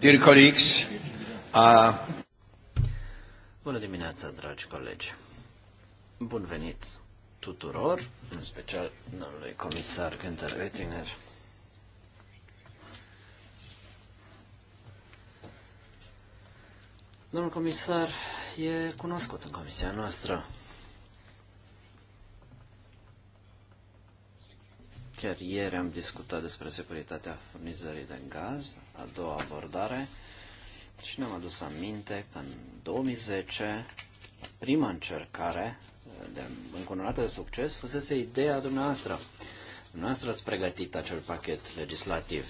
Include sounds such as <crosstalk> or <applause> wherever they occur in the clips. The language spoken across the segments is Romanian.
Dear colleagues, uh... Bună dimineața, dragi colegi. Bun venit tuturor, în special domnului comisar Günther Oettinger. Domnul comisar e cunoscut în comisia noastră. Chiar ieri am discutat despre securitatea furnizării de gaz, a doua abordare, și ne-am adus aminte că în 2010 prima încercare eh, de încununată de succes fusese ideea dumneavoastră. Dumneavoastră ați pregătit acel pachet legislativ.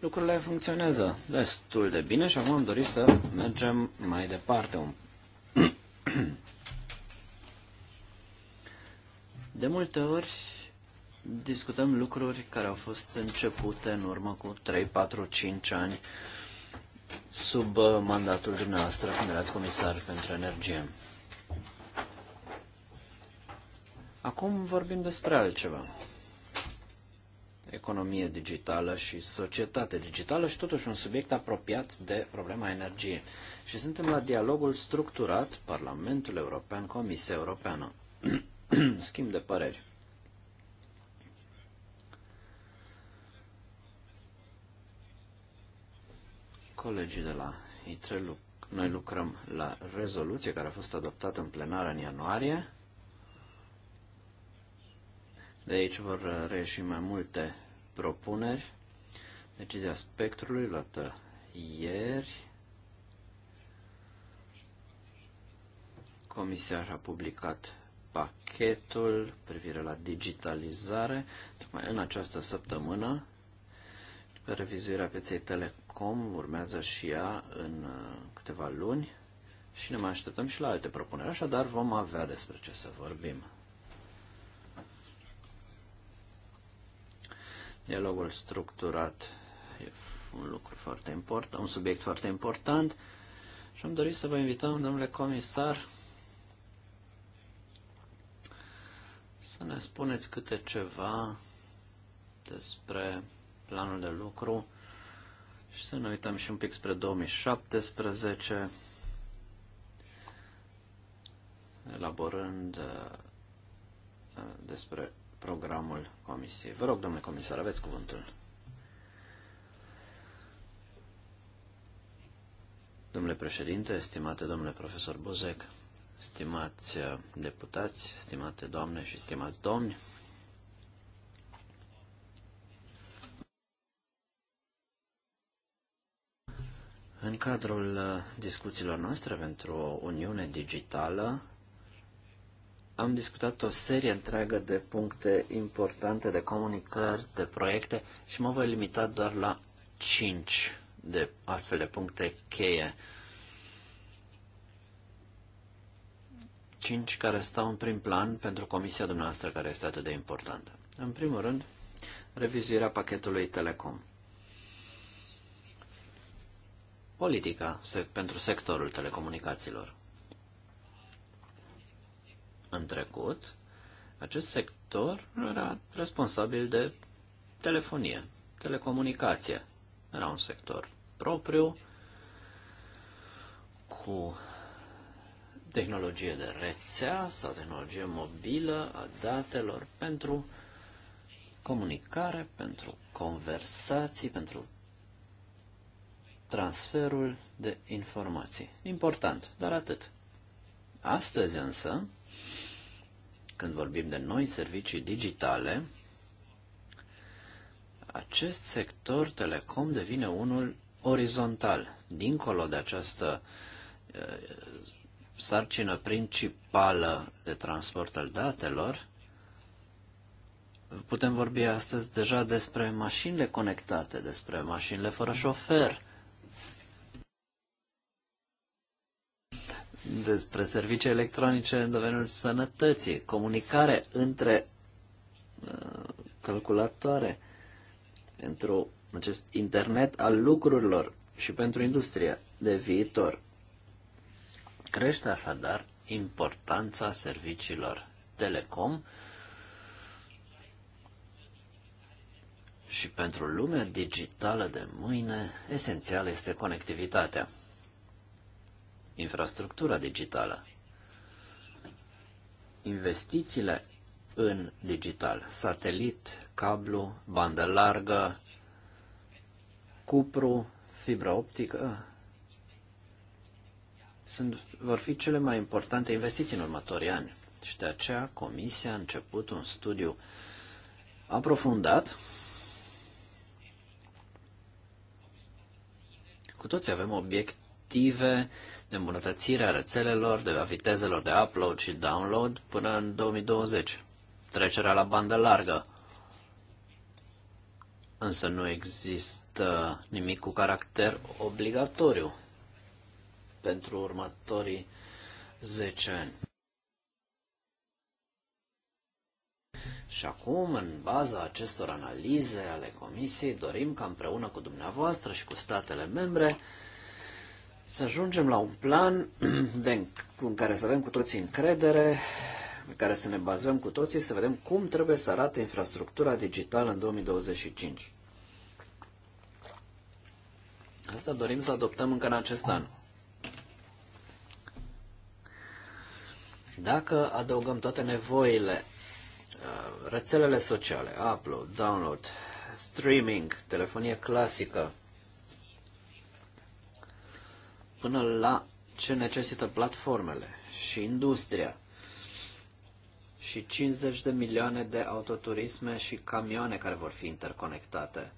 Lucrurile funcționează destul de bine și acum am dorit să mergem mai departe un De multe ori discutăm lucruri care au fost începute în urmă cu 3, 4, 5 ani sub uh, mandatul dumneavoastră când erați comisar pentru energie. Acum vorbim despre altceva. Economie digitală și societate digitală și totuși un subiect apropiat de problema energiei. Și suntem la dialogul structurat Parlamentul European-Comisia Europeană. <clears throat> <clears throat> schimb de păreri. Colegii de la ITRELU, noi lucrăm la rezoluție care a fost adoptată în plenară în ianuarie. De aici vor uh, reieși mai multe propuneri. Decizia spectrului luată ieri. Comisia a publicat pachetul privire la digitalizare, tocmai în această săptămână, revizuirea pieței Telecom urmează și ea în uh, câteva luni și ne mai așteptăm și la alte propuneri, așadar vom avea despre ce să vorbim. Dialogul structurat e un lucru foarte important, un subiect foarte important și am dorit să vă invităm, domnule comisar, să ne spuneți câte ceva despre planul de lucru și să ne uităm și un pic spre 2017, elaborând uh, uh, despre programul comisiei. Vă rog, domnule comisar, aveți cuvântul. Domnule președinte, estimate domnule profesor Bozec, stimați uh, deputați, stimate doamne și stimați domni. În cadrul uh, discuțiilor noastre pentru o Uniune Digitală, am discutat o serie întreagă de puncte importante, de comunicări, de proiecte și mă voi limita doar la 5 de astfel de puncte cheie cinci care stau în prim plan pentru comisia dumneavoastră care este atât de importantă. În primul rând, revizuirea pachetului Telecom. Politica se, pentru sectorul telecomunicațiilor. În trecut, acest sector era responsabil de telefonie, telecomunicație. Era un sector propriu, cu tehnologie de rețea sau tehnologie mobilă a datelor pentru comunicare, pentru conversații, pentru transferul de informații. Important, dar atât. Astăzi însă, când vorbim de noi servicii digitale, acest sector telecom devine unul orizontal, dincolo de această sarcina principală de transport al datelor, putem vorbi astăzi deja despre mașinile conectate, despre mașinile fără șofer, despre servicii electronice în domeniul sănătății, comunicare între uh, calculatoare, pentru acest internet al lucrurilor și pentru industria de viitor. Crește așadar importanța serviciilor telecom și pentru lumea digitală de mâine, esențială este conectivitatea, infrastructura digitală, investițiile în digital, satelit, cablu, bandă largă, cupru, fibră optică, sunt, vor fi cele mai importante investiții în următorii ani. Și de aceea Comisia a început un studiu aprofundat. Cu toți avem obiective de îmbunătățire a rețelelor, de a vitezelor de upload și download până în 2020. Trecerea la bandă largă. Însă nu există nimic cu caracter obligatoriu pentru următorii 10 ani. Și acum, în baza acestor analize ale Comisiei, dorim ca împreună cu dumneavoastră și cu statele membre să ajungem la un plan <clears throat> de, în care să avem cu toții încredere, în care să ne bazăm cu toții, să vedem cum trebuie să arate infrastructura digitală în 2025. Asta dorim să adoptăm încă în acest an. Dacă adăugăm toate nevoile, uh, rețelele sociale, upload, download, streaming, telefonie clasică, până la ce necesită platformele și industria și 50 de milioane de autoturisme și camioane care vor fi interconectate.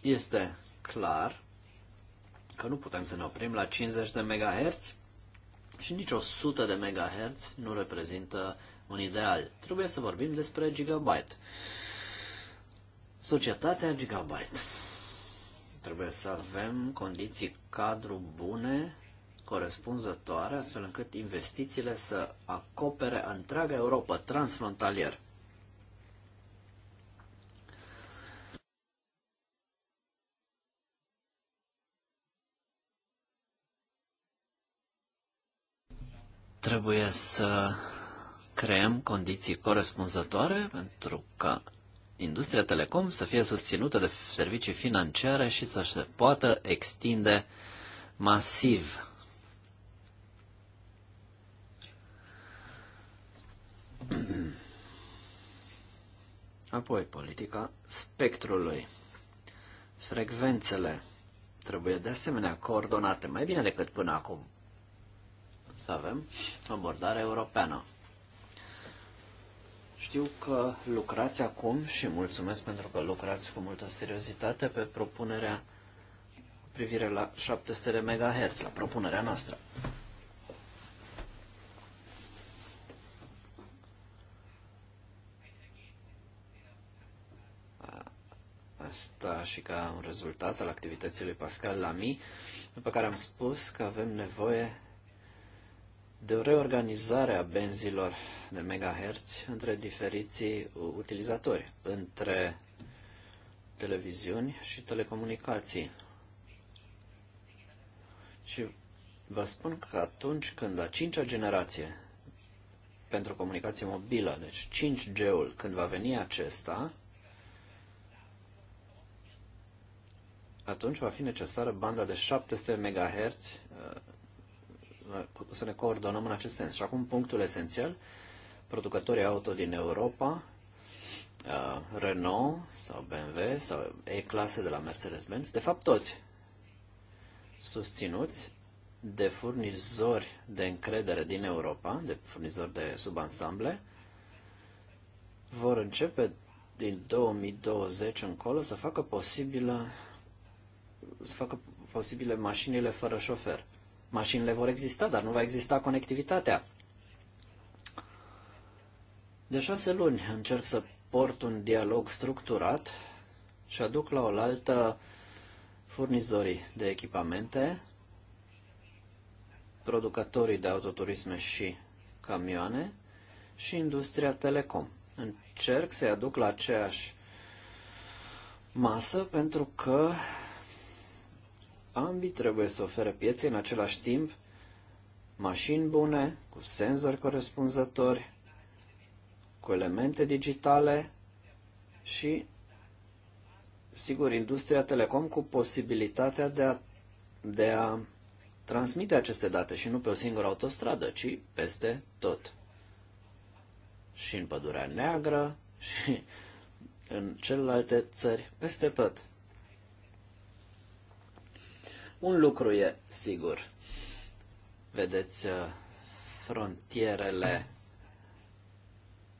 Este clar că nu putem să ne oprim la 50 de MHz și nici 100 de MHz nu reprezintă un ideal. Trebuie să vorbim despre gigabyte. Societatea gigabyte. Trebuie să avem condiții cadru bune, corespunzătoare, astfel încât investițiile să acopere întreaga Europa transfrontalier. Trebuie să creăm condiții corespunzătoare pentru ca industria telecom să fie susținută de servicii financiare și să se poată extinde masiv. <clears throat> Apoi, politica spectrului. Frecvențele trebuie de asemenea coordonate mai bine decât până acum să avem abordare europeană. Știu că lucrați acum și mulțumesc pentru că lucrați cu multă seriozitate pe propunerea cu privire la 700 de MHz, la propunerea noastră. Asta și ca un rezultat al activității lui Pascal Lamy, după care am spus că avem nevoie de o reorganizare a benzilor de megahertz între diferiții utilizatori, între televiziuni și telecomunicații. Și vă spun că atunci când a cincea generație pentru comunicație mobilă, deci 5G-ul, când va veni acesta, atunci va fi necesară banda de 700 MHz să ne coordonăm în acest sens. Și acum punctul esențial, producătorii auto din Europa, uh, Renault sau BMW sau E-clase de la Mercedes-Benz, de fapt toți susținuți de furnizori de încredere din Europa, de furnizori de subansamble, vor începe din 2020 încolo să facă posibilă să facă posibile mașinile fără șofer. Mașinile vor exista, dar nu va exista conectivitatea. De șase luni încerc să port un dialog structurat și aduc la oaltă furnizorii de echipamente, producătorii de autoturisme și camioane și industria telecom. Încerc să-i aduc la aceeași masă pentru că ambii trebuie să ofere pieței în același timp mașini bune, cu senzori corespunzători, cu elemente digitale și, sigur, industria telecom cu posibilitatea de a, de a transmite aceste date și nu pe o singură autostradă, ci peste tot. Și în pădurea neagră și <laughs> în celelalte țări, peste tot. Un lucru e sigur. Vedeți, uh, frontierele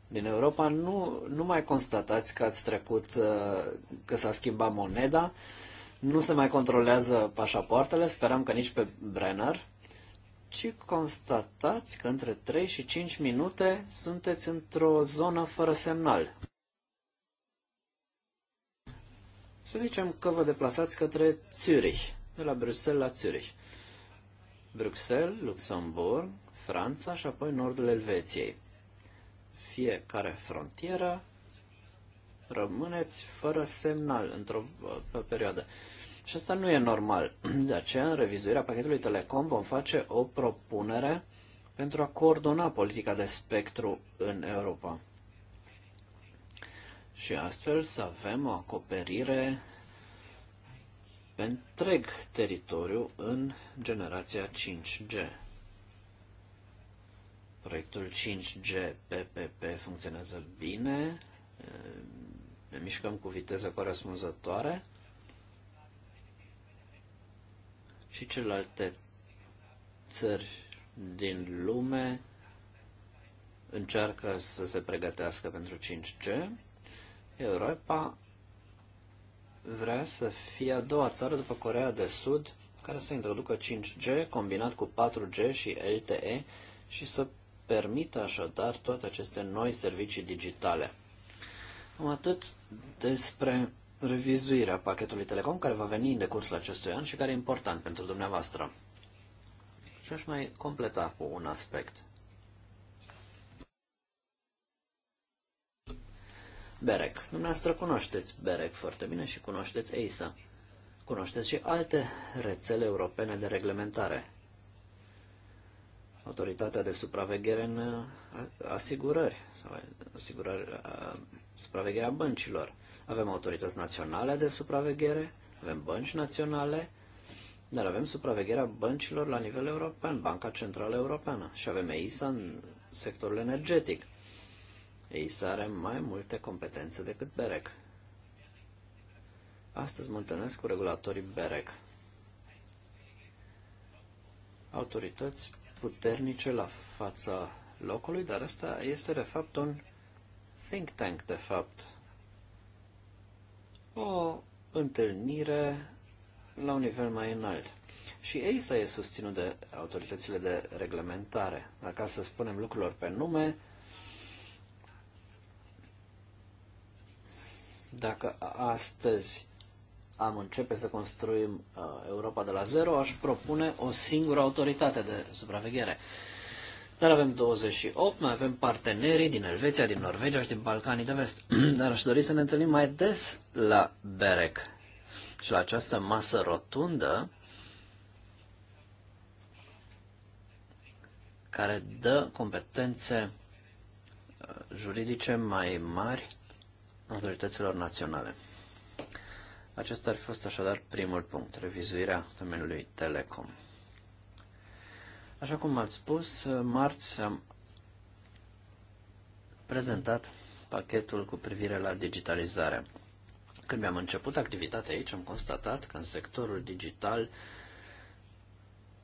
din Europa, nu, nu mai constatați că ați trecut, uh, că s-a schimbat moneda, nu se mai controlează pașapoartele, sperăm că nici pe Brenner, ci constatați că între 3 și 5 minute sunteți într-o zonă fără semnal. Să zicem că vă deplasați către Zürich de la Bruxelles la Zürich, Bruxelles, Luxemburg, Franța și apoi nordul Elveției. Fiecare frontieră rămâneți fără semnal într-o perioadă. Și asta nu e normal. <clears throat> De aceea, în revizuirea pachetului Telecom vom face o propunere pentru a coordona politica de spectru în Europa. Și astfel să avem o acoperire pe întreg teritoriu în generația 5G. Proiectul 5G PPP funcționează bine, ne mișcăm cu viteză corespunzătoare și celelalte țări din lume încearcă să se pregătească pentru 5G. Europa vrea să fie a doua țară după Corea de Sud care să introducă 5G combinat cu 4G și LTE și să permită așadar toate aceste noi servicii digitale. Am atât despre revizuirea pachetului Telecom care va veni în decursul acestui an și care e important pentru dumneavoastră. Și aș mai completa cu un aspect. Berek. Dumneavoastră cunoașteți Berek, foarte bine și cunoașteți EISA. Cunoașteți și alte rețele europene de reglementare. Autoritatea de supraveghere în uh, asigurări sau asigurări, uh, supravegherea băncilor. Avem autorități naționale de supraveghere, avem bănci naționale, dar avem supravegherea băncilor la nivel european, Banca Centrală Europeană și avem EISA în sectorul energetic. EISA are mai multe competențe decât BEREC. Astăzi mă întâlnesc cu regulatorii BEREC. Autorități puternice la fața locului, dar asta este de fapt un think tank, de fapt. O întâlnire la un nivel mai înalt. Și EISA e susținut de autoritățile de reglementare. Dacă să spunem lucrurilor pe nume, Dacă astăzi am începe să construim uh, Europa de la zero, aș propune o singură autoritate de supraveghere. Dar avem 28, mai avem partenerii din Elveția, din Norvegia și din Balcanii de Vest. <clears throat> Dar aș dori să ne întâlnim mai des la BEREC și la această masă rotundă care dă competențe uh, juridice mai mari autorităților naționale. Acesta ar fi fost așadar primul punct, revizuirea domeniului Telecom. Așa cum ați spus, marți am prezentat pachetul cu privire la digitalizare. Când mi-am început activitatea aici, am constatat că în sectorul digital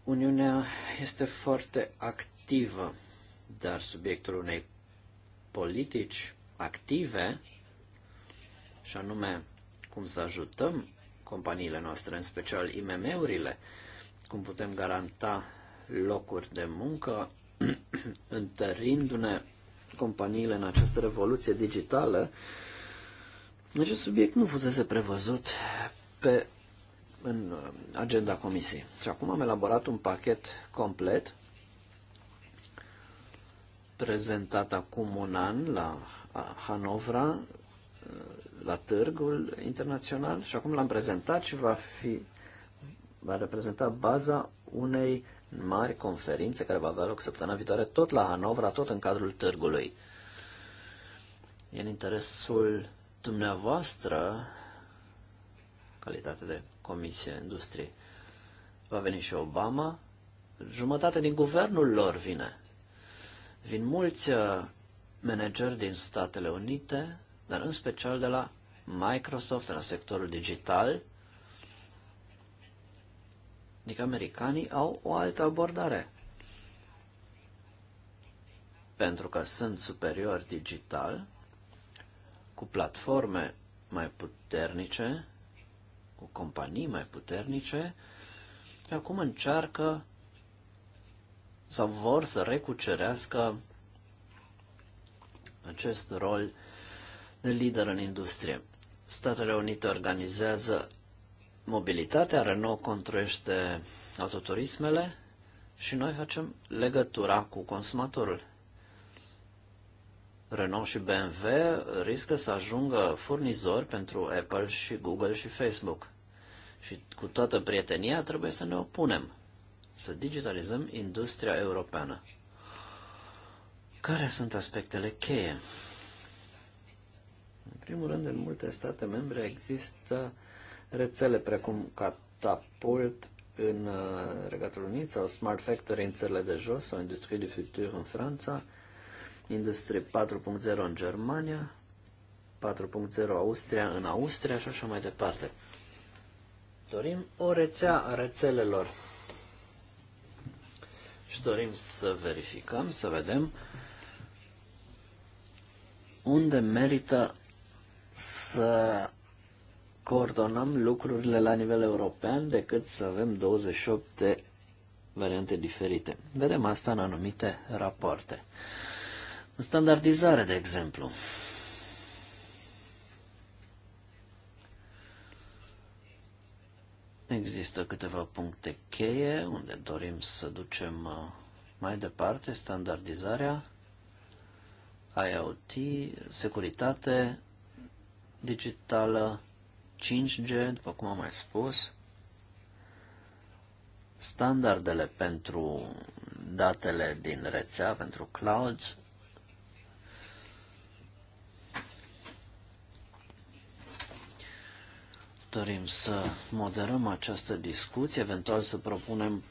Uniunea este foarte activă, dar subiectul unei politici active și anume cum să ajutăm companiile noastre, în special IMM-urile, cum putem garanta locuri de muncă, <clears throat> întărindu-ne companiile în această revoluție digitală. Acest subiect nu fusese prevăzut pe, în uh, agenda comisiei. Și acum am elaborat un pachet complet prezentat acum un an la uh, Hanovra la târgul internațional și acum l-am prezentat și va fi va reprezenta baza unei mari conferințe care va avea loc săptămâna viitoare tot la Hanovra, tot în cadrul târgului. E în interesul dumneavoastră, calitate de Comisie Industrie, va veni și Obama, jumătate din guvernul lor vine. Vin mulți uh, manageri din Statele Unite, dar în special de la Microsoft, la sectorul digital. Adică americanii au o altă abordare. Pentru că sunt superiori digital, cu platforme mai puternice, cu companii mai puternice, acum încearcă sau vor să recucerească acest rol de lider în industrie. Statele Unite organizează mobilitatea, Renault construiește autoturismele și noi facem legătura cu consumatorul. Renault și BMW riscă să ajungă furnizori pentru Apple și Google și Facebook. Și cu toată prietenia trebuie să ne opunem, să digitalizăm industria europeană. Care sunt aspectele cheie? primul rând, în multe state membre există rețele precum Catapult în uh, Regatul Unit sau Smart Factory în țările de jos sau Industrie de Futur în Franța, Industrie 4.0 în Germania, 4.0 Austria în Austria și așa mai departe. Dorim o rețea a rețelelor și dorim să verificăm, să vedem unde merită să coordonăm lucrurile la nivel european decât să avem 28 de variante diferite. Vedem asta în anumite rapoarte. În standardizare, de exemplu. Există câteva puncte cheie unde dorim să ducem uh, mai departe standardizarea, IoT, securitate, digitală, 5G, după cum am mai spus, standardele pentru datele din rețea, pentru clouds, dorim să moderăm această discuție, eventual să propunem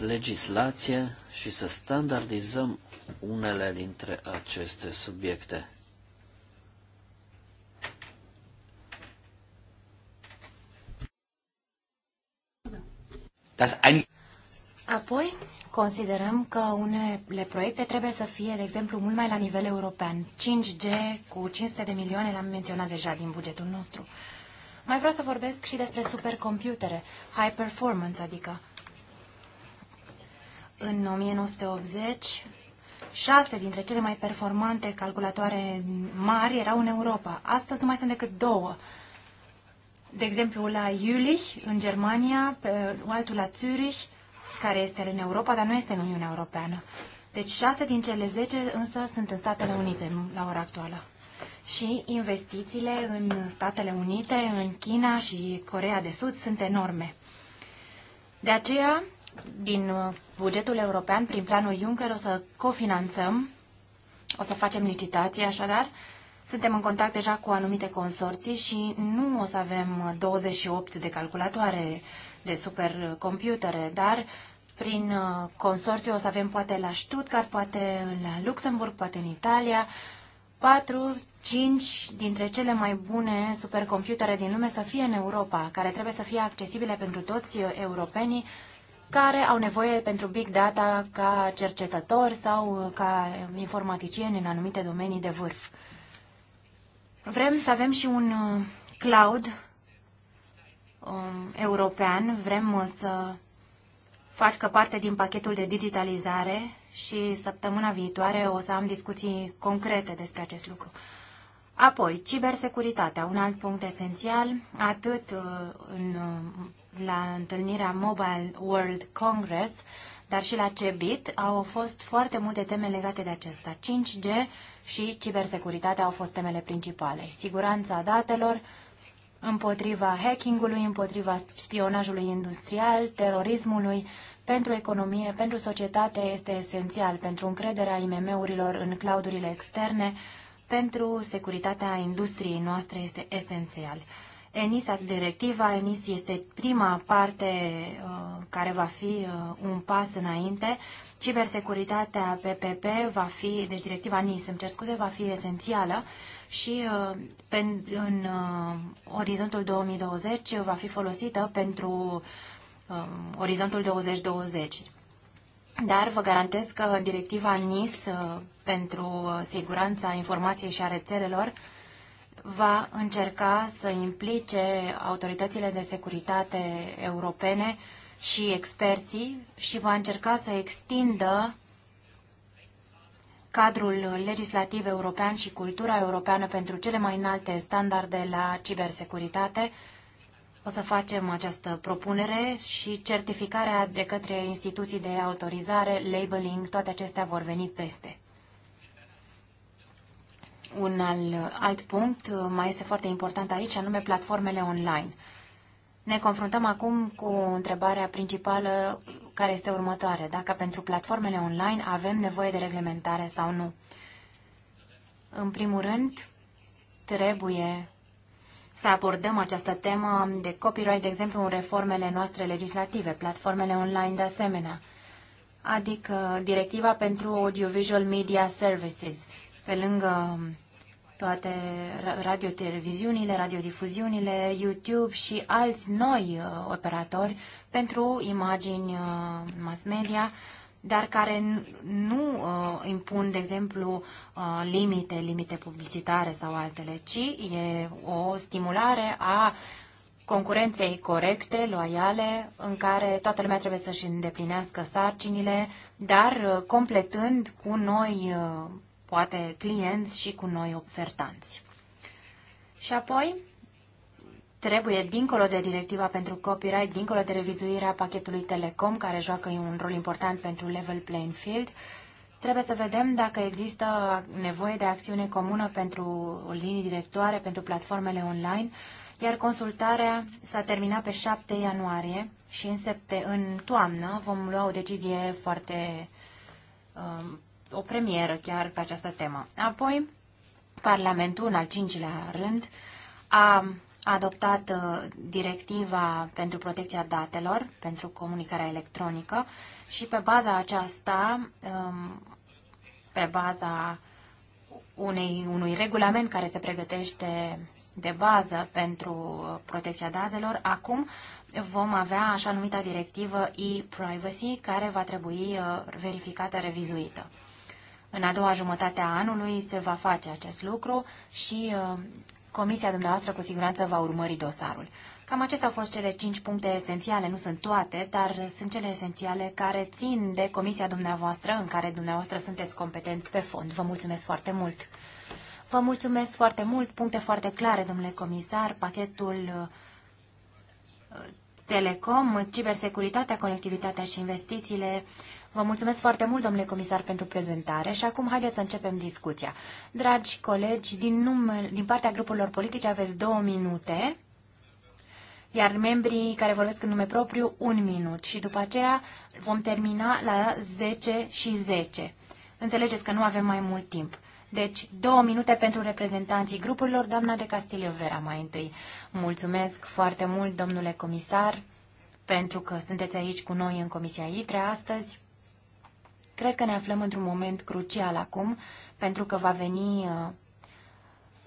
legislație și să standardizăm unele dintre aceste subiecte. dass ein Apoi, considerăm că unele proiecte trebuie să fie, de exemplu, mult mai la nivel european. 5G cu 500 de milioane l-am menționat deja din bugetul nostru. Mai vreau să vorbesc și despre supercomputere, high performance, adică. În 1980, șase dintre cele mai performante calculatoare mari erau în Europa. Astăzi nu mai sunt decât două de exemplu, la Jülich, în Germania, pe altul la Zürich, care este în Europa, dar nu este în Uniunea Europeană. Deci șase din cele zece însă sunt în Statele Unite la ora actuală. Și investițiile în Statele Unite, în China și Corea de Sud sunt enorme. De aceea, din uh, bugetul european, prin planul Juncker, o să cofinanțăm, o să facem licitații așadar, suntem în contact deja cu anumite consorții și nu o să avem 28 de calculatoare de supercomputere, dar prin uh, consorțiu o să avem poate la Stuttgart, poate la Luxemburg, poate în Italia, 4, 5 dintre cele mai bune supercomputere din lume să fie în Europa, care trebuie să fie accesibile pentru toți uh, europenii care au nevoie pentru big data ca cercetători sau uh, ca informaticieni în anumite domenii de vârf. Vrem să avem și un uh, cloud um, european, vrem uh, să facă parte din pachetul de digitalizare și săptămâna viitoare o să am discuții concrete despre acest lucru. Apoi, cibersecuritatea, un alt punct esențial, atât uh, în, la întâlnirea Mobile World Congress, dar și la CEBIT, au fost foarte multe teme legate de acesta. 5G, și cibersecuritatea au fost temele principale. Siguranța datelor, împotriva hackingului, împotriva spionajului industrial, terorismului, pentru economie, pentru societate este esențial, pentru încrederea IMM-urilor în claudurile externe, pentru securitatea industriei noastre este esențial. ENIS, directiva ENIS este prima parte uh, care va fi uh, un pas înainte Cibersecuritatea PPP va fi, deci directiva NIS, îmi cer scuze, va fi esențială și uh, pe, în uh, orizontul 2020 va fi folosită pentru uh, orizontul 2020. Dar vă garantez că directiva NIS pentru siguranța informației și a rețelelor va încerca să implice autoritățile de securitate europene și experții și va încerca să extindă cadrul legislativ european și cultura europeană pentru cele mai înalte standarde la cibersecuritate. O să facem această propunere și certificarea de către instituții de autorizare, labeling, toate acestea vor veni peste. Un alt, alt punct mai este foarte important aici, anume platformele online. Ne confruntăm acum cu întrebarea principală care este următoare. Dacă pentru platformele online avem nevoie de reglementare sau nu? În primul rând, trebuie să abordăm această temă de copyright, de exemplu, în reformele noastre legislative, platformele online de asemenea, adică directiva pentru Audiovisual Media Services, pe lângă toate radioteleviziunile, radiodifuziunile, YouTube și alți noi uh, operatori pentru imagini uh, mass media, dar care nu uh, impun, de exemplu, limite, limite publicitare sau altele, ci e o stimulare a concurenței corecte, loiale, în care toată lumea trebuie să-și îndeplinească sarcinile, dar completând cu noi poate clienți și cu noi ofertanți. Și apoi, trebuie, dincolo de directiva pentru copyright, dincolo de revizuirea pachetului Telecom, care joacă un rol important pentru level playing field, trebuie să vedem dacă există nevoie de acțiune comună pentru linii directoare, pentru platformele online, iar consultarea s-a terminat pe 7 ianuarie și în, septe, în toamnă vom lua o decizie foarte um, o premieră chiar pe această temă. Apoi, Parlamentul, în al cincilea rând, a adoptat uh, directiva pentru protecția datelor, pentru comunicarea electronică și pe baza aceasta, um, pe baza unei, unui regulament care se pregătește de bază pentru uh, protecția datelor, acum vom avea așa numita directivă e-privacy care va trebui uh, verificată, revizuită. În a doua jumătate a anului se va face acest lucru și uh, comisia dumneavoastră cu siguranță va urmări dosarul. Cam acestea au fost cele cinci puncte esențiale, nu sunt toate, dar sunt cele esențiale care țin de comisia dumneavoastră în care dumneavoastră sunteți competenți pe fond. Vă mulțumesc foarte mult! Vă mulțumesc foarte mult, puncte foarte clare, domnule comisar, pachetul uh, Telecom, cibersecuritatea, conectivitatea și investițiile, Vă mulțumesc foarte mult, domnule comisar, pentru prezentare și acum haideți să începem discuția. Dragi colegi, din, nume, din partea grupurilor politice aveți două minute, iar membrii care vorbesc în nume propriu, un minut și după aceea vom termina la 10 și 10. Înțelegeți că nu avem mai mult timp. Deci, două minute pentru reprezentanții grupurilor, doamna de Castilio Vera mai întâi. Mulțumesc foarte mult, domnule comisar, pentru că sunteți aici cu noi în Comisia ITRE astăzi. Cred că ne aflăm într-un moment crucial acum, pentru că va veni uh,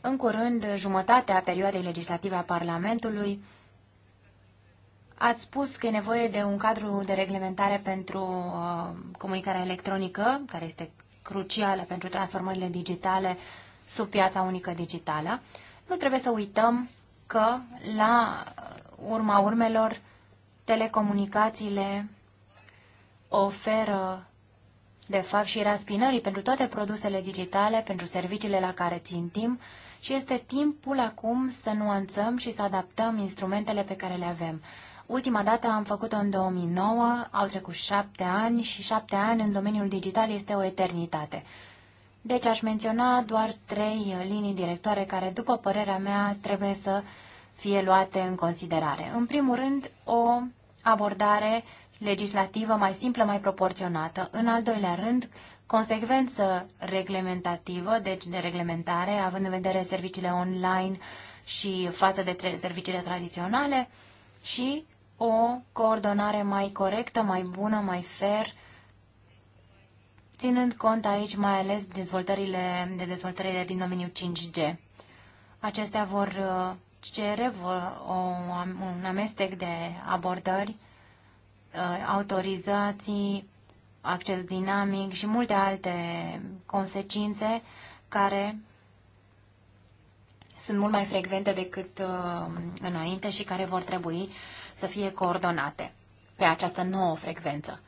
în curând jumătatea perioadei legislative a Parlamentului. Ați spus că e nevoie de un cadru de reglementare pentru uh, comunicarea electronică, care este crucială pentru transformările digitale sub piața unică digitală. Nu trebuie să uităm că, la urma urmelor, telecomunicațiile oferă de fapt, și raspinării pentru toate produsele digitale, pentru serviciile la care timp și este timpul acum să nuanțăm și să adaptăm instrumentele pe care le avem. Ultima dată am făcut-o în 2009, au trecut șapte ani și șapte ani în domeniul digital este o eternitate. Deci aș menționa doar trei linii directoare care, după părerea mea, trebuie să fie luate în considerare. În primul rând, o abordare legislativă mai simplă, mai proporționată. În al doilea rând, consecvență reglementativă, deci de reglementare, având în vedere serviciile online și față de serviciile tradiționale și o coordonare mai corectă, mai bună, mai fair, ținând cont aici mai ales dezvoltările, de dezvoltările din domeniul 5G. Acestea vor uh, cere vor, o, un amestec de abordări Uh, autorizații, acces dinamic și multe alte consecințe care sunt mult mai frecvente decât uh, înainte și care vor trebui să fie coordonate pe această nouă frecvență.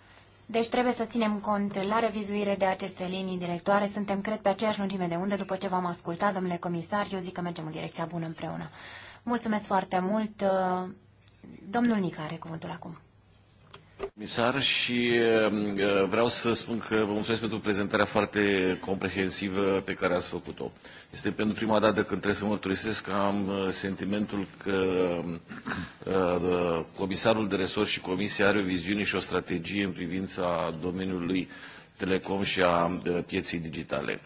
Deci trebuie să ținem cont la revizuire de aceste linii directoare. Suntem, cred, pe aceeași lungime de unde. După ce v-am ascultat, domnule comisar, eu zic că mergem în direcția bună împreună. Mulțumesc foarte mult. Uh, domnul Nica are cuvântul acum. Comisar, și um, uh, vreau să spun că vă mulțumesc pentru prezentarea foarte comprehensivă pe care ați făcut-o. Este pentru prima dată când trebuie să mărturisesc că am uh, sentimentul că um, uh, comisarul de resort și comisia are o viziune și o strategie în privința domeniului telecom și a pieței digitale.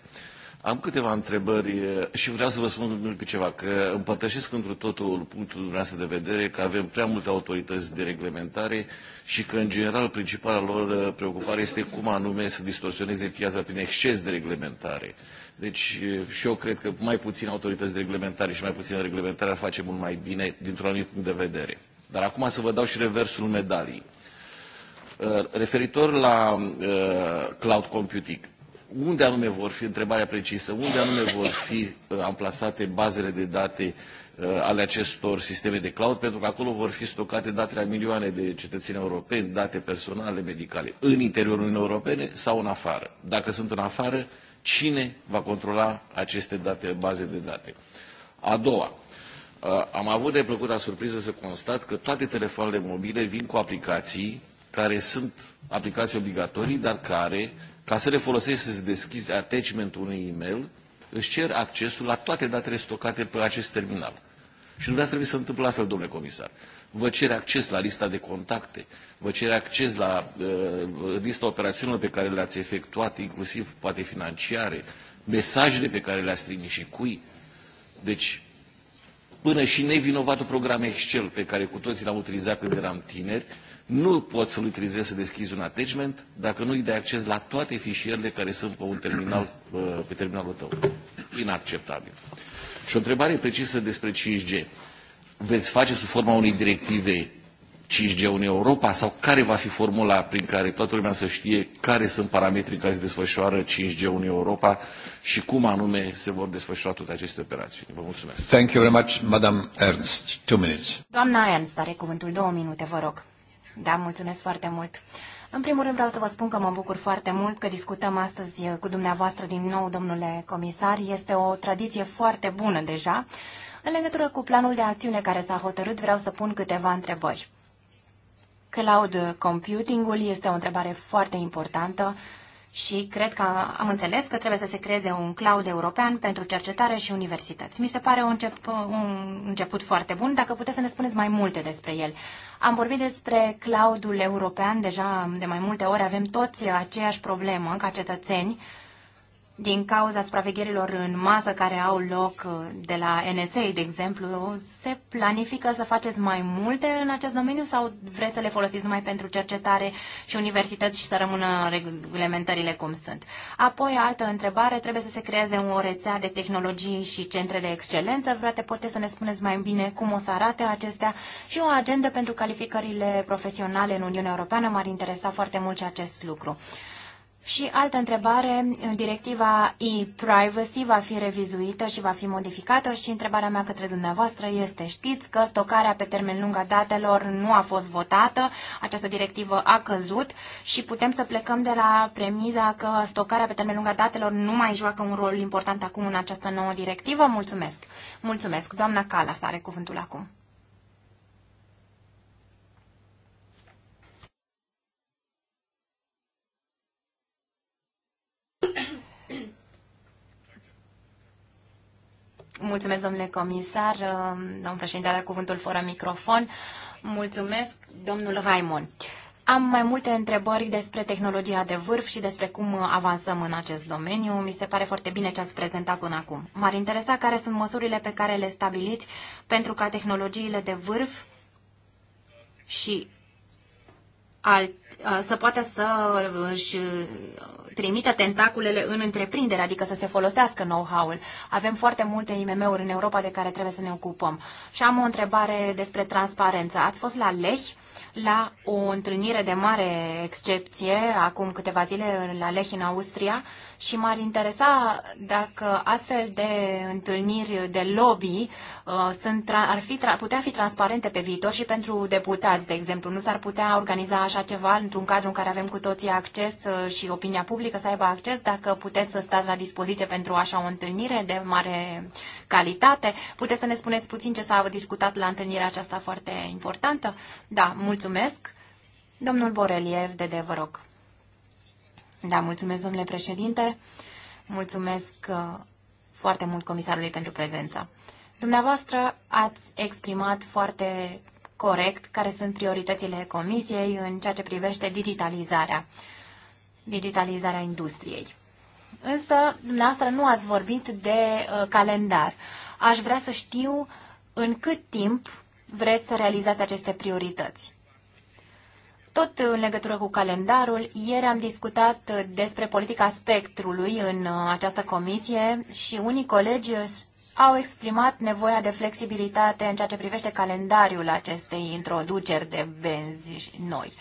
Am câteva întrebări și vreau să vă spun domnul ceva, că împărtășesc într totul punctul dumneavoastră de vedere că avem prea multe autorități de reglementare și că, în general, principala lor preocupare este cum anume să distorsioneze piața prin exces de reglementare. Deci și eu cred că mai puțin autorități de reglementare și mai puțină reglementare ar face mult mai bine dintr-un anumit punct de vedere. Dar acum să vă dau și reversul medalii. Referitor la cloud computing, unde anume vor fi, întrebarea precisă, unde anume vor fi uh, amplasate bazele de date uh, ale acestor sisteme de cloud, pentru că acolo vor fi stocate datele a milioane de cetățeni europeni, date personale, medicale, în interiorul Uniunii Europene sau în afară. Dacă sunt în afară, cine va controla aceste date, baze de date? A doua, uh, am avut neplăcuta surpriză să constat că toate telefoanele mobile vin cu aplicații care sunt aplicații obligatorii, dar care ca să le folosești să-ți deschizi attachment unui e-mail, își cer accesul la toate datele stocate pe acest terminal. Și nu vrea să vi se întâmple la fel, domnule comisar. Vă cere acces la lista de contacte, vă cere acces la uh, lista operațiunilor pe care le-ați efectuat, inclusiv poate financiare, mesajele pe care le-ați trimis și cui. Deci, până și nevinovatul program Excel pe care cu toții l-am utilizat când eram tineri, nu poți să-l utilizezi să deschizi un attachment dacă nu îi dai acces la toate fișierele care sunt pe, un terminal, uh, pe terminalul tău. Inacceptabil. Și o întrebare precisă despre 5G. Veți face sub forma unei directive 5G în Europa sau care va fi formula prin care toată lumea să știe care sunt parametrii în care se desfășoară 5G în Europa și cum anume se vor desfășura toate aceste operații. Vă mulțumesc. Thank you very much, Madam Ernst. Two minutes. Doamna Ernst, are cuvântul două minute, vă rog. Da, mulțumesc foarte mult. În primul rând vreau să vă spun că mă bucur foarte mult că discutăm astăzi uh, cu dumneavoastră din nou, domnule comisar. Este o tradiție foarte bună deja. În legătură cu planul de acțiune care s-a hotărât, vreau să pun câteva întrebări. Cloud computing-ul este o întrebare foarte importantă și cred că am înțeles că trebuie să se creeze un cloud european pentru cercetare și universități. Mi se pare un, început, un început foarte bun, dacă puteți să ne spuneți mai multe despre el. Am vorbit despre cloudul european, deja de mai multe ori avem toți aceeași problemă ca cetățeni, uh, din cauza supravegherilor în masă care au loc uh, de la NSA, de exemplu, se planifică să faceți mai multe în acest domeniu sau vreți să le folosiți numai pentru cercetare și universități și să rămână reglementările cum sunt? Apoi, altă întrebare, trebuie să se creeze o rețea de tehnologii și centre de excelență. Vreate, puteți să ne spuneți mai bine cum o să arate acestea și o agendă pentru calificările profesionale în Uniunea Europeană. M-ar interesa foarte mult și acest lucru. Și altă întrebare, directiva e-privacy va fi revizuită și va fi modificată și întrebarea mea către dumneavoastră este, știți că stocarea pe termen lung a datelor nu a fost votată, această directivă a căzut și putem să plecăm de la premiza că stocarea pe termen lung a datelor nu mai joacă un rol important acum în această nouă directivă? Mulțumesc! Mulțumesc! Doamna Calas are cuvântul acum. Mulțumesc, domnule comisar. Domnul președinte a cuvântul fără microfon. Mulțumesc, domnul Raimon. Am mai multe întrebări despre tehnologia de vârf și despre cum avansăm în acest domeniu. Mi se pare foarte bine ce ați prezentat până acum. M-ar interesa care sunt măsurile pe care le stabiliți pentru ca tehnologiile de vârf și alt Uh, să poată să își uh, trimită tentaculele în întreprindere, adică să se folosească know-how-ul. Avem foarte multe IMM-uri în Europa de care trebuie să ne ocupăm. Și am o întrebare despre transparență. Ați fost la Lech, la o întâlnire de mare excepție, acum câteva zile la Lech în Austria, și m-ar interesa dacă astfel de întâlniri de lobby uh, sunt, ar fi, putea fi transparente pe viitor și pentru deputați, de exemplu. Nu s-ar putea organiza așa ceva într-un cadru în care avem cu toții acces uh, și opinia publică să aibă acces, dacă puteți să stați la dispoziție pentru așa o întâlnire de mare calitate. Puteți să ne spuneți puțin ce s-a discutat la întâlnirea aceasta foarte importantă? Da, mulțumesc. Domnul Boreliev, de de vă rog. Da, mulțumesc, domnule președinte. Mulțumesc uh, foarte mult comisarului pentru prezența. Dumneavoastră ați exprimat foarte corect care sunt prioritățile comisiei în ceea ce privește digitalizarea, digitalizarea industriei. Însă, dumneavoastră nu ați vorbit de uh, calendar. Aș vrea să știu în cât timp vreți să realizați aceste priorități. Tot în legătură cu calendarul, ieri am discutat despre politica spectrului în uh, această comisie și unii colegi au exprimat nevoia de flexibilitate în ceea ce privește calendariul acestei introduceri de benzi noi.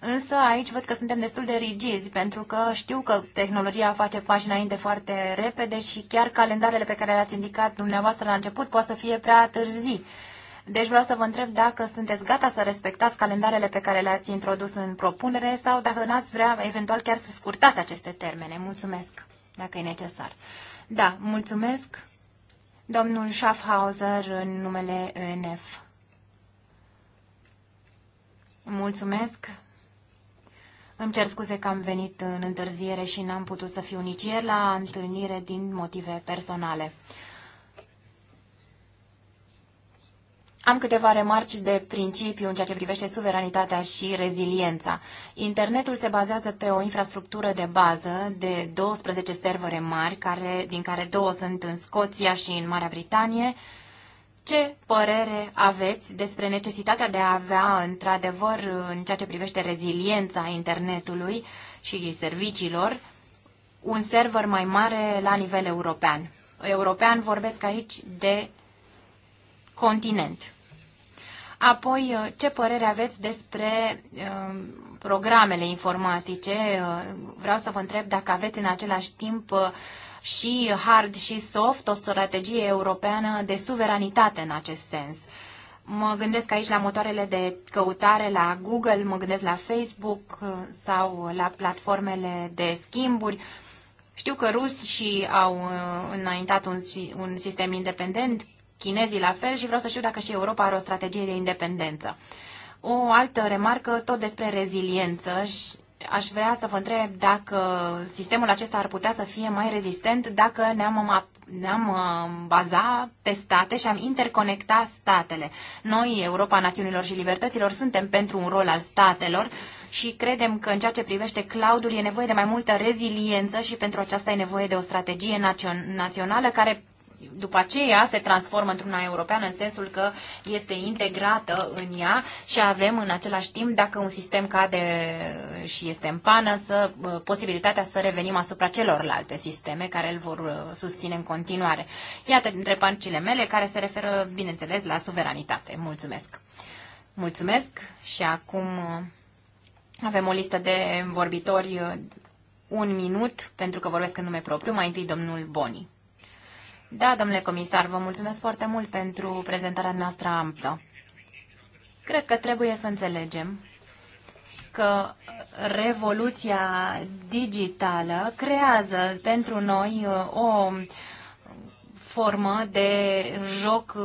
Însă aici văd că suntem destul de rigizi, pentru că știu că tehnologia face pași înainte foarte repede și chiar calendarele pe care le-ați indicat dumneavoastră la început poate să fie prea târzii. Deci vreau să vă întreb dacă sunteți gata să respectați calendarele pe care le-ați introdus în propunere sau dacă n-ați vrea eventual chiar să scurtați aceste termene. Mulțumesc, dacă e necesar. Da, mulțumesc. Domnul Schaffhauser în numele ENF. Mulțumesc. Îmi cer scuze că am venit în întârziere și n-am putut să fiu nici ieri la întâlnire din motive personale. Am câteva remarci de principiu în ceea ce privește suveranitatea și reziliența. Internetul se bazează pe o infrastructură de bază de 12 servere mari, care, din care două sunt în Scoția și în Marea Britanie. Ce părere aveți despre necesitatea de a avea, într-adevăr, în ceea ce privește reziliența internetului și serviciilor, un server mai mare la nivel european? European vorbesc aici de continent. Apoi, uh, ce părere aveți despre uh, programele informatice? Uh, vreau să vă întreb dacă aveți în același timp și hard și soft o strategie europeană de suveranitate în acest sens. Mă gândesc aici la motoarele de căutare, la Google, mă gândesc la Facebook sau la platformele de schimburi. Știu că rusii au înaintat un, un sistem independent, chinezii la fel și vreau să știu dacă și Europa are o strategie de independență. O altă remarcă tot despre reziliență și aș vrea să vă întreb dacă sistemul acesta ar putea să fie mai rezistent dacă ne-am ne-am uh, baza pe state și am interconecta statele. Noi, Europa Națiunilor și Libertăților, suntem pentru un rol al statelor și credem că în ceea ce privește cloudul e nevoie de mai multă reziliență și pentru aceasta e nevoie de o strategie națională care după aceea se transformă într-una europeană în sensul că este integrată în ea și avem în același timp, dacă un sistem cade și este în pană, să, posibilitatea să revenim asupra celorlalte sisteme care îl vor uh, susține în continuare. Iată dintre pancile mele care se referă, bineînțeles, la suveranitate. Mulțumesc! Mulțumesc și acum uh, avem o listă de vorbitori uh, un minut, pentru că vorbesc în nume propriu. Mai întâi domnul Boni. Da, domnule comisar, vă mulțumesc foarte mult pentru prezentarea noastră amplă. Cred că trebuie să înțelegem că revoluția digitală creează pentru noi uh, o formă de joc uh,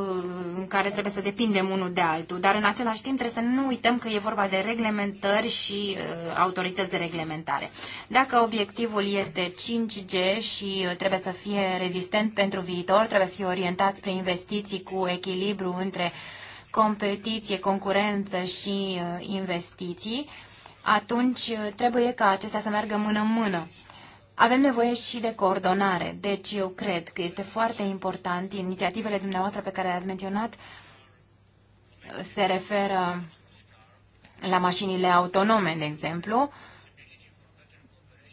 în care trebuie să depindem unul de altul, dar în același timp trebuie să nu uităm că e vorba de reglementări și uh, autorități de reglementare. Dacă obiectivul este 5G și uh, trebuie să fie rezistent pentru viitor, trebuie să fie orientat spre investiții cu echilibru între competiție, concurență și investiții, atunci trebuie ca acestea să meargă mână-mână. mână mână avem nevoie și de coordonare, deci eu cred că este foarte important inițiativele dumneavoastră pe care le-ați menționat se referă la mașinile autonome, de exemplu.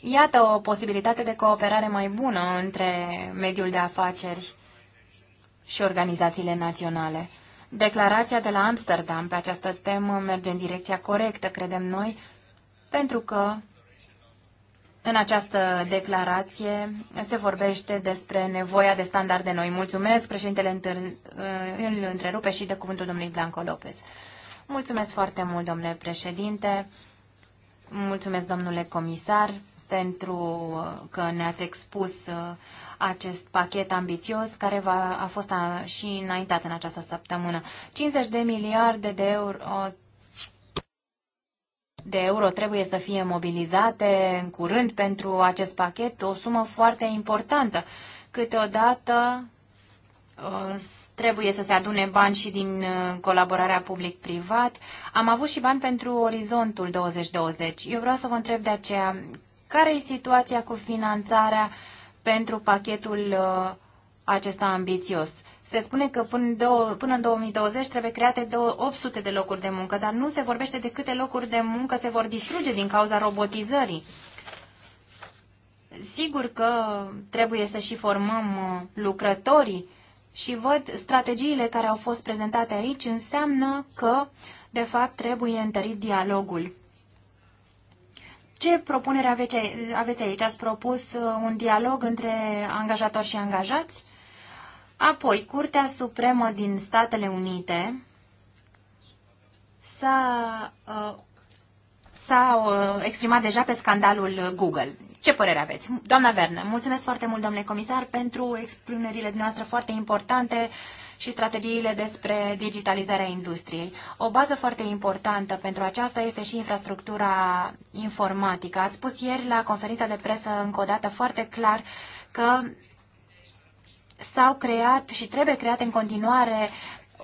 Iată o posibilitate de cooperare mai bună între mediul de afaceri și organizațiile naționale. Declarația de la Amsterdam pe această temă merge în direcția corectă, credem noi, pentru că în această declarație se vorbește despre nevoia de standarde noi. Mulțumesc, președintele întâr- ă, îl întrerupe și de cuvântul domnului Blanco Lopez. Mulțumesc foarte mult, domnule președinte. Mulțumesc, domnule comisar, pentru că ne-ați expus ă, acest pachet ambițios care va, a fost a, și înaintat în această săptămână. 50 de miliarde de euro de euro trebuie să fie mobilizate în curând pentru acest pachet, o sumă foarte importantă. Câteodată uh, trebuie să se adune bani și din uh, colaborarea public-privat. Am avut și bani pentru orizontul 2020. Eu vreau să vă întreb de aceea, care e situația cu finanțarea pentru pachetul uh, acesta ambițios? Se spune că până, două, până în 2020 trebuie create 800 de locuri de muncă, dar nu se vorbește de câte locuri de muncă se vor distruge din cauza robotizării. Sigur că trebuie să și formăm uh, lucrătorii și văd strategiile care au fost prezentate aici înseamnă că, de fapt, trebuie întărit dialogul. Ce propunere aveți aici? Ați propus uh, un dialog între angajatori și angajați? Apoi, Curtea Supremă din Statele Unite s-a, uh, s-a uh, exprimat deja pe scandalul Google. Ce părere aveți? Doamna Vernă, mulțumesc foarte mult, domnule comisar, pentru expunerile noastre foarte importante și strategiile despre digitalizarea industriei. O bază foarte importantă pentru aceasta este și infrastructura informatică. Ați spus ieri la conferința de presă încă o dată foarte clar că s-au creat și trebuie create în continuare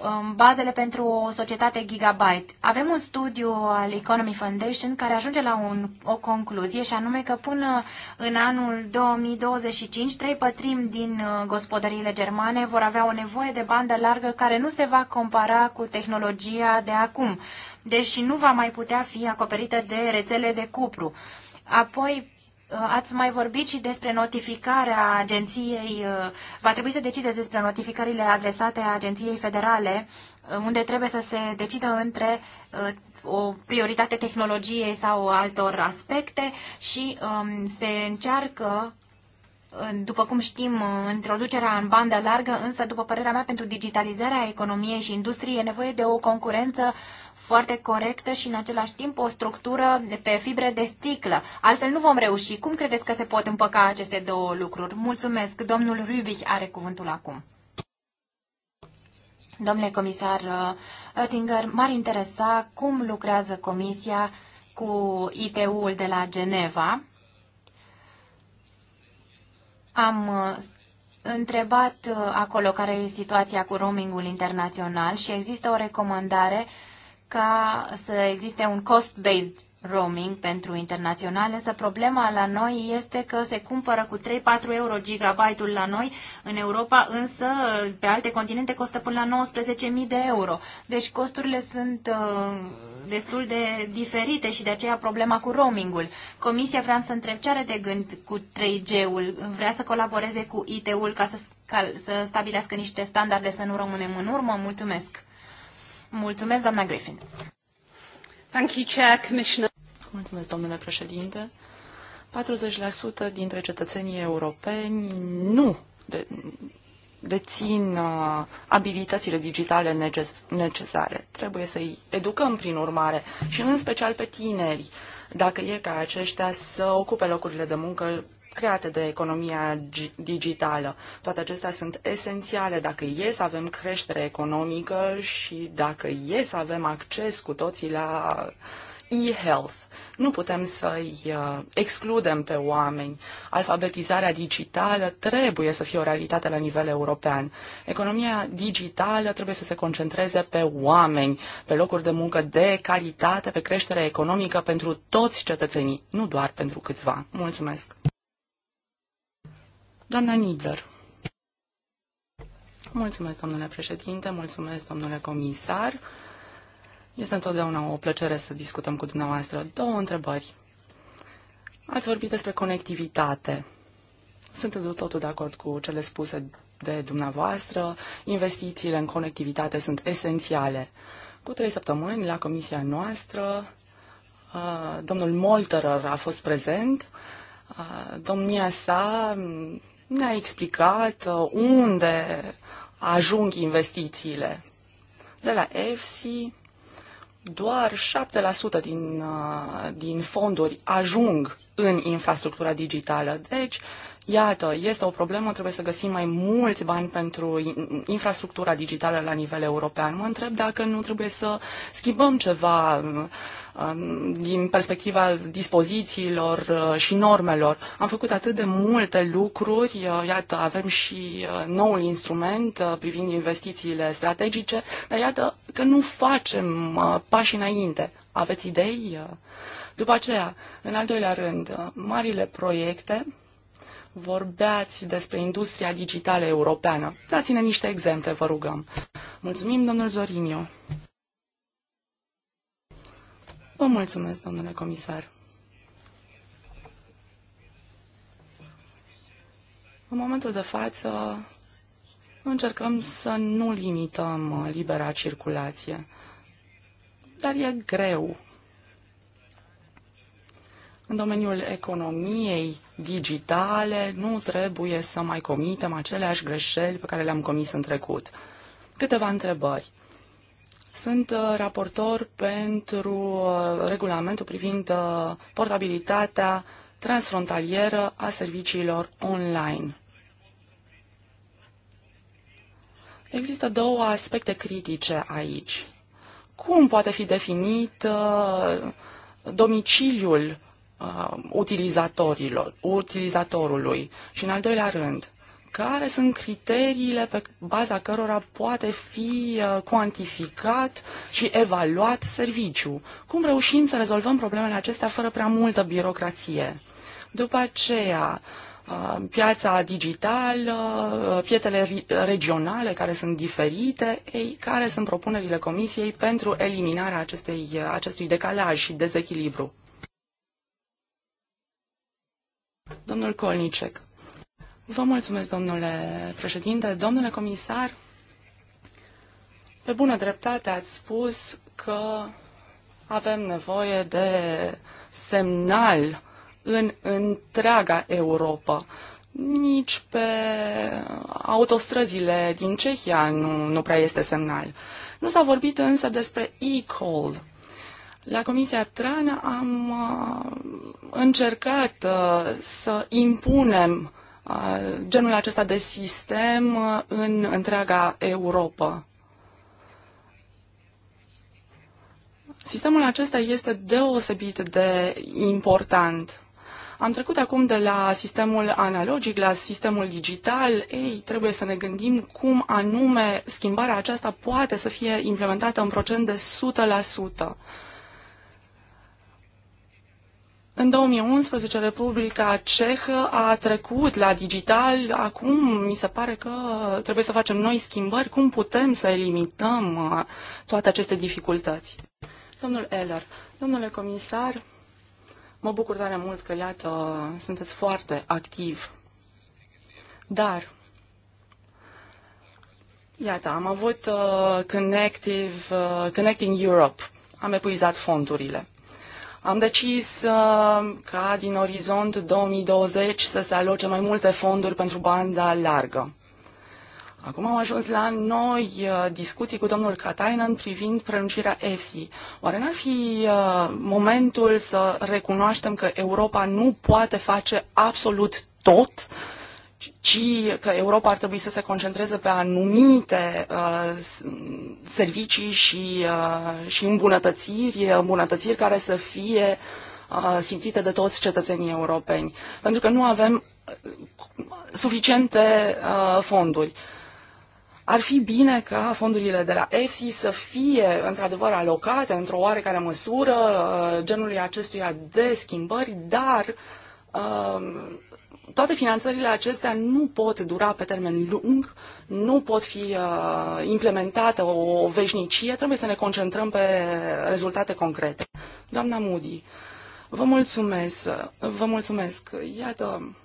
um, bazele pentru o societate gigabyte. Avem un studiu al Economy Foundation care ajunge la un, o concluzie și anume că până în anul 2025, trei pătrimi din uh, gospodăriile germane vor avea o nevoie de bandă largă care nu se va compara cu tehnologia de acum, deși nu va mai putea fi acoperită de rețele de cupru. Apoi, Uh, ați mai vorbit și despre notificarea agenției, uh, va trebui să decideți despre notificările adresate a agenției federale, uh, unde trebuie să se decidă între o prioritate tehnologiei sau altor aspecte și um, se încearcă după cum știm, introducerea în bandă largă, însă, după părerea mea, pentru digitalizarea economiei și industriei e nevoie de o concurență foarte corectă și în același timp o structură pe fibre de sticlă. Altfel nu vom reuși. Cum credeți că se pot împăca aceste două lucruri? Mulțumesc. Domnul Rubich are cuvântul acum. Domnule comisar uh, Oettinger, m-ar interesa cum lucrează Comisia cu ITU-ul de la Geneva. Am uh, întrebat uh, acolo care e situația cu roamingul internațional și există o recomandare uh, ca să existe un cost-based roaming pentru internaționale, însă problema la noi este că se cumpără cu 3-4 euro gigabyte-ul la noi în Europa, însă pe alte continente costă până la 19.000 de euro. Deci costurile sunt uh, destul de diferite și de aceea problema cu roamingul. Comisia vrea să întreb ce are de gând cu 3G-ul, vrea să colaboreze cu IT-ul ca să, ca să stabilească niște standarde să nu rămânem în urmă? Mulțumesc! Mulțumesc, doamna Griffin. Thank you, Chair, Commissioner. Mulțumesc, domnule președinte. 40% dintre cetățenii europeni nu de, dețin uh, abilitățile digitale necesare. Trebuie să-i educăm, prin urmare, și în special pe tineri, dacă e ca aceștia să ocupe locurile de muncă create de economia digitală. Toate acestea sunt esențiale dacă e să avem creștere economică și dacă e să avem acces cu toții la e-health. Nu putem să-i uh, excludem pe oameni. Alfabetizarea digitală trebuie să fie o realitate la nivel european. Economia digitală trebuie să se concentreze pe oameni, pe locuri de muncă de calitate, pe creștere economică pentru toți cetățenii, nu doar pentru câțiva. Mulțumesc! Doamna Nibler. Mulțumesc, domnule președinte, mulțumesc, domnule comisar. Este întotdeauna o plăcere să discutăm cu dumneavoastră. Două întrebări. Ați vorbit despre conectivitate. Sunt de totul de acord cu cele spuse de dumneavoastră. Investițiile în conectivitate sunt esențiale. Cu trei săptămâni, la comisia noastră, domnul Molterer a fost prezent. Domnia sa ne-a explicat uh, unde ajung investițiile. De la EFSI, doar 7% din, uh, din fonduri ajung în infrastructura digitală. Deci, Iată, este o problemă, trebuie să găsim mai mulți bani pentru infrastructura digitală la nivel european. Mă întreb dacă nu trebuie să schimbăm ceva um, din perspectiva dispozițiilor uh, și normelor. Am făcut atât de multe lucruri, uh, iată, avem și uh, noul instrument privind investițiile strategice, dar iată că nu facem pași înainte. Aveți idei? După aceea, în al doilea rând, marile proiecte vorbeați despre industria digitală europeană. Dați-ne niște exemple, vă rugăm. Mulțumim, domnul Zorinio. Vă mulțumesc, domnule comisar. În momentul de față încercăm să nu limităm libera circulație, dar e greu în domeniul economiei digitale nu trebuie să mai comitem aceleași greșeli pe care le-am comis în trecut. Câteva întrebări. Sunt uh, raportor pentru uh, regulamentul privind uh, portabilitatea transfrontalieră a serviciilor online. Există două aspecte critice aici. Cum poate fi definit domiciliul uh, utilizatorilor, utilizatorului? Și în al doilea rând, care sunt criteriile pe baza cărora poate fi uh, cuantificat și evaluat serviciu? Cum reușim să rezolvăm problemele acestea fără prea multă birocrație? După aceea, uh, piața digitală, uh, piețele regionale care sunt diferite, ei, care sunt propunerile Comisiei pentru eliminarea acestei, acestui decalaj și dezechilibru? Domnul Colnicek. Vă mulțumesc, domnule președinte. Domnule comisar, pe bună dreptate ați spus că avem nevoie de semnal în întreaga Europa. Nici pe autostrăzile din Cehia nu, nu prea este semnal. Nu s-a vorbit însă despre e-call, la Comisia Tran am uh, încercat uh, să impunem uh, genul acesta de sistem în întreaga Europa. Sistemul acesta este deosebit de important. Am trecut acum de la sistemul analogic la sistemul digital. Ei, trebuie să ne gândim cum anume schimbarea aceasta poate să fie implementată în procent de în 2011, Republica Cehă a trecut la digital. Acum mi se pare că trebuie să facem noi schimbări. Cum putem să eliminăm uh, toate aceste dificultăți? Domnul Eller, domnule comisar, mă bucur tare mult că, iată, sunteți foarte activ. Dar Iată, am avut uh, Connective, uh, Connecting Europe. Am epuizat fondurile. Am decis uh, ca din orizont 2020 să se aloce mai multe fonduri pentru banda largă. Acum am ajuns la noi uh, discuții cu domnul Katainen privind prelungirea EFSI. Oare n-ar fi uh, momentul să recunoaștem că Europa nu poate face absolut tot ci că Europa ar trebui să se concentreze pe anumite uh, servicii și, uh, și îmbunătățiri, îmbunătățiri care să fie uh, simțite de toți cetățenii europeni, pentru că nu avem uh, suficiente uh, fonduri. Ar fi bine ca fondurile de la EFSI să fie într-adevăr alocate într-o oarecare măsură uh, genului acestuia de schimbări, dar uh, toate finanțările acestea nu pot dura pe termen lung, nu pot fi uh, implementate o veșnicie, trebuie să ne concentrăm pe rezultate concrete. Doamna Moody, vă mulțumesc, vă mulțumesc. Iată,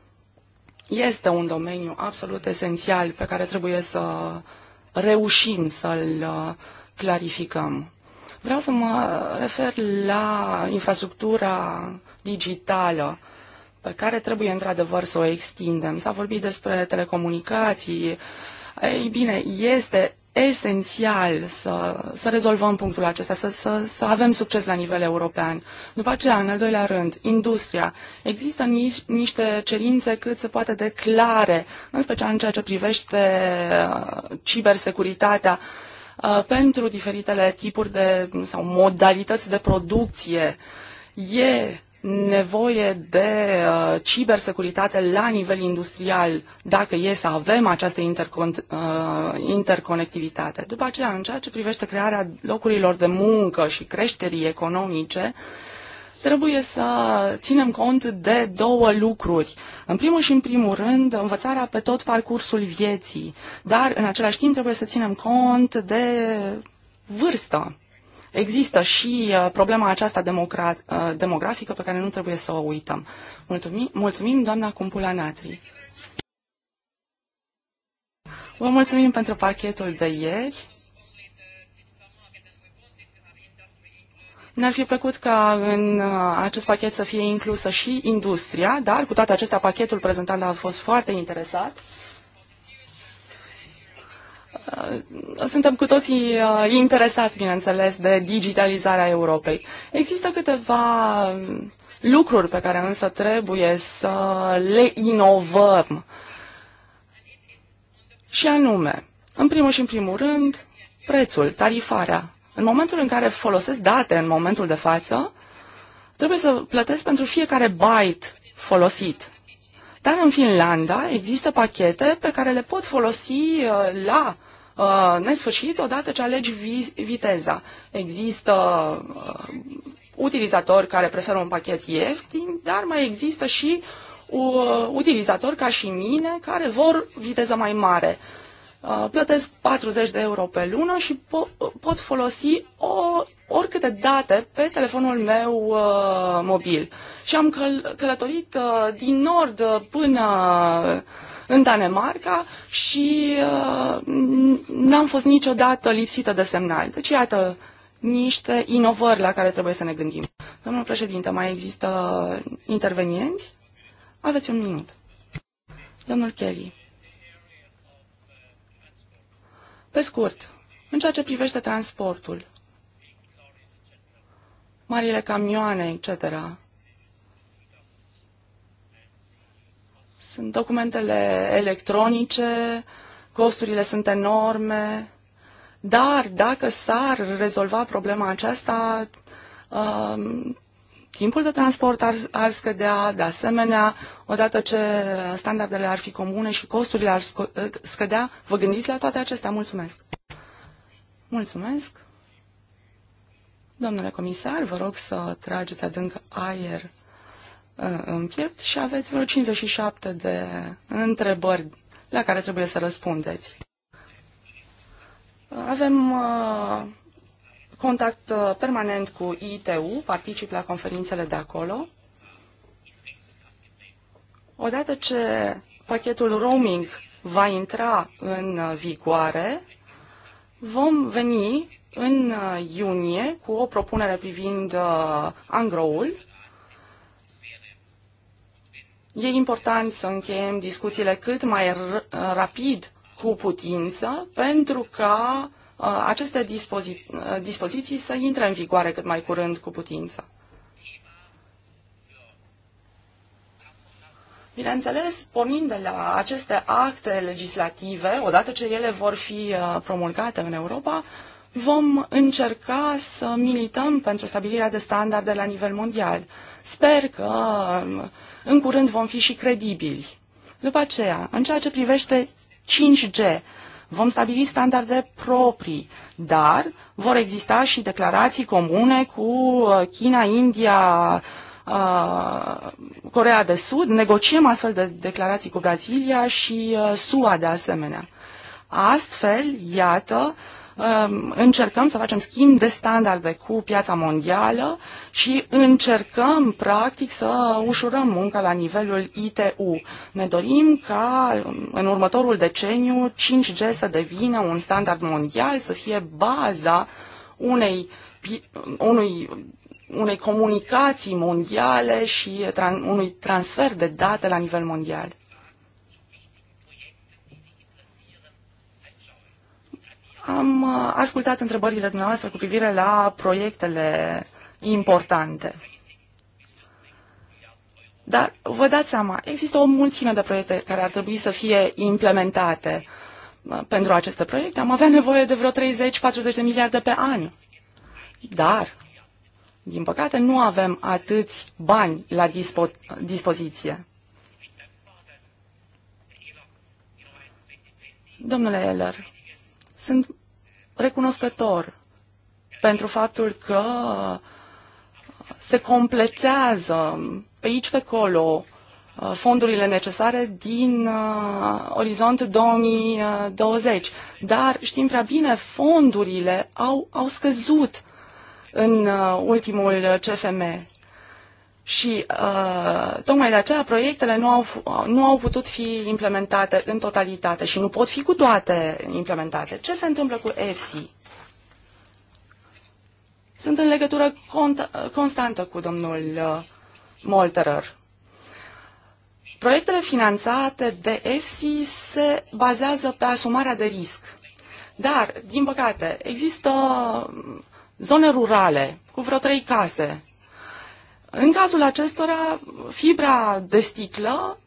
este un domeniu absolut esențial pe care trebuie să reușim să-l uh, clarificăm. Vreau să mă refer la infrastructura digitală pe care trebuie într-adevăr să o extindem. S-a vorbit despre telecomunicații. Ei bine, este esențial să, să rezolvăm punctul acesta, să, să, să avem succes la nivel european. După aceea, în al doilea rând, industria. Există niște cerințe cât se poate de clare, în special în ceea ce privește uh, cibersecuritatea uh, pentru diferitele tipuri de sau modalități de producție. E nevoie de uh, cibersecuritate la nivel industrial dacă e să avem această intercon- uh, interconectivitate. După aceea, în ceea ce privește crearea locurilor de muncă și creșterii economice, trebuie să ținem cont de două lucruri. În primul și în primul rând, învățarea pe tot parcursul vieții, dar în același timp trebuie să ținem cont de vârstă există și uh, problema aceasta uh, demografică pe care nu trebuie să o uităm. Mulțumim, mulțumim doamna Cumpula Natri. Vă mulțumim pentru pachetul de ieri. Ne-ar fi plăcut ca în uh, acest pachet să fie inclusă și industria, dar cu toate acestea pachetul prezentat a fost foarte interesat. Uh, suntem cu toții uh, interesați, bineînțeles, de digitalizarea Europei. Există câteva um, lucruri pe care însă trebuie să le inovăm. Și anume, în primul și în primul rând, prețul, tarifarea. În momentul în care folosesc date în momentul de față, trebuie să plătesc pentru fiecare byte folosit. Dar în Finlanda există pachete pe care le poți folosi uh, la uh, Uh, nesfârșit odată ce alegi viteza. Există uh, utilizatori care preferă un pachet ieftin, dar mai există și uh, utilizatori ca și mine care vor viteză mai mare. Plătesc 40 de euro pe lună și po- pot folosi o, oricâte date pe telefonul meu uh, mobil. Și am căl- călătorit uh, din nord până uh, în Danemarca și uh, n-am fost niciodată lipsită de semnal. Deci, iată, niște inovări la care trebuie să ne gândim. Domnul președinte, mai există intervenienți? Aveți un minut. Domnul Kelly. Pe scurt, în ceea ce privește transportul, marile camioane, etc., Sunt documentele electronice, costurile sunt enorme, dar dacă s-ar rezolva problema aceasta, um, timpul de transport ar, ar scădea, de asemenea, odată ce standardele ar fi comune și costurile ar uh, scădea, vă gândiți la toate acestea? Mulțumesc! Mulțumesc! Domnule comisar, vă rog să trageți adânc aer Uh, în piept și aveți vreo 57 de întrebări la care trebuie să răspundeți. Avem uh, contact uh, permanent cu ITU, particip la conferințele de acolo. Odată ce pachetul roaming va intra în vigoare, vom veni în iunie cu o propunere privind angroul E important să încheiem discuțiile cât mai rapid cu putință pentru ca uh, aceste dispozi- uh, dispoziții să intre în vigoare cât mai curând cu putință. Bineînțeles, pornind de la aceste acte legislative, odată ce ele vor fi uh, promulgate în Europa, vom încerca să milităm pentru stabilirea de standarde la nivel mondial. Sper că în curând vom fi și credibili. După aceea, în ceea ce privește 5G, vom stabili standarde proprii, dar vor exista și declarații comune cu uh, China, India, uh, Corea de Sud. Negociem astfel de declarații cu Brazilia și uh, SUA de asemenea. Astfel, iată, uh, Um, încercăm să facem schimb de standarde cu piața mondială și încercăm, practic, să ușurăm munca la nivelul ITU. Ne dorim ca um, în următorul deceniu 5G să devină un standard mondial, să fie baza unei, unui unei comunicații mondiale și unui transfer de date la nivel mondial. Am uh, ascultat întrebările dumneavoastră cu privire la proiectele importante. Dar vă dați seama, există o mulțime de proiecte care ar trebui să fie implementate. Uh, pentru aceste proiecte am avea nevoie de vreo 30-40 de miliarde pe an. Dar, din păcate, nu avem atâți bani la dispo- dispoziție. Domnule Eller, sunt recunoscător pentru faptul că se completează pe aici, pe acolo, uh, fondurile necesare din uh, orizont 2020. Dar știm prea bine, fondurile au, au scăzut în uh, ultimul CFM. Și uh, tocmai de aceea proiectele nu au, nu au putut fi implementate în totalitate și nu pot fi cu toate implementate. Ce se întâmplă cu EFSI? Sunt în legătură uh, constantă cu domnul uh, Molterer. Proiectele finanțate de EFSI se bazează pe asumarea de risc. Dar, din păcate, există uh, zone rurale cu vreo trei case în cazul acestora, fibra de sticlă,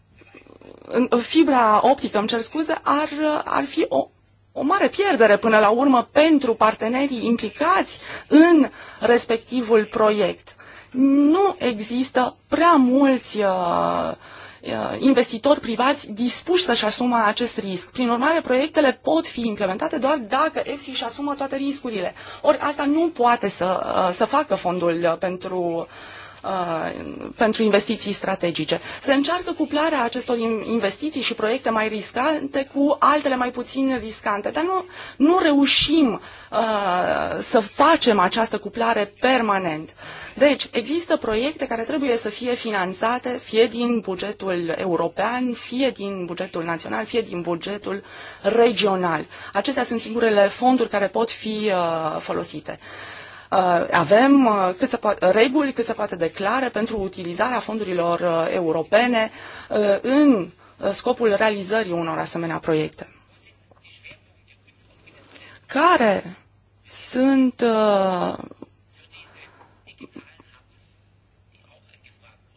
fibra optică, îmi cer scuze, ar, ar fi o, o mare pierdere până la urmă pentru partenerii implicați în respectivul proiect. Nu există prea mulți uh, uh investitori privați dispuși să-și asumă acest risc. Prin urmare, proiectele pot fi implementate doar dacă EFSI își asumă toate riscurile. Ori asta nu poate să, uh, să facă fondul uh, pentru uh, Uh, pentru investiții strategice. Se încearcă cuplarea acestor investiții și proiecte mai riscante cu altele mai puțin riscante, dar nu, nu reușim uh, să facem această cuplare permanent. Deci, există proiecte care trebuie să fie finanțate fie din bugetul european, fie din bugetul național, fie din bugetul regional. Acestea sunt singurele fonduri care pot fi uh, folosite. Uh, Uh, avem uh, cât se poate, reguli cât se poate declare pentru utilizarea fondurilor uh, europene în scopul realizării unor asemenea proiecte. Care sunt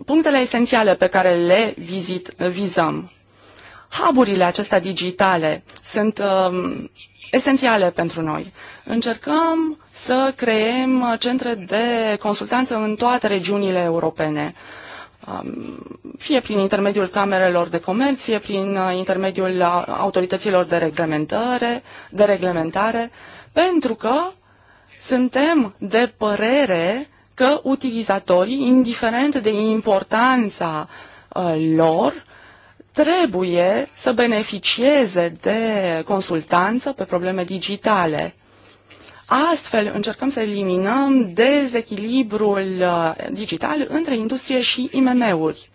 punctele esențiale pe care le vizit, vizăm. Haburile acestea digitale sunt um, esențiale pentru noi. Încercăm să creăm centre de consultanță în toate regiunile europene, um, fie prin intermediul camerelor de comerț, fie prin uh, intermediul autorităților de reglementare, de reglementare pentru că suntem de părere că utilizatorii, indiferent de importanța uh, lor, trebuie să beneficieze de consultanță pe probleme digitale. Astfel încercăm să eliminăm dezechilibrul uh, digital între industrie și IMM-uri.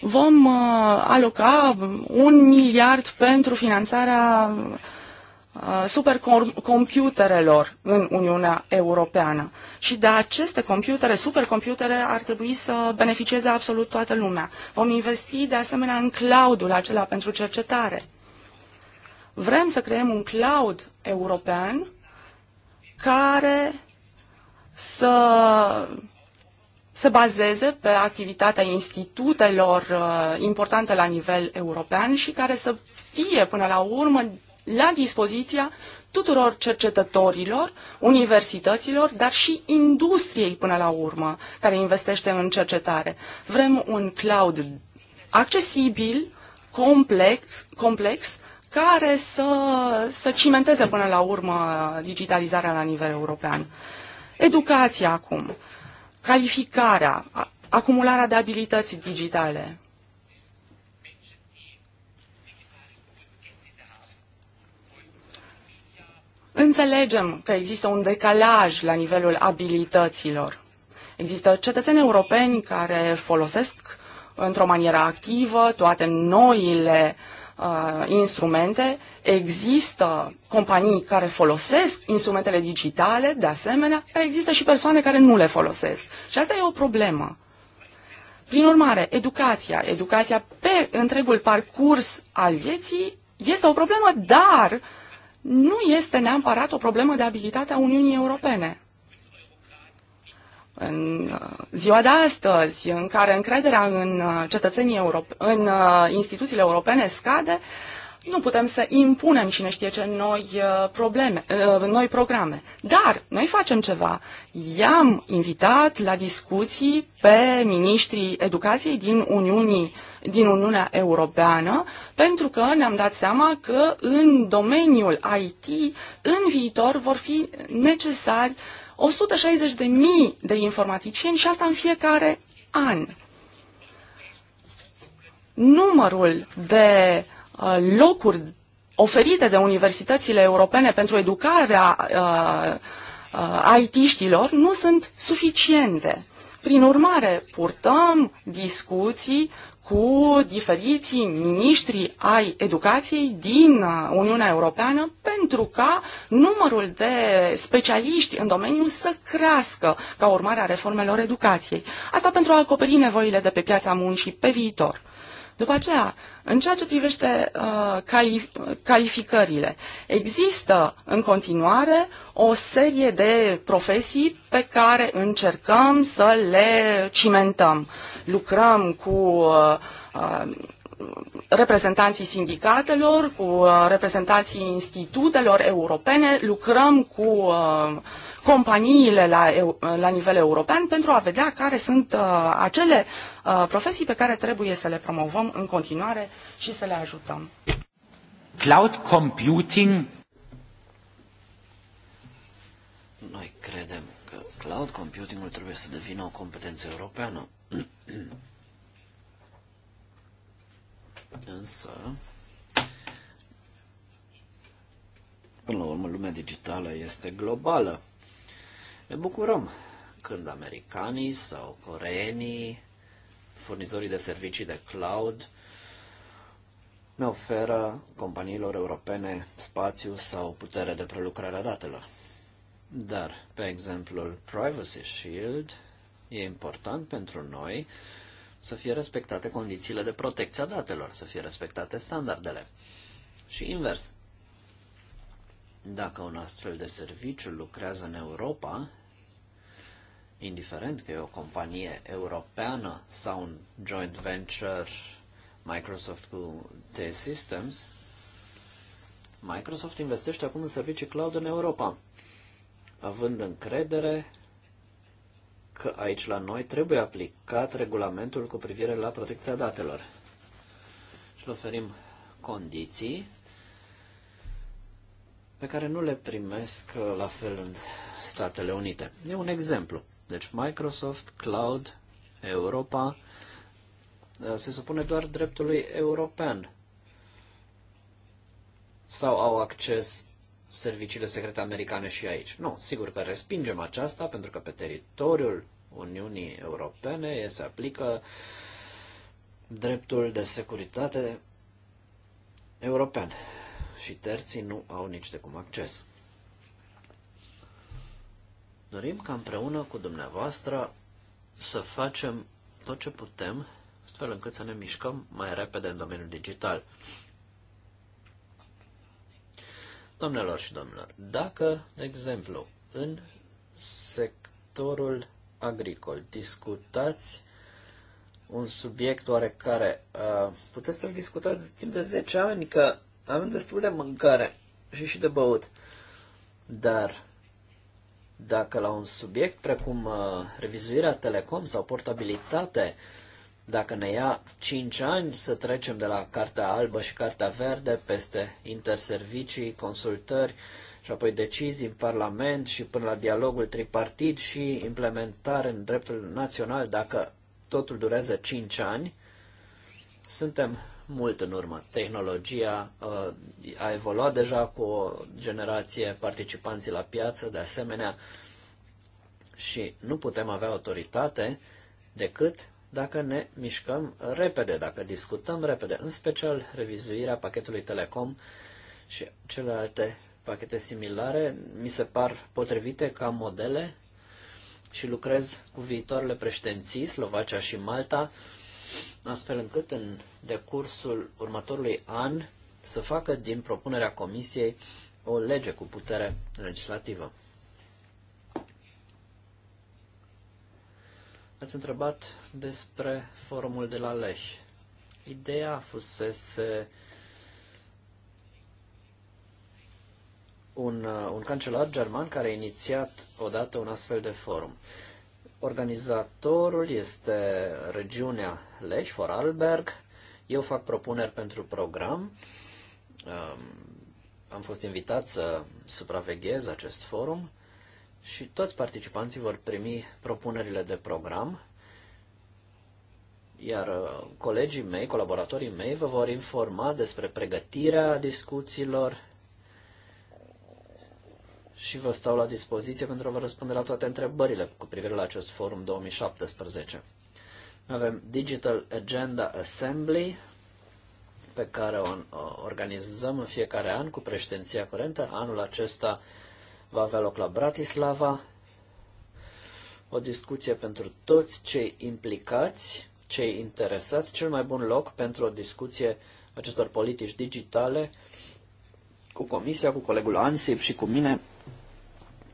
Vom uh, aloca un miliard pentru finanțarea Uh, supercomputerelor în Uniunea Europeană. Și de aceste computere, supercomputere, ar trebui să beneficieze absolut toată lumea. Vom investi de asemenea în cloudul acela pentru cercetare. Vrem să creăm un cloud european care să se bazeze pe activitatea institutelor uh, importante la nivel european și care să fie până la urmă la dispoziția tuturor cercetătorilor, universităților, dar și industriei până la urmă, care investește în cercetare. Vrem un cloud accesibil, complex, complex care să, să cimenteze până la urmă digitalizarea la nivel european. Educația acum, calificarea, acumularea de abilități digitale. Înțelegem că există un decalaj la nivelul abilităților. Există cetățeni europeni care folosesc într-o manieră activă toate noile uh, instrumente. Există companii care folosesc instrumentele digitale, de asemenea, dar există și persoane care nu le folosesc. Și asta e o problemă. Prin urmare, educația, educația pe întregul parcurs al vieții este o problemă, dar uh, nu este neapărat o problemă de abilitate a Uniunii Europene. În uh, ziua de astăzi, în care încrederea în uh, cetățenii europe, în uh, instituțiile europene scade, uh, nu putem să impunem cine știe ce noi, uh, probleme, uh, noi programe. Dar noi facem ceva. I-am invitat la discuții pe ministrii educației din Uniunii din Uniunea Europeană, pentru că ne-am dat seama că în domeniul IT, în viitor, vor fi necesari 160.000 de informaticieni și asta în fiecare an. Numărul de Uh, locuri oferite de universitățile europene pentru educarea uh, uh, IT-știlor nu sunt suficiente. Prin urmare, purtăm discuții cu diferiții miniștri ai educației din Uniunea Europeană pentru ca numărul de specialiști în domeniu să crească ca urmare a reformelor educației. Asta pentru a acoperi nevoile de pe piața muncii pe viitor. După aceea, în ceea ce privește uh, cali calificările, există în continuare o serie de profesii pe care încercăm să le cimentăm. Lucrăm cu uh, uh, reprezentanții sindicatelor, cu uh, reprezentanții institutelor europene, lucrăm cu uh, companiile la, la nivel european pentru a vedea care sunt uh, acele uh, profesii pe care trebuie să le promovăm în continuare și să le ajutăm. Cloud computing. Noi credem că cloud computingul trebuie să devină o competență europeană. <clears throat> Însă, până la urmă, lumea digitală este globală. Ne bucurăm când americanii sau coreenii, furnizorii de servicii de cloud, ne oferă companiilor europene spațiu sau putere de prelucrare a datelor. Dar, pe exemplul Privacy Shield, e important pentru noi să fie respectate condițiile de protecție a datelor, să fie respectate standardele. Și invers, dacă un astfel de serviciu lucrează în Europa, indiferent că e o companie europeană sau un joint venture Microsoft cu T-Systems, Microsoft investește acum în servicii cloud în Europa, având încredere că aici la noi trebuie aplicat regulamentul cu privire la protecția datelor. Și oferim condiții pe care nu le primesc uh, la fel în Statele Unite. E un exemplu. Deci Microsoft, Cloud, Europa uh, se supune doar dreptului european. Sau au acces serviciile secrete americane și aici. Nu, sigur că respingem aceasta pentru că pe teritoriul Uniunii Europene se aplică dreptul de securitate european și terții nu au nici de cum acces. Dorim ca împreună cu dumneavoastră să facem tot ce putem, astfel încât să ne mișcăm mai repede în domeniul digital. Domnilor și domnilor, dacă, de exemplu, în sectorul agricol discutați un subiect oarecare, uh, puteți să-l discutați timp de 10 ani, că avem destul de mâncare și și de băut. Dar dacă la un subiect precum uh, revizuirea telecom sau portabilitate, dacă ne ia 5 ani să trecem de la cartea albă și cartea verde peste interservicii, consultări și apoi decizii în Parlament și până la dialogul tripartit și implementare în dreptul național, dacă totul durează 5 ani, suntem mult în urmă. Tehnologia uh, a evoluat deja cu o generație participanții la piață, de asemenea, și nu putem avea autoritate decât dacă ne mișcăm repede, dacă discutăm repede, în special revizuirea pachetului Telecom și celelalte pachete similare, mi se par potrivite ca modele și lucrez cu viitoarele președinții, Slovacia și Malta, astfel încât în decursul următorului an să facă din propunerea Comisiei o lege cu putere legislativă. Ați întrebat despre forumul de la Leș. Ideea fusese un, un cancelar german care a inițiat odată un astfel de forum. Organizatorul este regiunea Lech, foralberg Eu fac propuneri pentru program. Am fost invitat să supraveghez acest forum și toți participanții vor primi propunerile de program, iar uh, colegii mei, colaboratorii mei, vă vor informa despre pregătirea discuțiilor, și vă stau la dispoziție pentru a vă răspunde la toate întrebările cu privire la acest forum 2017. Avem Digital Agenda Assembly, pe care o organizăm în fiecare an cu președinția curentă. Anul acesta va avea loc la Bratislava. O discuție pentru toți cei implicați, cei interesați, cel mai bun loc pentru o discuție acestor politici digitale cu Comisia, cu colegul Ansip și cu mine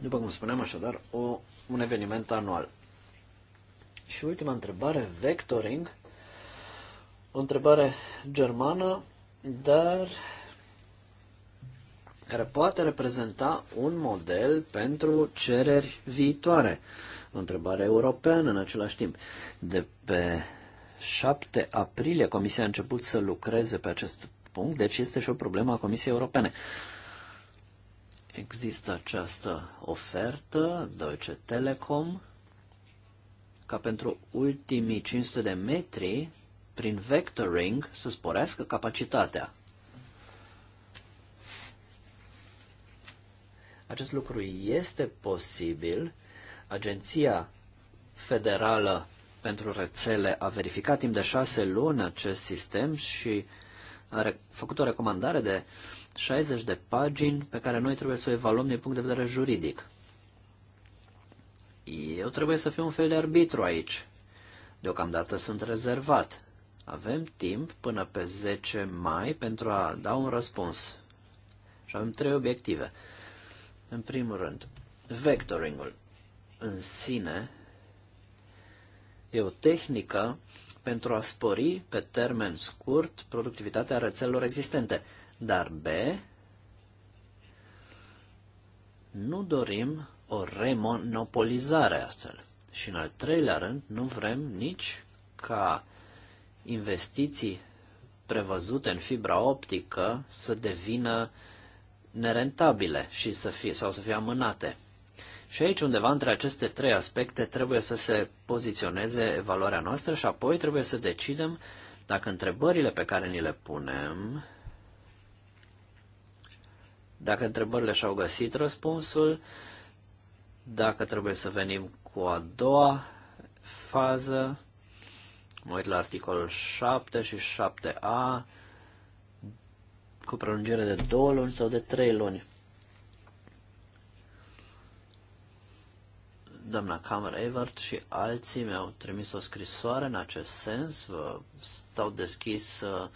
după cum spuneam, așadar, o, un eveniment anual. Și ultima întrebare, vectoring, o întrebare germană, dar care poate reprezenta un model pentru cereri viitoare. O întrebare europeană în același timp. De pe 7 aprilie Comisia a început să lucreze pe acest punct, deci este și o problemă a Comisiei Europene. Există această ofertă, Deutsche Telekom, ca pentru ultimii 500 de metri, prin vectoring, să sporească capacitatea. Acest lucru este posibil. Agenția Federală pentru Rețele a verificat timp de șase luni acest sistem și a făcut o recomandare de uh, 60 de pagini pe care noi trebuie să o evaluăm din punct de vedere juridic. Eu trebuie să fiu un fel de arbitru aici. Deocamdată sunt rezervat. Avem timp până pe 10 mai pentru a da un răspuns. Și avem trei obiective. În primul rând, vectoringul în sine e o tehnică pentru a spori pe termen scurt productivitatea rețelelor existente. Dar B, nu dorim o remonopolizare astfel. Și în al treilea rând, nu vrem nici ca investiții prevăzute în fibra optică să devină nerentabile și să fie, sau să fie amânate. Și aici, undeva între aceste trei aspecte, trebuie să se poziționeze evaluarea noastră și apoi trebuie să decidem dacă întrebările pe care ni le punem dacă întrebările și-au găsit răspunsul, dacă trebuie să venim cu a doua fază, mă uit la articolul 7 și 7a, cu prelungire de două luni sau de trei luni. Doamna Cameron Evert și alții mi-au trimis o scrisoare în acest sens, vă stau deschis uh,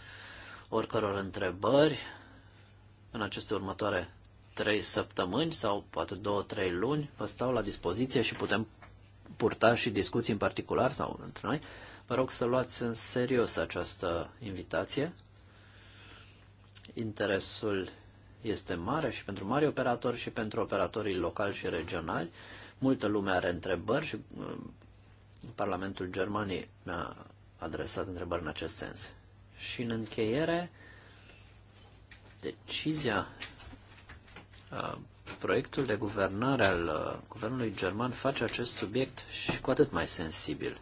oricăror întrebări, în aceste următoare trei săptămâni sau poate două, trei luni, vă stau la dispoziție și putem purta și discuții în particular sau între noi. Vă rog să luați în serios această invitație. Interesul este mare și pentru mari operatori și pentru operatorii locali și regionali. Multă lume are întrebări și uh, Parlamentul Germaniei mi-a adresat întrebări în acest sens. Și în încheiere, Decizia, proiectul de guvernare al guvernului german face acest subiect și cu atât mai sensibil.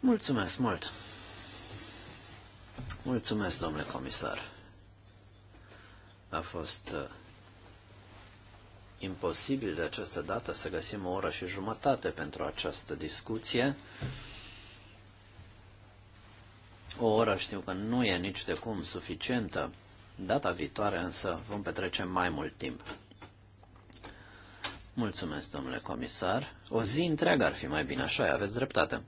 Mulțumesc mult! Mulțumesc, domnule comisar. A fost imposibil de această dată să găsim o oră și jumătate pentru această discuție. O oră știu că nu e nici de cum suficientă. Data viitoare însă vom petrece mai mult timp. Mulțumesc, domnule comisar. O zi întreagă ar fi mai bine, așa aveți dreptate.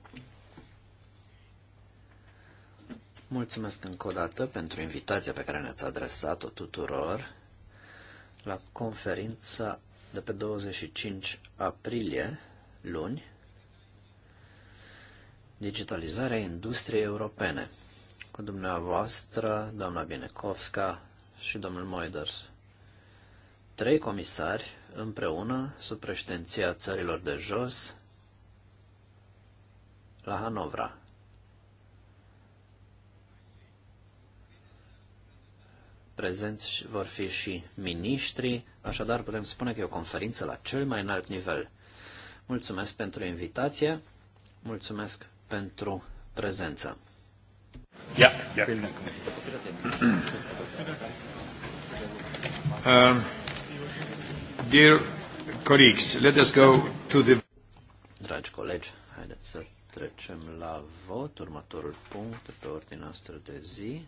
Mulțumesc încă o dată pentru invitația pe care ne-ați adresat-o tuturor la conferința de pe 25 aprilie, luni, digitalizarea industriei europene, cu dumneavoastră, doamna Binecovska și domnul Moiders. Trei comisari împreună sub președinția țărilor de jos la Hanovra. Prezenți vor fi și miniștri, așadar putem spune că e o conferință la cel mai înalt nivel. Mulțumesc pentru invitație, mulțumesc pentru prezență. Ia, ia. Uh, um, dear colleagues, let us go to the... Dragi colegi, haideți să trecem la vot, următorul punct pe ordinea noastră de zi.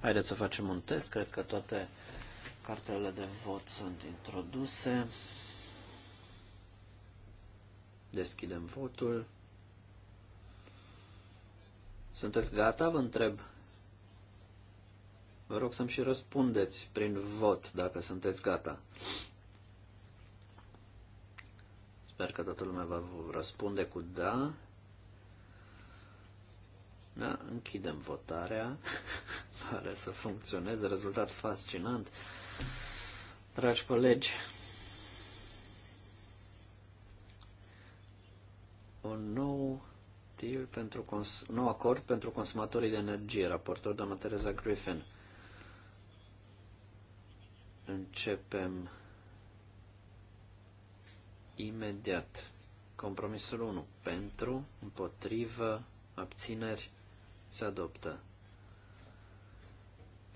Haideți să facem un test. Cred că toate cartele de vot sunt introduse. Deschidem votul. Sunteți gata? Vă întreb. Vă rog să-mi și răspundeți prin vot dacă sunteți gata. Sper că toată lumea va răspunde cu da. Da, închidem votarea. <laughs> Pare să funcționeze. Rezultat fascinant. Dragi colegi, un nou deal pentru cons- nou acord pentru consumatorii de energie, raportor doamna Teresa Griffin. Începem imediat. Compromisul 1. Pentru, împotrivă, abțineri, se adoptă.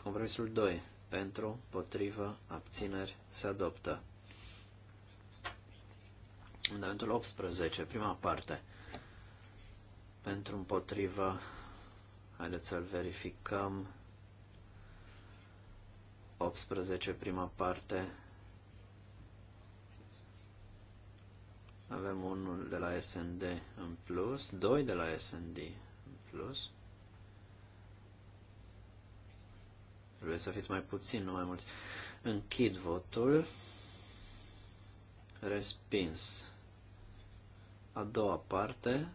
Compromisul 2. Pentru, potrivă, abțineri, se adoptă. Amendamentul 18, prima parte. Pentru, împotrivă, haideți să-l verificăm. 18, prima parte. Avem unul de la SND în plus, doi de la SND în plus. Trebuie să fiți mai puțin, nu mai mulți. Închid votul. Respins. A doua parte.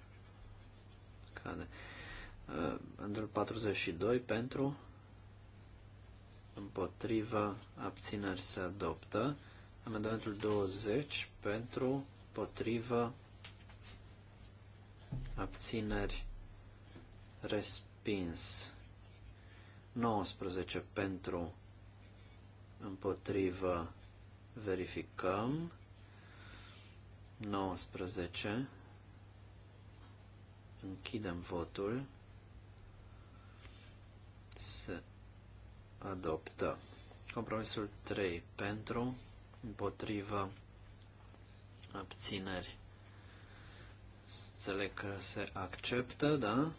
Cade. Uh, Andrul 42 pentru. Împotriva abțineri se adoptă. Amendamentul 20 pentru. Împotriva abțineri respins. 19 pentru împotrivă verificăm 19 închidem votul se adoptă compromisul 3 pentru împotrivă abțineri înțeleg că se acceptă da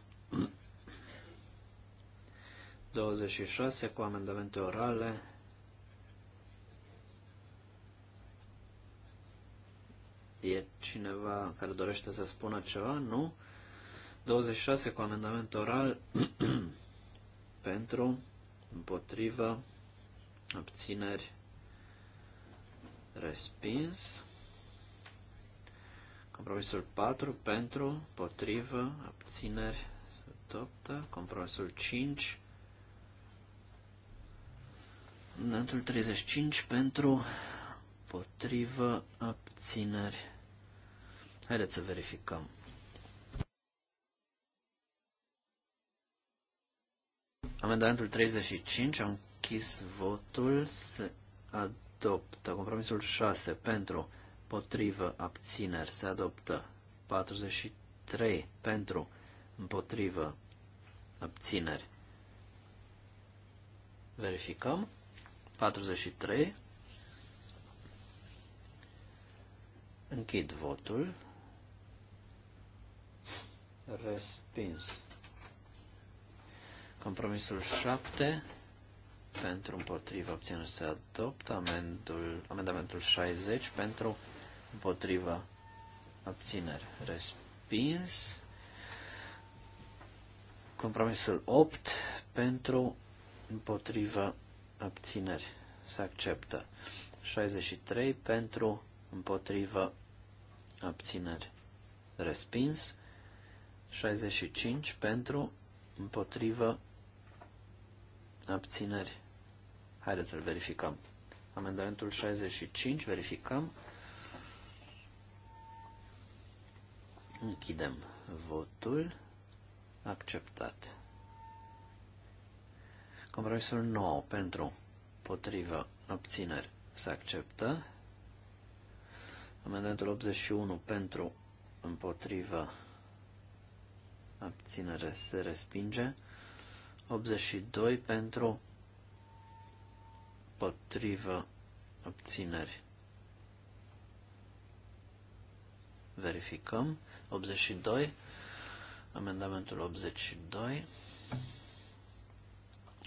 26 cu amendamente orale. E cineva care dorește să spună ceva? Nu? 26 cu amendament oral <clears throat> pentru, împotrivă, abțineri, respins. Compromisul 4 pentru, împotrivă, abțineri, se adoptă. Compromisul 5 Amendamentul 35 pentru, potrivă, abțineri. Haideți să verificăm. Amendamentul 35, am închis votul, se adoptă. Compromisul 6 pentru, potrivă, abțineri, se adoptă. 43 pentru, împotrivă, abțineri. Verificăm. 43. Închid votul. Respins. Compromisul 7 pentru împotriva obținut se adoptă. Amendul, amendamentul 60 pentru împotriva abțineri respins. Compromisul 8 pentru împotriva abțineri se acceptă. 63 pentru, împotrivă, abțineri respins. 65 pentru, împotrivă, abțineri. Haideți să-l verificăm. Amendamentul 65, verificăm. Închidem votul. Acceptat. Compromisul 9 pentru, potrivă, abțineri se acceptă. Amendamentul 81 pentru, împotrivă, abținere se respinge. 82 pentru, potrivă, abțineri. Verificăm. 82. Amendamentul 82.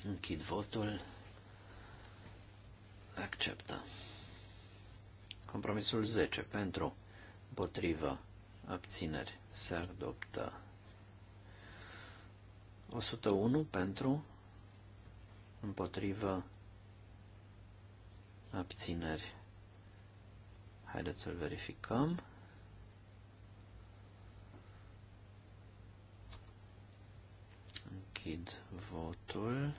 Închid votul. Acceptă. Compromisul 10 pentru împotriva abțineri se adoptă. 101 pentru împotriva abțineri. Haideți să-l verificăm. Închid votul.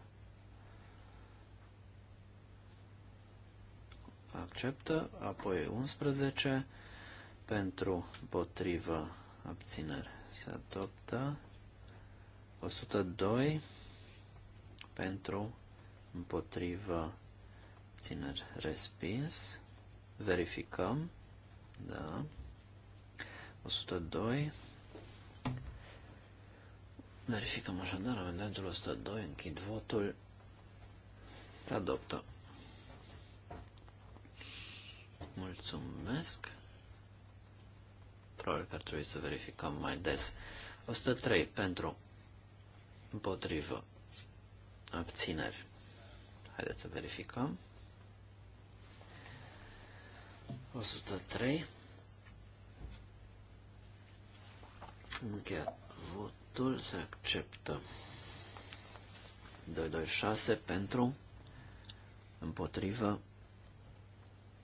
acceptă, apoi 11 pentru potrivă abținere se adoptă, 102 pentru împotrivă abținere respins, verificăm, da, 102 Verificăm așadar amendamentul 102, închid votul, se adoptă. Mulțumesc. Probabil că ar trebui să verificăm mai des. 103 pentru împotrivă abțineri. Haideți să verificăm. 103. Încheiat votul. Se acceptă. 226 pentru împotrivă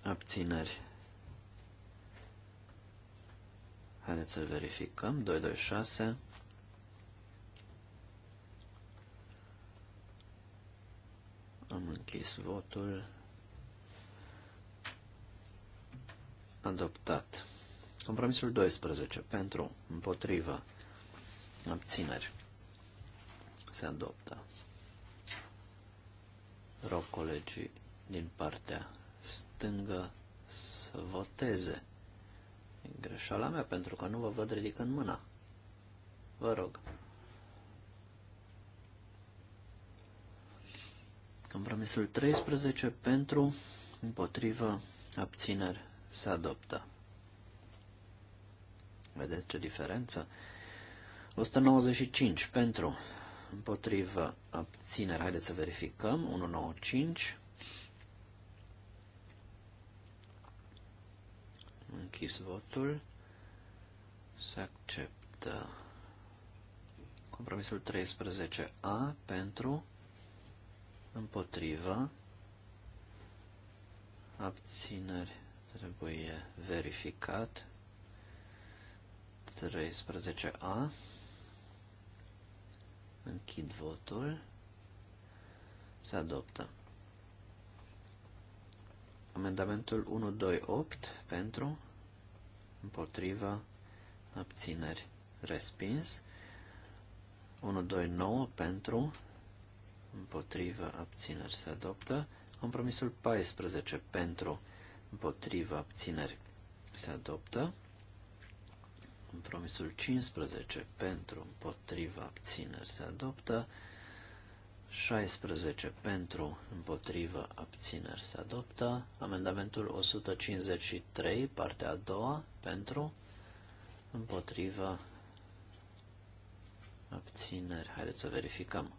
abțineri. Haideți să verificăm. 226. Am închis votul. Adoptat. Compromisul 12. Pentru, împotriva, abțineri. Se adoptă. Rog colegii din partea stângă să voteze. E greșeala mea pentru că nu vă văd ridicând mâna. Vă rog. Compromisul 13 pentru, împotrivă, abțineri se adoptă. Vedeți ce diferență? 195 pentru, împotrivă, abțineri, haideți să verificăm, 195 închis votul. Se acceptă compromisul 13A pentru, împotrivă, abțineri trebuie verificat. 13A. Închid votul. Se adoptă. Amendamentul 128 pentru împotriva, abțineri, respins. 1, 2, 9, pentru, împotriva, abțineri, se adoptă. Compromisul 14 pentru, împotriva, abțineri, se adoptă. Compromisul 15 pentru, împotriva, abțineri, se adoptă. 16 pentru, împotrivă, abțineri se adoptă. Amendamentul 153, partea a doua, pentru, împotrivă, abțineri. Haideți să verificăm.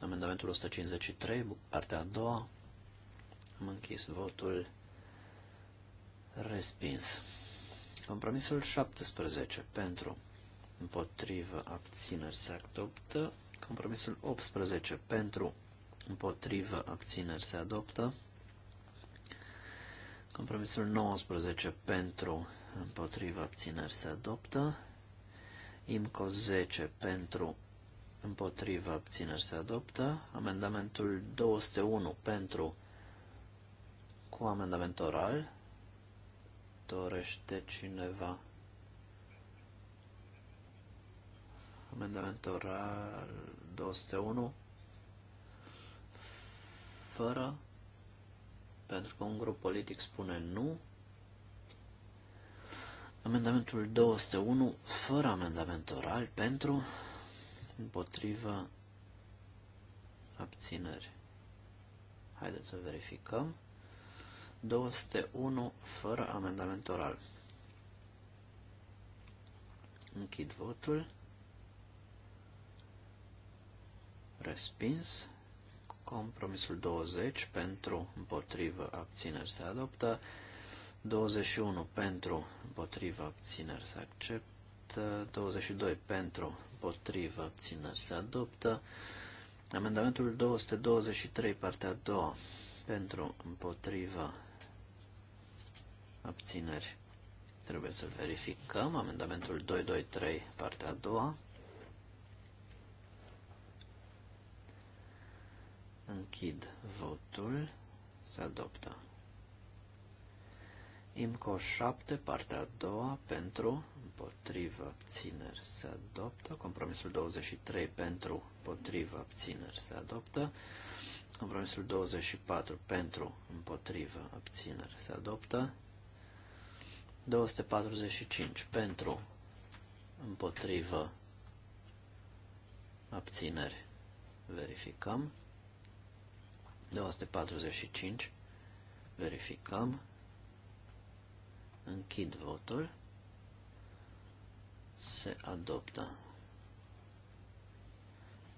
Amendamentul 153, partea a doua, am închis votul respins. Compromisul 17 pentru, împotrivă, abțineri se adoptă. Compromisul 18 pentru, împotrivă, abțineri se adoptă. Compromisul 19 pentru, împotrivă, abțineri se adoptă. IMCO 10 pentru, împotrivă, abțineri se adoptă. Amendamentul 201 pentru, cu amendament oral. Dorește cineva amendament oral 201 fără pentru că un grup politic spune nu. Amendamentul 201 fără amendament oral pentru împotriva abțineri. Haideți să verificăm. 201 fără amendament oral. Închid votul. respins. Compromisul 20 pentru, împotrivă, abțineri se adoptă. 21 pentru, împotrivă, abțineri se acceptă. 22 pentru, împotrivă, abțineri se adoptă. Amendamentul 223, partea a doua, pentru, împotrivă, abțineri. Trebuie să verificăm amendamentul 223, partea a doua. Închid votul. Se adoptă. IMCO 7, partea a doua, pentru, împotrivă, abțineri, se adoptă. Compromisul 23, pentru, împotrivă, abțineri, se adoptă. Compromisul 24, pentru, împotrivă, abțineri, se adoptă. 245, pentru, împotrivă, abțineri, verificăm. 245. Verificăm. Închid votul. Se adoptă.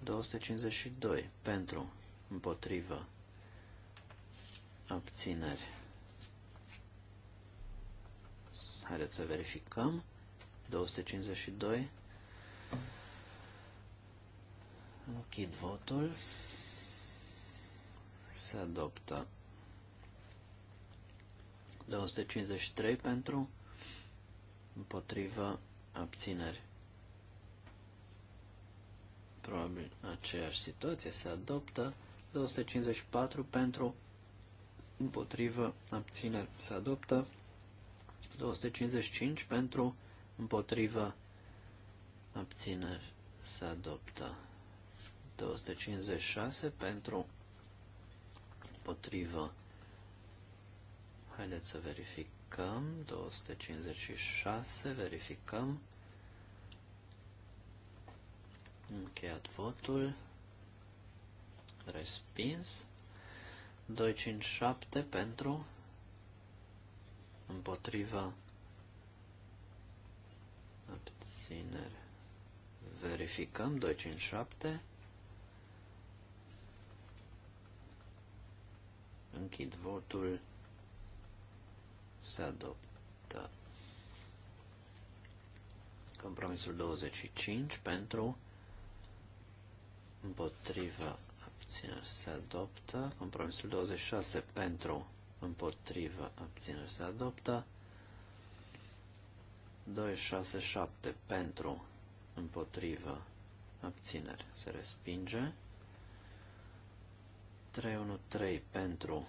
252. Pentru. Împotrivă. Abțineri. Haideți să verificăm. 252. Închid votul se adoptă. 253 pentru, împotriva, abțineri. Probabil aceeași situație se adoptă. 254 pentru, împotrivă, abțineri se adoptă. 255 pentru, împotrivă, abțineri se adoptă. 256 pentru, împotrivă. Haideți să verificăm. 256, verificăm. Încheiat votul. Respins. 257 pentru Împotrivă. abținere. Verificăm 257. Închid votul. Se adoptă. Compromisul 25 pentru împotriva abțineri se adoptă. Compromisul 26 pentru împotriva abțineri se adoptă. 267 pentru împotriva abțineri se respinge. 313 pentru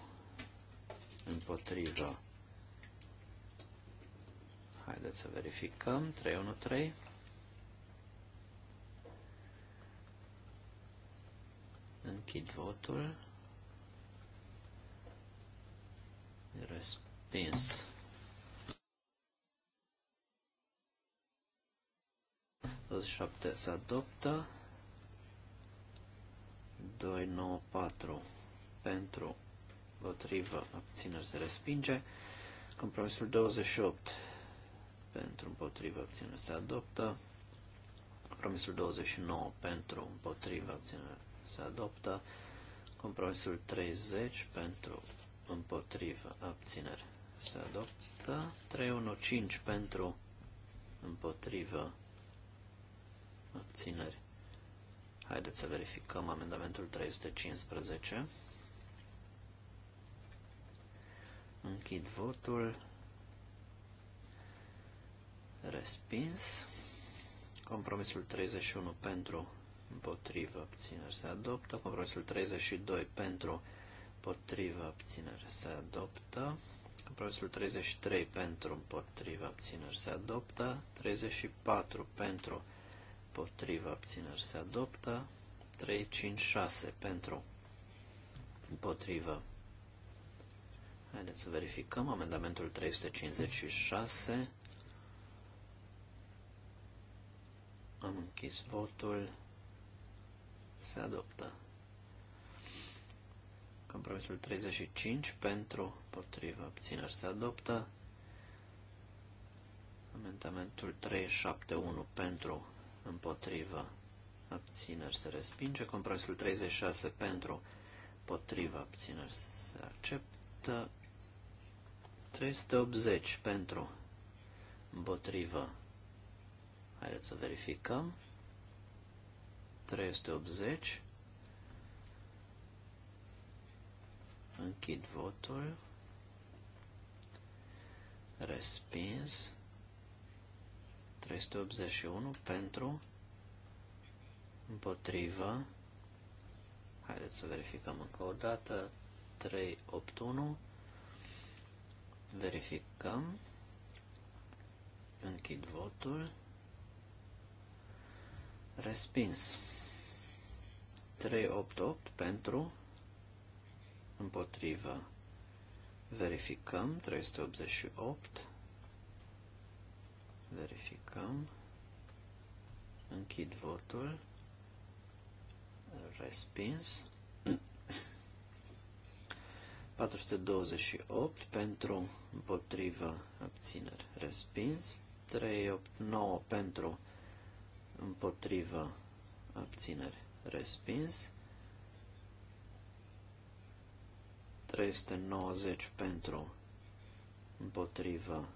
împotriva. Haideți să verificăm. 313. Închid votul. Respins. șapte se adoptă. 294 pentru, împotrivă, abțineri se respinge. Compromisul 28 pentru, împotrivă, abțineri se adoptă. Compromisul 29 pentru, împotrivă, abțineri se adoptă. Compromisul 30 pentru, împotrivă, abțineri se adoptă. 315 pentru, împotrivă, abțineri Haideți să verificăm amendamentul 315. Închid votul. Respins. Compromisul 31 pentru, împotrivă, abținere se adoptă. Compromisul 32 pentru, împotrivă, abținere se adoptă. Compromisul 33 pentru, împotrivă, abținere se adoptă. 34 pentru, împotrivă, împotriva abțineri se adoptă, 3, 5, 6 pentru împotriva. Haideți să verificăm amendamentul 356. Am închis votul. Se adoptă. Compromisul 35 pentru, potrivă, abțineri se adoptă. Amendamentul 371 pentru, împotriva, abțineri se respinge, compromisul 36 pentru, împotriva, abțineri se acceptă, 380 pentru, împotriva, haideți să verificăm, 380, închid votul, respins, 381 pentru, împotrivă, haideți să verificăm încă o dată, 381, verificăm, închid votul, respins, 388 pentru, împotrivă, verificăm, 388, Verificăm. Închid votul. Respins. 428 <clears throat> pentru, împotrivă, abțineri, respins. 389 pentru, împotrivă, abțineri, respins. 390 pentru, împotrivă,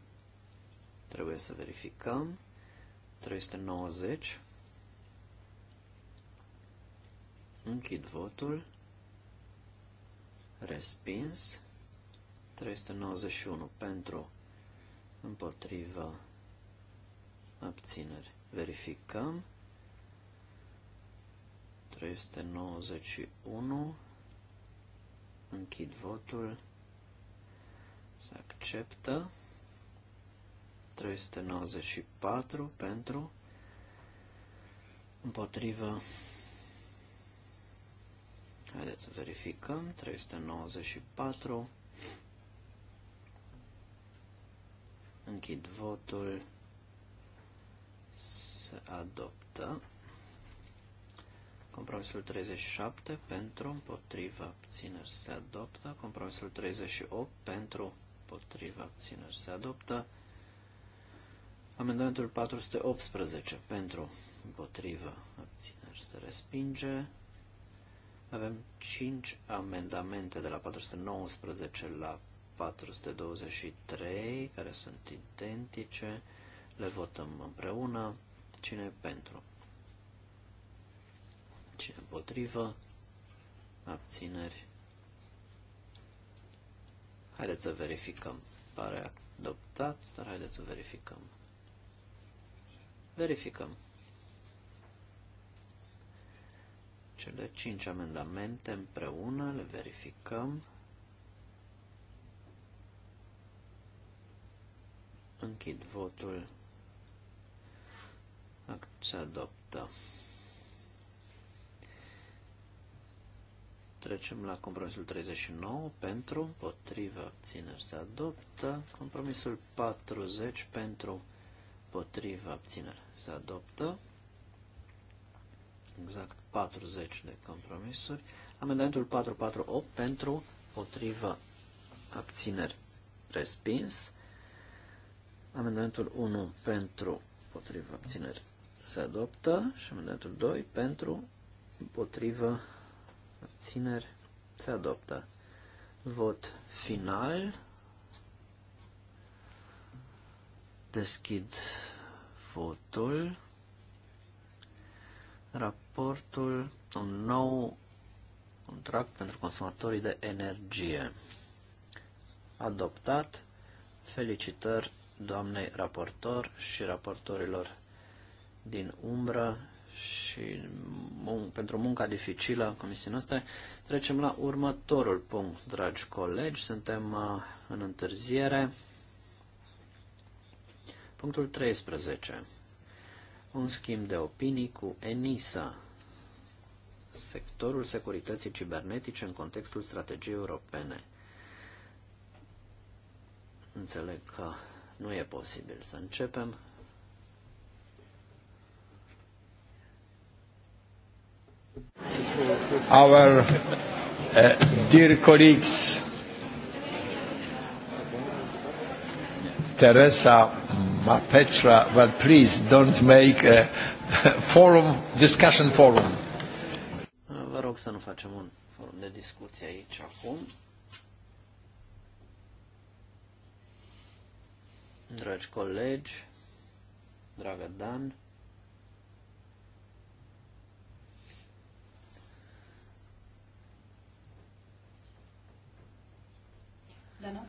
Trebuie să verificăm. 390. Închid votul. Respins. 391 pentru împotriva abțineri. Verificăm. 391. Închid votul. Se acceptă. 394 pentru, împotrivă, haideți să verificăm, 394, închid votul, se adoptă. Compromisul 37 pentru, împotriva, abțineri se adoptă. Compromisul 38 pentru, împotriva, abțineri se adoptă. Amendamentul 418 pentru, împotrivă, abțineri se respinge. Avem 5 amendamente de la 419 la 423 care sunt identice. Le votăm împreună. Cine pentru? Cine împotrivă? Abțineri. Haideți să verificăm. Pare adoptat, dar haideți să verificăm. Verificăm. Cele cinci amendamente împreună le verificăm. Închid votul. Se adoptă. Trecem la compromisul 39 pentru, potrivă, abțineri se adoptă. Compromisul 40 pentru, împotriva abținere se adoptă. Exact 40 de compromisuri. Amendamentul 448 pentru împotriva abțineri respins. Amendamentul 1 pentru împotriva abțineri se adoptă și amendamentul 2 pentru împotriva abțineri se adoptă. Vot final Deschid votul. Raportul un nou contract pentru consumatorii de energie. Adoptat. Felicitări doamnei raportor și raportorilor din umbră și mun- pentru munca dificilă a comisiei noastre. Trecem la următorul punct, dragi colegi. Suntem uh, în întârziere. Punctul 13. Un schimb de opinii cu ENISA, sectorul securității cibernetice în contextul strategiei europene. Înțeleg că nu e posibil să începem. Our uh, dear colleagues, Teresa Petra, but please don't make a <laughs> forum, discussion forum. Vă rog să nu facem un forum de discuție aici acum. Dragi colegi, dragă Dan, Dar nu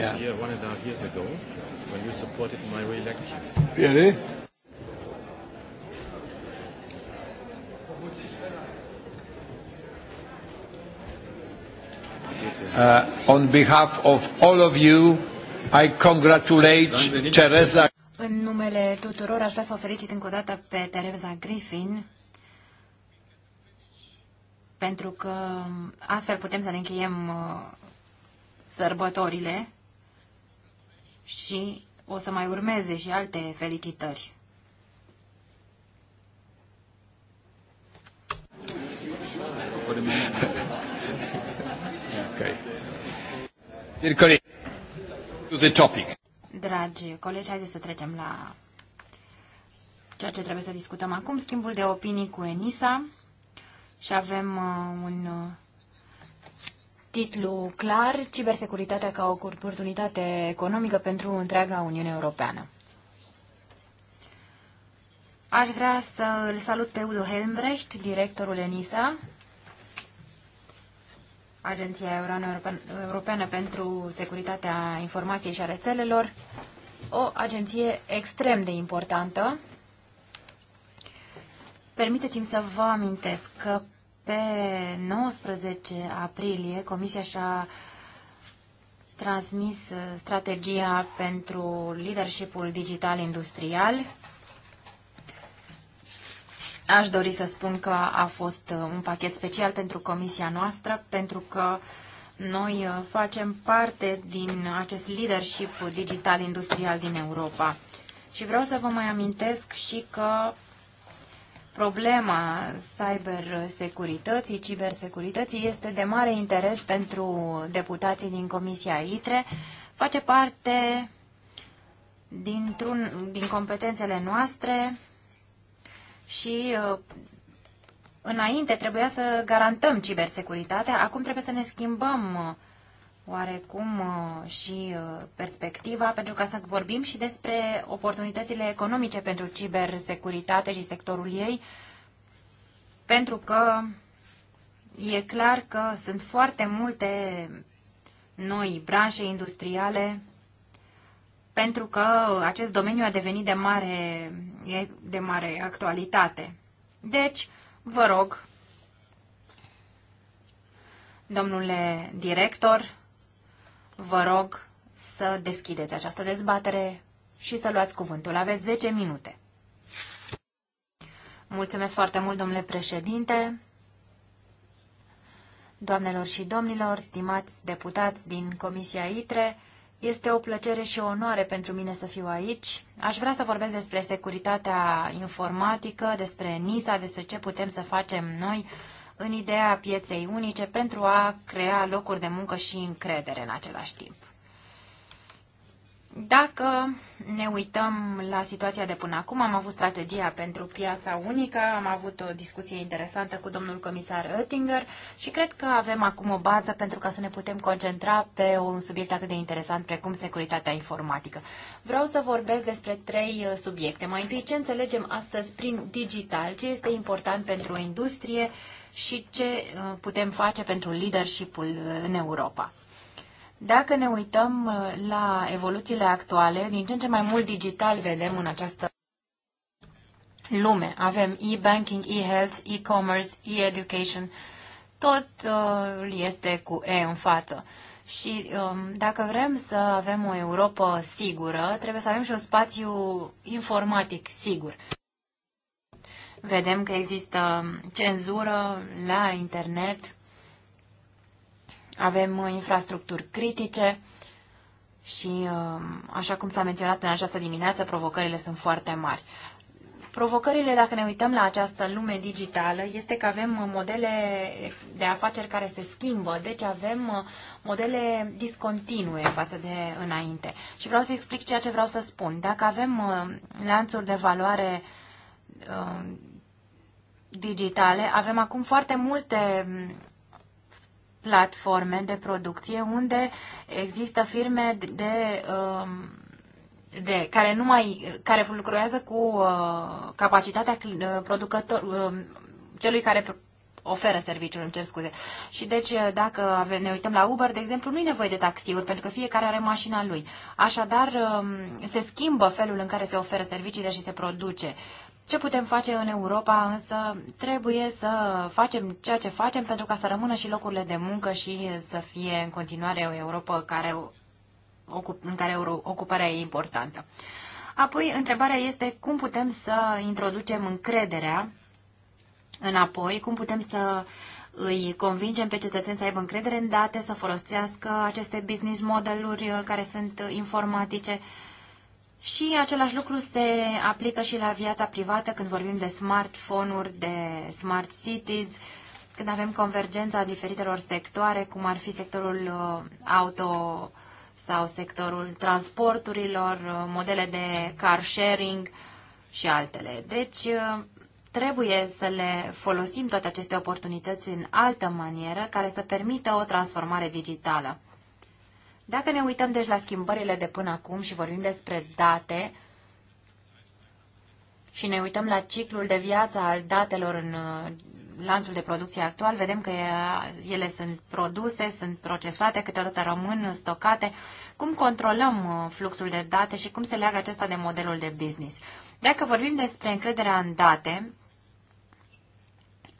yeah. here one and a half years ago when you supported my re-election. Really? Uh, on behalf of all of you, I congratulate Teresa. În numele tuturor aș vrea să o felicit încă o dată pe Teresa Griffin pentru că um, astfel putem să ne încheiem uh, sărbătorile și o să mai urmeze și alte felicitări. Okay. To the topic. Dragi colegi, haideți să trecem la ceea ce trebuie să discutăm acum, schimbul de opinii cu ENISA și avem uh, un uh, titlu clar, Cibersecuritatea ca o oportunitate economică pentru întreaga Uniune Europeană. Aș vrea să îl salut pe Udo Helmbrecht, directorul ENISA, Agenția Europeană pentru Securitatea Informației și a Rețelelor, o agenție extrem de importantă. Permiteți-mi să vă amintesc că pe 19 aprilie, Comisia și-a transmis uh, strategia pentru leadershipul digital industrial. Aș dori să spun că a fost uh, un pachet special pentru comisia noastră, pentru că noi uh, facem parte din acest leadership digital industrial din Europa. Și vreau să vă mai amintesc și că problema cybersecurității, cibersecurității este de mare interes pentru deputații din Comisia ITRE. Face parte dintr-un, din competențele noastre și uh, înainte trebuia să garantăm cibersecuritatea, acum trebuie să ne schimbăm uh, oarecum uh, și uh, perspectiva, pentru ca să vorbim și despre oportunitățile economice pentru cibersecuritate și sectorul ei, pentru că e clar că sunt foarte multe noi branșe industriale pentru că acest domeniu a devenit de mare, de mare actualitate. Deci, vă rog, domnule director, vă rog să deschideți această dezbatere și să luați cuvântul. Aveți 10 minute. Mulțumesc foarte mult, domnule președinte, doamnelor și domnilor, stimați deputați din Comisia ITRE. Este o plăcere și o onoare pentru mine să fiu aici. Aș vrea să vorbesc despre securitatea informatică, despre NISA, despre ce putem să facem noi în ideea pieței unice pentru a crea locuri de muncă și încredere în același timp. Dacă ne uităm la situația de până acum, am avut strategia pentru piața unică, am avut o discuție interesantă cu domnul comisar Oettinger și cred că avem acum o bază pentru ca să ne putem concentra pe un subiect atât de interesant precum securitatea informatică. Vreau să vorbesc despre trei uh, subiecte. Mai întâi, ce înțelegem astăzi prin digital, ce este important pentru o industrie, și ce uh, putem face pentru leadership-ul uh, în Europa. Dacă ne uităm uh, la evoluțiile actuale, din ce în ce mai mult digital vedem în această lume. Avem e-banking, e-health, e-commerce, e-education. Tot este cu E în față. Și um, dacă vrem să avem o Europa sigură, trebuie să avem și un spațiu informatic sigur. Vedem că există cenzură la internet, avem infrastructuri critice și, um, așa cum s-a menționat în această dimineață, provocările sunt foarte mari. Provocările, dacă ne uităm la această lume digitală, este că avem modele de afaceri care se schimbă, deci avem uh, modele discontinue față de înainte. Și vreau să explic ceea ce vreau să spun. Dacă avem uh, lanțuri de valoare uh, digitale, avem acum foarte multe mm, platforme de producție unde există firme de, um, de care nu mai care lucrează cu uh, capacitatea uh, producător um, celui care oferă serviciul, îmi cer scuze. Și deci, uh, dacă avem ne uităm la Uber, de exemplu, nu e nevoie de taxiuri, pentru că fiecare are mașina lui. Așadar, um, se schimbă felul în care se oferă serviciile și se produce ce putem face în Europa, însă trebuie să facem ceea ce facem pentru ca să rămână și locurile de muncă și să fie în continuare o Europa care, în care ocuparea e importantă. Apoi, întrebarea este cum putem să introducem încrederea înapoi, cum putem să îi convingem pe cetățeni să aibă încredere în date, să folosească aceste business modeluri care sunt informatice, uh, și același lucru se aplică și la viața privată când vorbim de smartphone-uri, de smart cities, când avem convergența diferitelor sectoare, cum ar fi sectorul uh, auto sau sectorul transporturilor, uh, modele de car sharing și altele. Deci uh, trebuie să le folosim toate aceste oportunități în altă manieră care să permită o transformare digitală. Dacă ne uităm deci la schimbările de până acum și vorbim despre date și ne uităm la ciclul de viață al datelor în uh, lanțul de producție actual, vedem că ele sunt produse, sunt procesate, câteodată rămân stocate. Cum controlăm uh, fluxul de date și cum se leagă acesta de modelul de business? Dacă vorbim despre încrederea în date,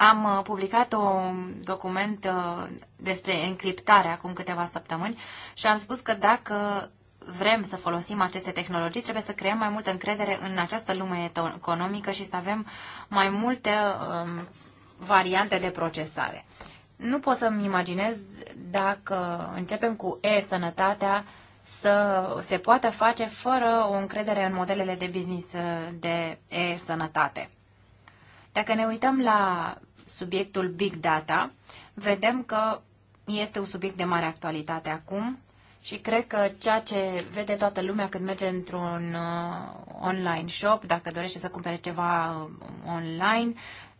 am uh, publicat un document uh, despre încriptare acum câteva săptămâni și am spus că dacă vrem să folosim aceste tehnologii, trebuie să creăm mai multă încredere în această lume economică și să avem mai multe um, variante de procesare. Nu pot să-mi imaginez dacă începem cu e-sănătatea să se poată face fără o încredere în modelele de business uh, de e-sănătate. Dacă ne uităm la subiectul Big Data, vedem că este un subiect de mare actualitate acum și cred că ceea ce vede toată lumea când merge într-un uh, online shop, dacă dorește să cumpere ceva uh, online,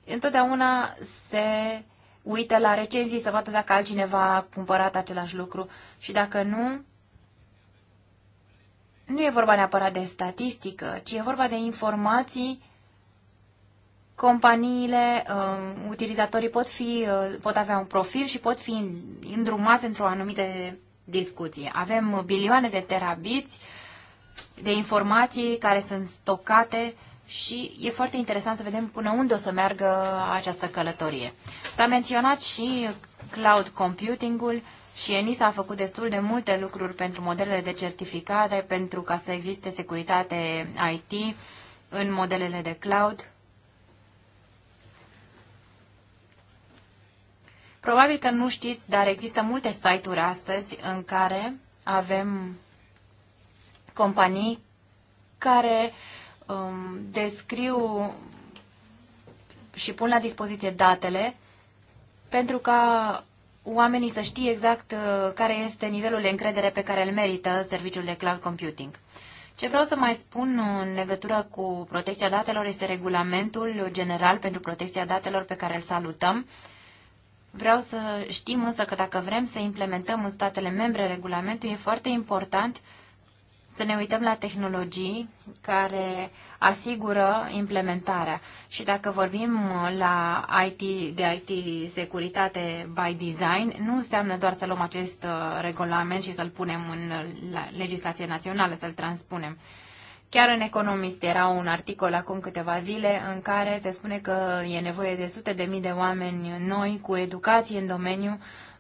întotdeauna se uită la recenzii să vadă dacă altcineva a cumpărat același lucru și dacă nu, nu e vorba neapărat de statistică, ci e vorba de informații companiile, uh, utilizatorii pot, fi, uh, pot avea un profil și pot fi îndrumați într-o anumită discuție. Avem bilioane de terabiți de informații care sunt stocate și e foarte interesant să vedem până unde o să meargă această călătorie. S-a menționat și cloud computing-ul și ENISA a făcut destul de multe lucruri pentru modelele de certificare, pentru ca să existe securitate IT în modelele de cloud Probabil că nu știți, dar există multe site-uri astăzi în care avem companii care um, descriu și pun la dispoziție datele pentru ca oamenii să știe exact uh, care este nivelul de încredere pe care îl merită serviciul de cloud computing. Ce vreau să mai spun în legătură cu protecția datelor este regulamentul general pentru protecția datelor pe care îl salutăm. Uh, Vreau să știm însă că dacă vrem să implementăm în statele membre regulamentul, e foarte important să ne uităm la tehnologii care asigură implementarea. Și dacă vorbim la IT, de IT securitate by design, nu înseamnă doar să luăm acest uh, regulament și să-l punem în uh, legislație națională, să-l transpunem. Chiar în Economist era un articol acum câteva zile în care se spune că e nevoie de sute de mii de oameni noi cu educație în domeniu.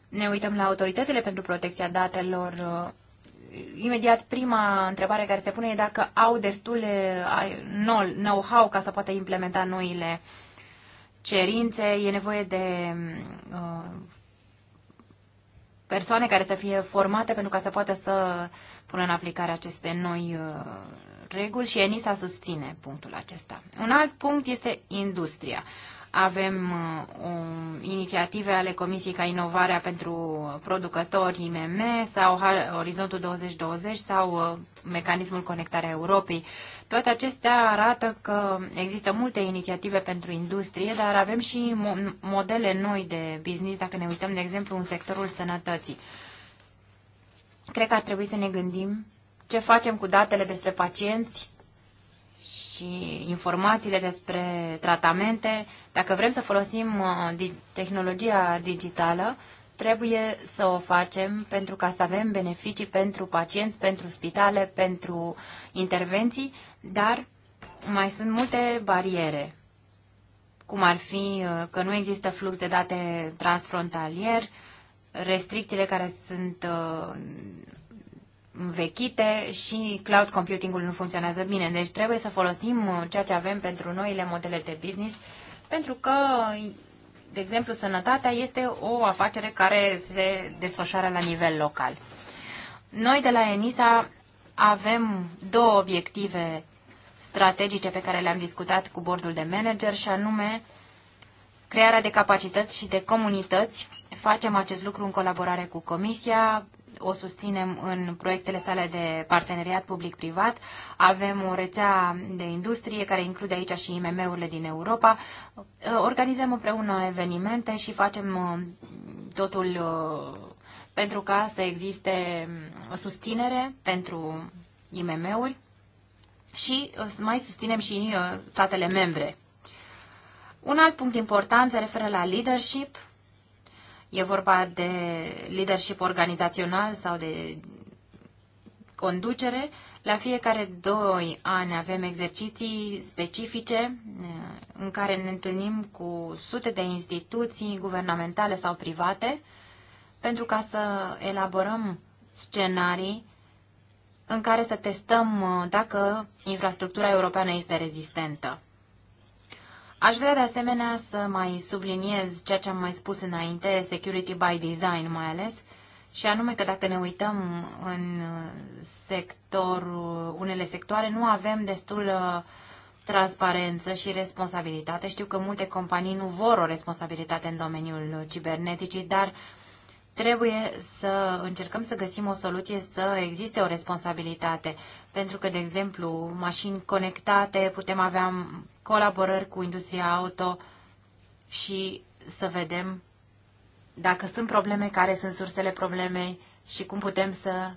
Ne uităm la autoritățile pentru protecția datelor. Uh, imediat prima întrebare care se pune e dacă au destule know-how ca să poată implementa noile cerințe. E nevoie de uh, persoane care să fie formate pentru ca să poată să pună în aplicare aceste noi uh, reguli și ENISA susține punctul acesta. Un alt punct este industria. Avem um, inițiative ale Comisiei ca Inovarea pentru Producători IMM sau Orizontul 2020 sau uh, Mecanismul Conectarea Europei. Toate acestea arată că există multe inițiative pentru industrie, dar avem și mo- modele noi de business, dacă ne uităm, de exemplu, în sectorul sănătății. Cred că ar trebui să ne gândim ce facem cu datele despre pacienți și informațiile despre tratamente. Dacă vrem să folosim uh, tehnologia digitală, trebuie să o facem pentru ca să avem beneficii pentru pacienți, pentru spitale, pentru intervenții, dar mai sunt multe bariere, cum ar fi uh, că nu există flux de date transfrontalier, restricțiile care sunt uh, învechite și cloud computing-ul nu funcționează bine. Deci trebuie să folosim ceea ce avem pentru noile modele de business, pentru că, de exemplu, sănătatea este o afacere care se desfășoară la nivel local. Noi de la ENISA avem două obiective strategice pe care le-am discutat cu bordul de manager și anume crearea de capacități și de comunități. Facem acest lucru în colaborare cu Comisia, o susținem în proiectele sale de parteneriat public-privat. Avem o rețea de industrie care include aici și IMM-urile din Europa. Uh, organizăm împreună evenimente și facem uh, totul uh, pentru ca să existe um, susținere pentru IMM-uri și mai susținem și statele membre. Un alt punct important se referă la leadership E vorba de leadership organizațional sau de conducere. La fiecare doi ani avem exerciții specifice eh, în care ne întâlnim cu sute de instituții guvernamentale sau private pentru ca să elaborăm scenarii în care să testăm eh, dacă infrastructura europeană este rezistentă. Aș vrea de asemenea să mai subliniez ceea ce am mai spus înainte, security by design mai ales, și anume că dacă ne uităm în sector, unele sectoare, nu avem destul uh, transparență și responsabilitate. Știu că multe companii nu vor o responsabilitate în domeniul ciberneticii, dar uh, Trebuie să încercăm să găsim o soluție să existe o responsabilitate, pentru că, de exemplu, mașini conectate, putem avea colaborări cu industria auto și să vedem dacă sunt probleme, care sunt sursele problemei și cum putem să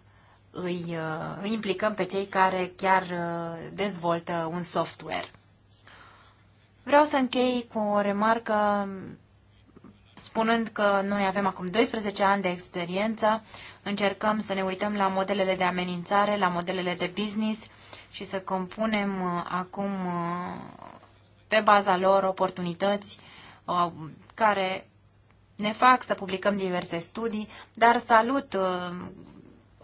îi, uh, îi implicăm pe cei care chiar uh, dezvoltă un software. Vreau să închei cu o remarcă spunând că noi avem acum 12 ani de experiență, încercăm să ne uităm la modelele de amenințare, la modelele de business și să compunem uh, acum uh, pe baza lor oportunități uh, care ne fac să publicăm diverse studii, dar salut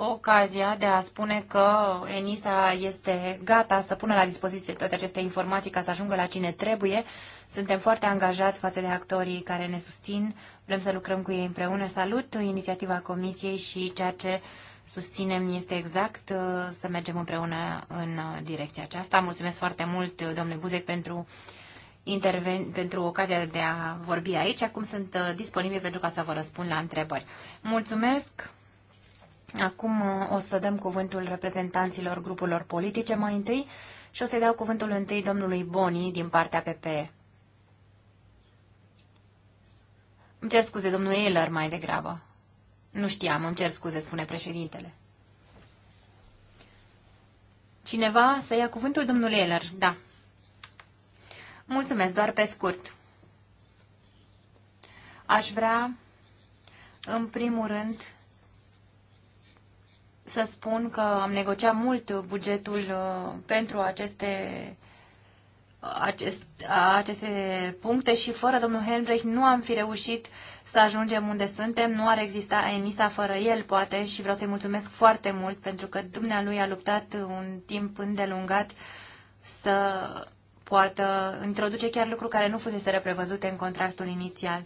ocazia de a spune că ENISA este gata să pună la dispoziție toate aceste informații ca să ajungă la cine trebuie. Suntem foarte angajați față de actorii care ne susțin. Vrem să lucrăm cu ei împreună. Salut inițiativa Comisiei și ceea ce susținem este exact uh, să mergem împreună în uh, direcția aceasta. Mulțumesc foarte mult, uh, domnule Buzec, pentru, interven- pentru ocazia de a vorbi aici. Acum sunt disponibil pentru ca să vă răspund la întrebări. Mulțumesc! Acum uh, o să dăm cuvântul reprezentanților grupurilor politice mai întâi și o să-i dau cuvântul întâi domnului Boni din partea PPE. Îmi cer scuze, domnul Eller mai degrabă. Nu știam, îmi cer scuze, spune președintele. Cineva să ia cuvântul domnul Eller, da. Mulțumesc, doar pe scurt. Aș vrea, în primul rând, să spun că am negociat mult bugetul uh, pentru aceste acest, aceste puncte și fără domnul Helmbrecht nu am fi reușit să ajungem unde suntem. Nu ar exista ENISA fără el, poate, și vreau să-i mulțumesc foarte mult pentru că dumnealui a luptat un timp îndelungat să poată introduce chiar lucruri care nu fusese prevăzute în contractul inițial.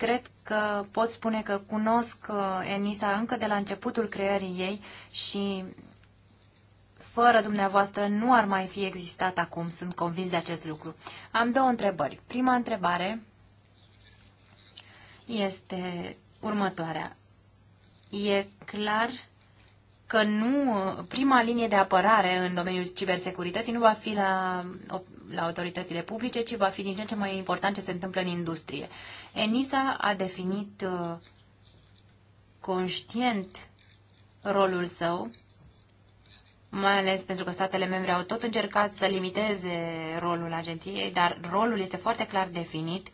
Cred că pot spune că cunosc uh, Enisa încă de la începutul creării ei și fără dumneavoastră nu ar mai fi existat acum, sunt convins de acest lucru. Am două întrebări. Prima întrebare este următoarea. E clar că nu, prima linie de apărare în domeniul cibersecurității nu va fi la la autoritățile publice, ci va fi din ce în ce mai important ce se întâmplă în industrie. ENISA a definit uh, conștient rolul său, mai ales pentru că statele membre au tot încercat să limiteze rolul agenției, dar rolul este foarte clar definit.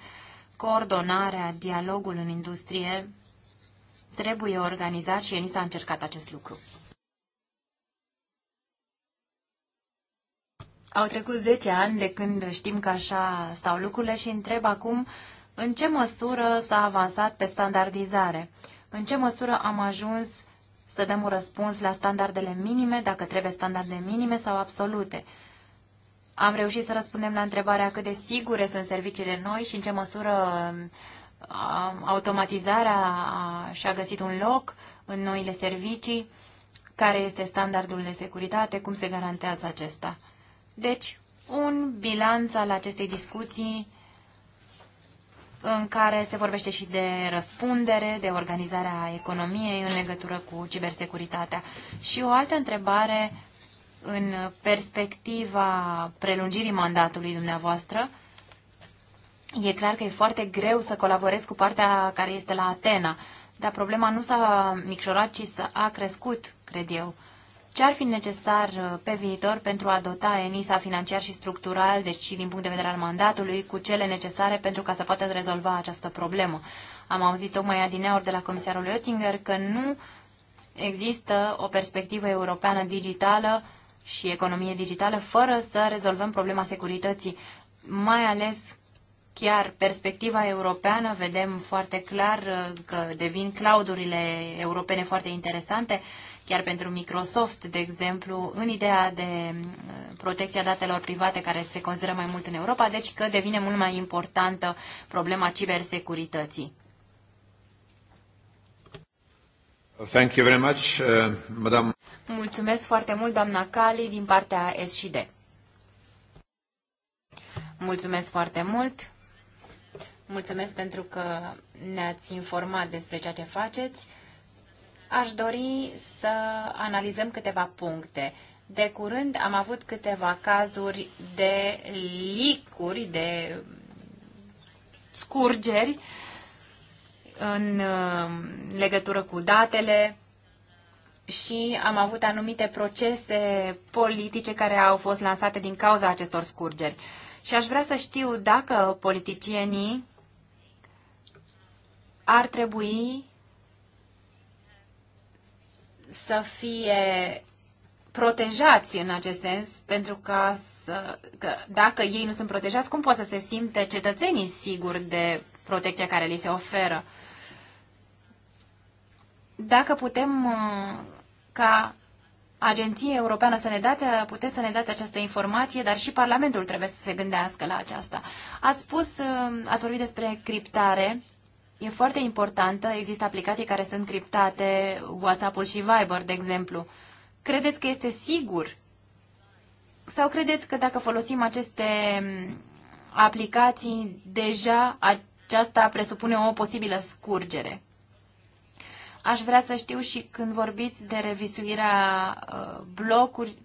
Coordonarea, dialogul în industrie trebuie organizat și ENISA a încercat acest lucru. Au trecut 10 ani de când știm că așa stau lucrurile și întreb acum în ce măsură s-a avansat pe standardizare, în ce măsură am ajuns să dăm un răspuns la standardele minime, dacă trebuie standarde minime sau absolute. Am reușit să răspundem la întrebarea cât de sigure sunt serviciile noi și în ce măsură um, automatizarea și-a găsit un loc în noile servicii, care este standardul de securitate, cum se garantează acesta. Deci, un bilanț al acestei discuții în care se vorbește și de răspundere, de organizarea economiei în legătură cu cibersecuritatea. Și o altă întrebare în perspectiva prelungirii mandatului dumneavoastră, e clar că e foarte greu să colaborez cu partea care este la Atena, dar problema nu s-a micșorat, ci s-a crescut, cred eu. Ce ar fi necesar uh, pe viitor pentru a dota ENISA financiar și structural, deci și din punct de vedere al mandatului, cu cele necesare pentru ca să poată rezolva această problemă? Am auzit tocmai adineori de la comisarul Oettinger că nu există o perspectivă europeană digitală și economie digitală fără să rezolvăm problema securității, mai ales chiar perspectiva europeană, vedem foarte clar uh, că devin claudurile europene foarte interesante, chiar pentru Microsoft, de exemplu, în ideea de uh, protecția datelor private care se consideră mai mult în Europa, deci că devine mult mai importantă problema cibersecurității. Thank you very much, uh, madam. Mulțumesc foarte mult, doamna Cali, din partea SD. Mulțumesc foarte mult. Mulțumesc pentru că ne-ați informat despre ceea ce faceți aș dori să analizăm câteva puncte. De curând am avut câteva cazuri de licuri, de scurgeri în uh, legătură cu datele și am avut anumite procese politice care au fost lansate din cauza acestor scurgeri. Și aș vrea să știu dacă politicienii ar trebui să fie protejați în acest sens, pentru că, să, că dacă ei nu sunt protejați, cum pot să se simte cetățenii siguri de protecția care li se oferă? Dacă putem uh, ca Agenție Europeană să ne dați, puteți să ne dați această informație, dar și Parlamentul trebuie să se gândească la aceasta. Ați spus, uh, ați vorbit despre criptare e foarte importantă. Există aplicații care sunt criptate, WhatsApp-ul și Viber, de exemplu. Credeți că este sigur? Sau credeți că dacă folosim aceste mm, aplicații, deja aceasta presupune o posibilă scurgere? Aș vrea să știu și când vorbiți de revizuirea uh, blocuri,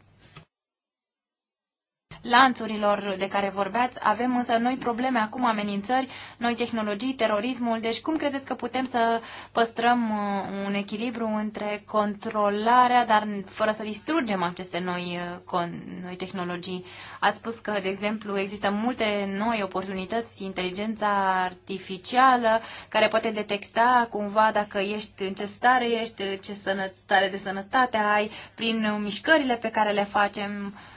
lanțurilor de care vorbeați. Avem însă noi probleme acum, amenințări, noi tehnologii, terorismul. Deci cum credeți că putem să păstrăm uh, un echilibru între controlarea, dar fără să distrugem aceste noi, uh, noi tehnologii? Ați spus că, de exemplu, există multe noi oportunități, inteligența artificială, care poate detecta cumva dacă ești, în ce stare ești, ce sănătate de sănătate ai, prin mișcările pe care le facem. Uh,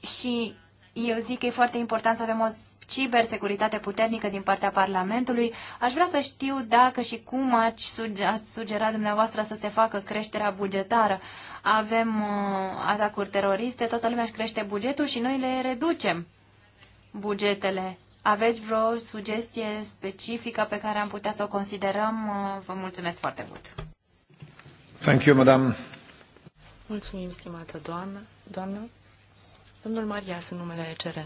și eu zic că e foarte important să avem o cibersecuritate puternică din partea Parlamentului. Aș vrea să știu dacă și cum ați sugera dumneavoastră să se facă creșterea bugetară. Avem uh, atacuri teroriste, toată lumea își crește bugetul și noi le reducem bugetele. Aveți vreo sugestie specifică pe care am putea să o considerăm? Uh, vă mulțumesc foarte mult. Thank you, madam. Mulțumim, stimată doamnă. doamnă. Domnul Marias, în numele ECR.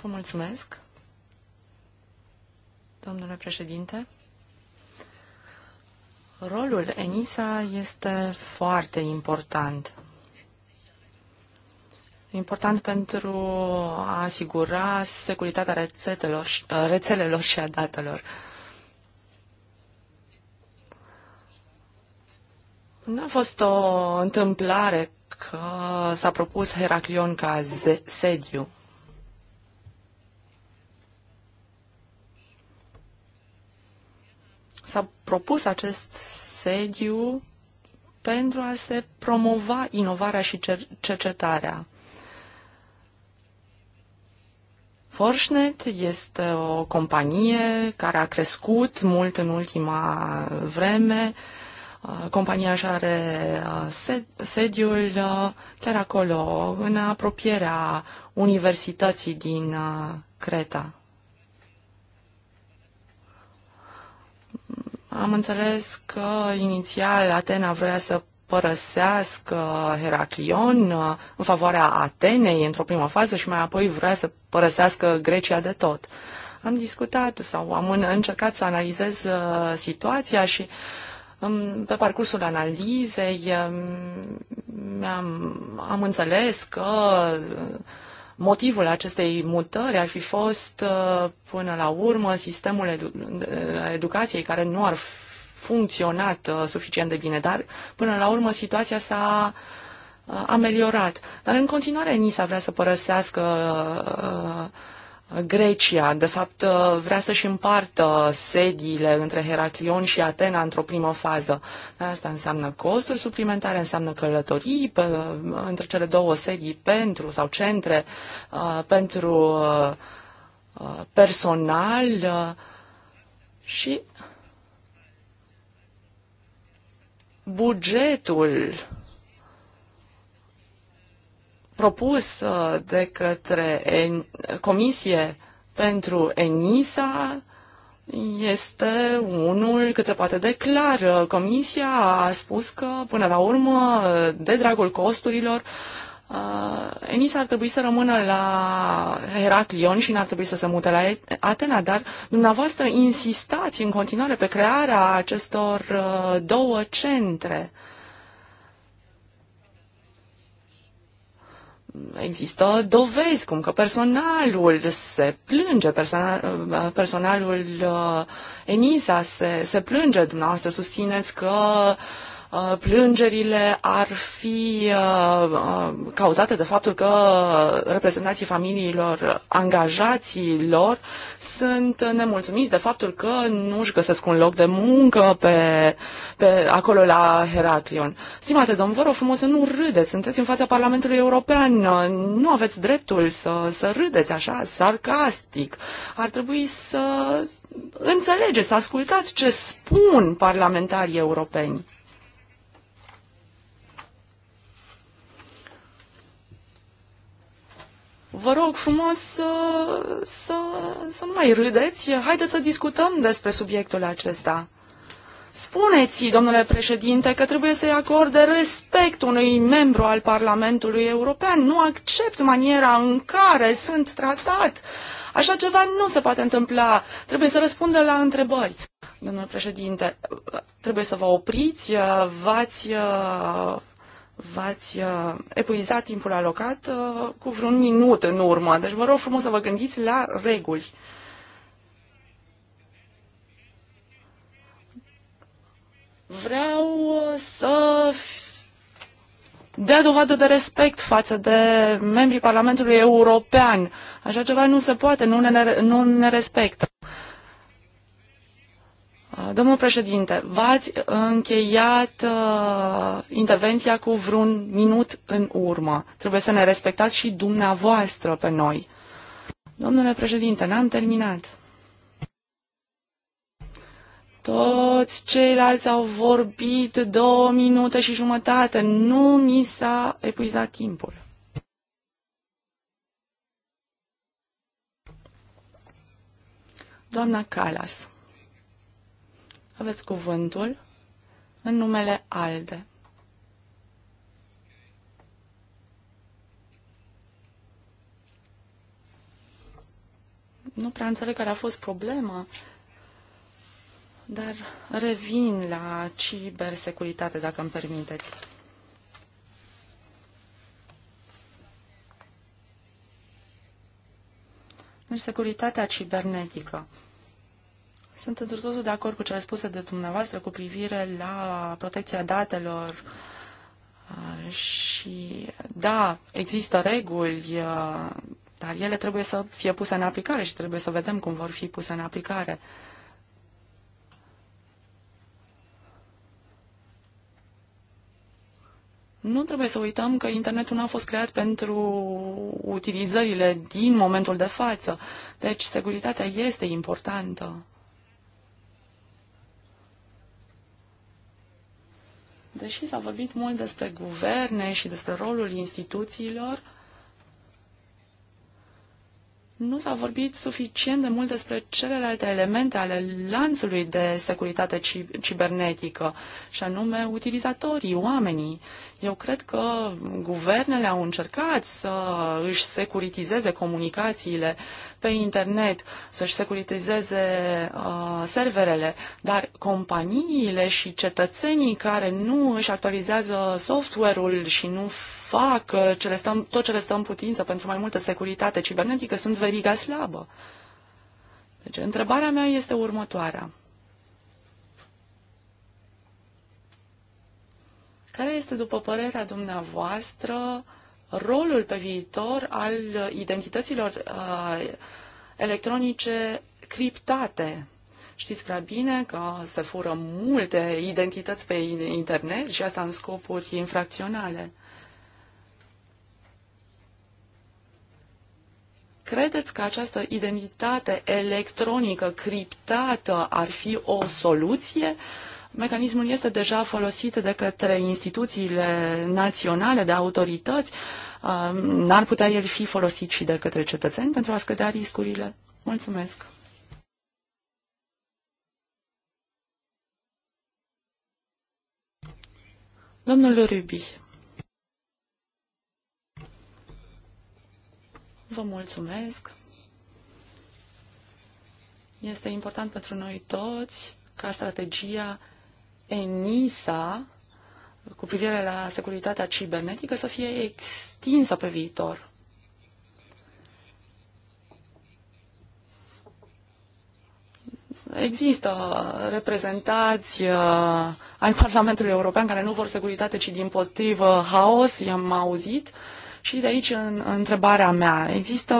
Vă mulțumesc, domnule președinte. Rolul ENISA este foarte important. Important pentru a asigura securitatea rețetelor, rețelelor și a datelor. Nu a fost o întâmplare că s-a propus Heraclion ca sediu. S-a propus acest sediu pentru a se promova inovarea și cer- cercetarea. Forșnet este o companie care a crescut mult în ultima vreme, uh, compania și are sediul chiar acolo, în apropierea universității din Creta. Am înțeles că inițial Atena vrea să părăsească Heraclion în favoarea Atenei într-o primă fază și mai apoi vrea să părăsească Grecia de tot. Am discutat sau am încercat să analizez situația și uh, pe parcursul analizei um, am, am înțeles că uh, motivul acestei mutări ar fi fost, uh, până la urmă, sistemul edu- uh, educației care nu ar funcționat suficient de bine, dar până la urmă situația s-a ameliorat. Dar în continuare Nisa vrea să părăsească uh, Grecia, de fapt, uh, vrea să-și împartă sediile între Heraclion și Atena într-o primă fază. Dar asta înseamnă costuri suplimentare, înseamnă călătorii pe, uh, între cele două sedii pentru sau centre uh, pentru personal și bugetul propus uh, de către Comisie pentru ENISA este unul cât se poate de clar. Comisia a spus că, până la urmă, de dragul costurilor, uh, Enisa ar trebui să rămână la Heraclion și n-ar trebui să se mute la Atena, dar dumneavoastră insistați în continuare pe crearea acestor uh, două centre. Uh, există dovezi, cum că personalul se plânge, personal, personalul uh, ENISA se, se plânge, dumneavoastră susțineți că uh, Uh, plângerile ar fi uh, uh, cauzate de faptul că reprezentanții familiilor, angajații lor, sunt nemulțumiți de faptul că nu își găsesc un loc de muncă pe, pe acolo la Heraklion. Stimate domn, vă rog frumos să nu râdeți, sunteți în fața Parlamentului European, nu aveți dreptul să, să râdeți așa, sarcastic. Ar trebui să înțelegeți, să ascultați ce spun parlamentarii europeni. Vă rog frumos să, să, să nu mai râdeți. Haideți să discutăm despre subiectul acesta. Spuneți, domnule președinte, că trebuie să-i acorde respect unui membru al Parlamentului European. Nu accept maniera în care sunt tratat. Așa ceva nu se poate întâmpla. Trebuie să răspundă la întrebări. Domnule președinte, trebuie să vă opriți. V-ați v-ați uh, epuizat timpul alocat uh, cu vreun minut în urmă. Deci vă rog frumos să vă gândiți la reguli. Vreau uh, să dea dovadă de respect față de membrii Parlamentului European. Așa ceva nu se poate, nu ne, nu ne respectă. Uh, domnul președinte, v-ați încheiat uh, intervenția cu vreun minut în urmă. Trebuie să ne respectați și dumneavoastră pe noi. Domnule președinte, n-am terminat. Toți ceilalți au vorbit două minute și jumătate. Nu mi s-a epuizat timpul. Doamna Calas. Aveți cuvântul în numele ALDE. Nu prea înțeleg care a fost problema, dar revin la cibersecuritate, dacă îmi permiteți. Deci, securitatea cibernetică. Sunt într totul de acord cu cele spuse de dumneavoastră cu privire la protecția datelor uh, și da, există reguli, uh, dar ele trebuie să fie puse în aplicare și trebuie să vedem cum vor fi puse în aplicare. Nu trebuie să uităm că internetul nu a fost creat pentru utilizările din momentul de față. Deci, securitatea este importantă. Deși s-a vorbit mult despre guverne și despre rolul instituțiilor, nu s-a vorbit suficient de mult despre celelalte elemente ale lanțului de securitate cibernetică, și anume utilizatorii, oamenii. Eu cred că guvernele au încercat să își securitizeze comunicațiile pe internet, să-și securitizeze uh, serverele, dar companiile și cetățenii care nu își actualizează software-ul și nu fac uh, ce le stă, tot ce le stă în putință pentru mai multă securitate cibernetică sunt veriga slabă. Deci, întrebarea mea este următoarea. Care este, după părerea dumneavoastră, rolul pe viitor al identităților uh, electronice criptate? Știți prea bine că se fură multe identități pe internet și asta în scopuri infracționale. Credeți că această identitate electronică criptată ar fi o soluție? Uh, Mecanismul este deja folosit de către instituțiile naționale, de autorități. Um, n-ar putea el fi folosit și de către cetățeni pentru a scădea riscurile? Mulțumesc! Domnul Rubi. Vă mulțumesc. Este important pentru noi toți ca strategia ENISA cu privire la securitatea cibernetică să fie extinsă pe viitor. Există reprezentați uh, ai Parlamentului European care nu vor securitate, ci din potrivă haos, i-am auzit. Și de aici în, întrebarea mea. Există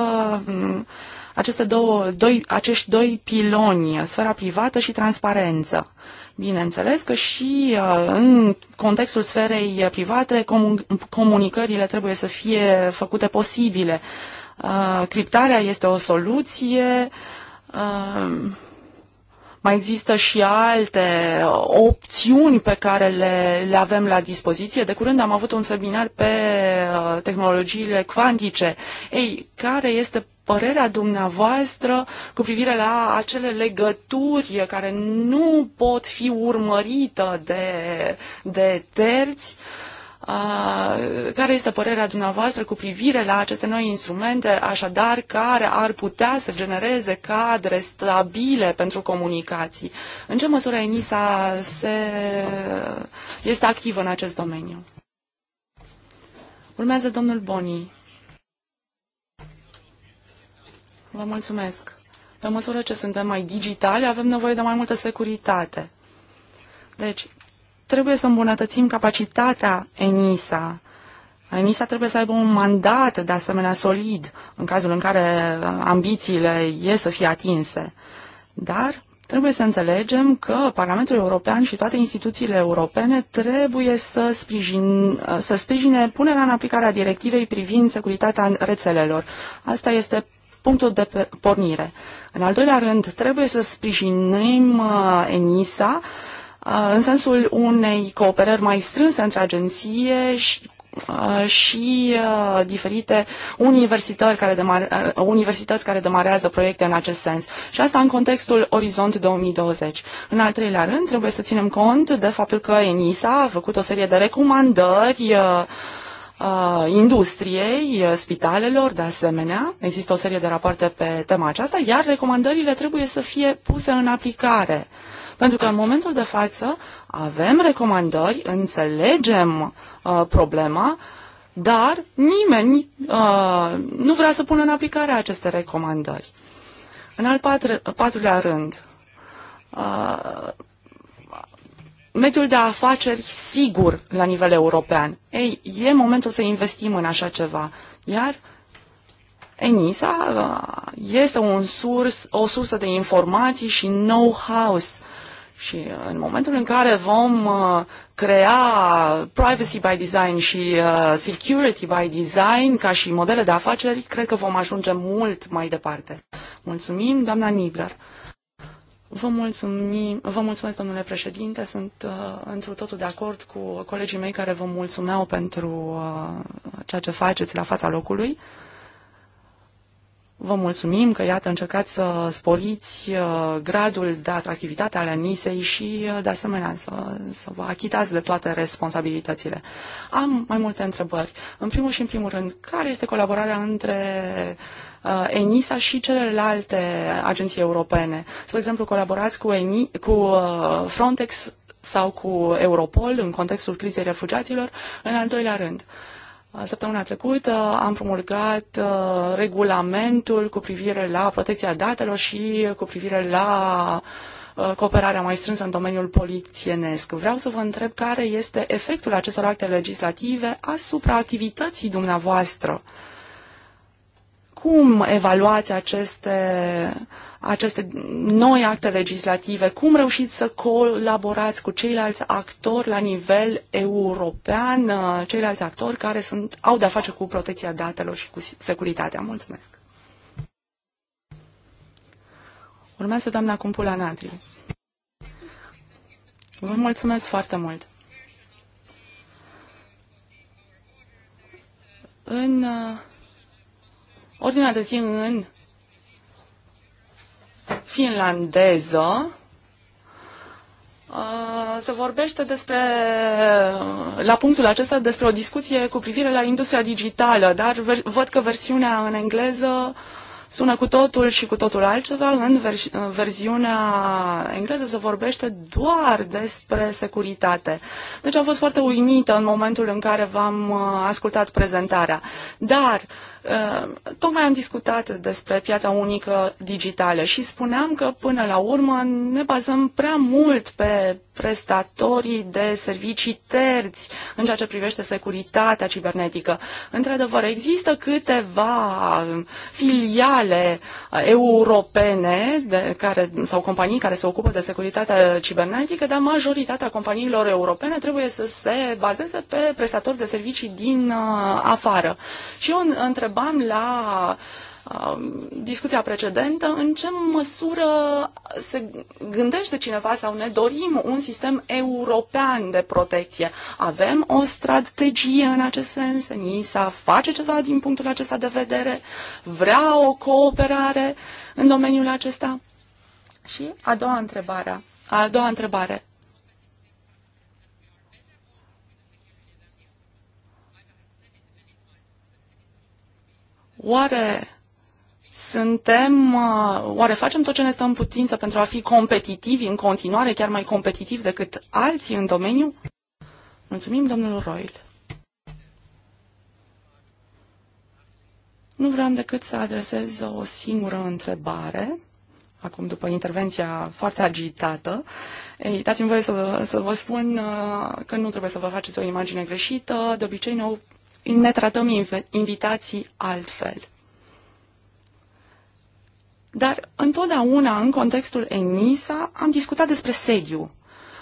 mm, aceste două, doi, acești doi piloni, sfera privată și transparență. Bineînțeles că și uh, în contextul sferei private comunicările trebuie să fie făcute posibile. Uh, criptarea este o soluție. Uh, mai există și alte opțiuni pe care le, le avem la dispoziție. De curând am avut un seminar pe tehnologiile cuantice. Ei, care este părerea dumneavoastră cu privire la acele legături care nu pot fi urmărite de, de terți. Care este părerea dumneavoastră cu privire la aceste noi instrumente, așadar, care ar putea să genereze cadre stabile pentru comunicații? În ce măsură ENISA se, este activă în acest domeniu? Urmează domnul Boni. Vă mulțumesc. Pe măsură ce suntem mai digitali, avem nevoie de mai multă securitate. Deci, trebuie să îmbunătățim capacitatea ENISA. ENISA trebuie să aibă un mandat de asemenea solid în cazul în care ambițiile e să fie atinse. Dar trebuie să înțelegem că Parlamentul European și toate instituțiile europene trebuie să, sprijin, să sprijine punerea în aplicare a directivei privind securitatea rețelelor. Asta este punctul de pornire. În al doilea rând, trebuie să sprijinim uh, ENISA uh, în sensul unei cooperări mai strânse între agenție și uh, și uh, diferite universități care, demare, universități care demarează proiecte în acest sens. Și asta în contextul Orizont 2020. În al treilea rând, trebuie să ținem cont de faptul că ENISA a făcut o serie de recomandări uh, industriei, spitalelor, de asemenea. Există o serie de rapoarte pe tema aceasta, iar recomandările trebuie să fie puse în aplicare. Pentru că în momentul de față avem recomandări, înțelegem uh, problema, dar nimeni uh, nu vrea să pună în aplicare aceste recomandări. În al patru, patrulea rând, uh, mediul de afaceri sigur la nivel european. Ei, e momentul să investim în așa ceva. Iar ENISA uh, este un surs, o sursă de informații și know-how. Și uh, în momentul în care vom uh, crea privacy by design și security by design ca și modele de afaceri, cred că vom ajunge mult mai departe. Mulțumim, doamna Nibler. Vă, vă mulțumesc, domnule președinte. Sunt uh, întru totul de acord cu colegii mei care vă mulțumeau pentru uh, ceea ce faceți la fața locului. Vă mulțumim că, iată, încercați să sporiți uh, gradul de atractivitate ale Nisei și, uh, de asemenea, să, să vă achitați de toate responsabilitățile. Am mai multe întrebări. În primul și în primul rând, care este colaborarea între uh, Uh, ENISA și celelalte agenții europene. Spre exemplu, colaborați cu, ENI, cu uh, Frontex sau cu Europol în contextul crizei refugiaților, în al doilea rând. Uh, săptămâna trecută am promulgat regulamentul cu privire la protecția datelor și cu privire la cooperarea mai strânsă în domeniul polițienesc. Vreau să vă întreb care este efectul acestor acte legislative asupra activității dumneavoastră uh, cum evaluați aceste, aceste noi acte legislative? Cum reușiți să colaborați cu ceilalți actori la nivel european, uh, ceilalți actori care sunt, au de-a face cu protecția datelor și cu securitatea? Mulțumesc! Urmează doamna Cumpula Natri. Vă mulțumesc foarte mult! În uh, Ordinea de zi în finlandeză uh, se vorbește despre, la punctul acesta, despre o discuție cu privire la industria digitală, dar văd că versiunea în engleză sună cu totul și cu totul altceva. În versiunea engleză se vorbește doar despre securitate. Deci am fost foarte uimită în momentul în care v-am uh, ascultat prezentarea. Dar Ehm, tocmai am discutat despre piața unică digitală și spuneam că până la urmă ne bazăm prea mult pe prestatorii de servicii terți în ceea ce privește securitatea cibernetică. Într-adevăr, există câteva um, filiale uh, europene de care, sau companii care se ocupă de securitatea cibernetică, dar majoritatea companiilor europene trebuie să se bazeze pe prestatori de servicii din uh, afară. Și eu întrebam la uh, Um, discuția precedentă, în ce măsură se gândește cineva sau ne dorim un sistem european de protecție. Avem o strategie în acest sens? NISA face ceva din punctul acesta de vedere? Vrea o cooperare în domeniul acesta? Și a doua întrebare. A doua întrebare. Oare suntem, uh, oare facem tot ce ne stă în putință pentru a fi competitivi în continuare, chiar mai competitivi decât alții în domeniu? Mulțumim, domnul Roil. Nu vreau decât să adresez o singură întrebare, acum după intervenția foarte agitată. Ei, dați-mi voie să, să vă spun uh, că nu trebuie să vă faceți o imagine greșită. De obicei, noi ne tratăm invitații altfel. Dar întotdeauna, în contextul ENISA, am discutat despre sediu.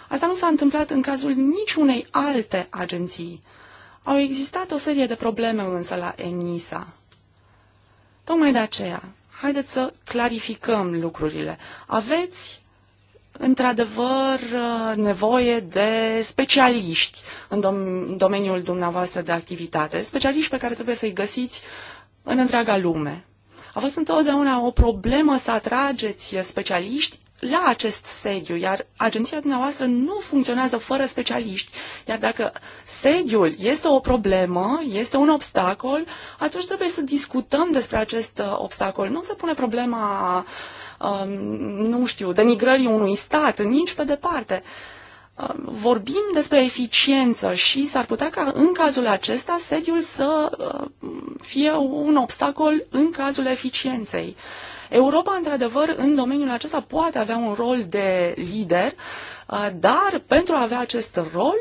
Asta nu s-a întâmplat în cazul niciunei alte agenții. Au existat o serie de probleme însă la ENISA. Tocmai de aceea, haideți să clarificăm lucrurile. Aveți într-adevăr nevoie de specialiști în dom- domeniul dumneavoastră de activitate, specialiști pe care trebuie să-i găsiți în întreaga lume. A fost întotdeauna o problemă să atrageți specialiști la acest sediu, iar agenția dumneavoastră nu funcționează fără specialiști. Iar dacă sediul este o problemă, este un obstacol, atunci trebuie să discutăm despre acest uh, obstacol. Nu se pune problema, um, nu știu, denigrării unui stat, nici pe departe. Uh, Um, vorbim despre eficiență și s-ar putea ca în cazul acesta sediul să uh, fie un obstacol în cazul eficienței. Europa, într-adevăr, în domeniul acesta poate avea un rol de lider, uh, dar pentru a avea acest rol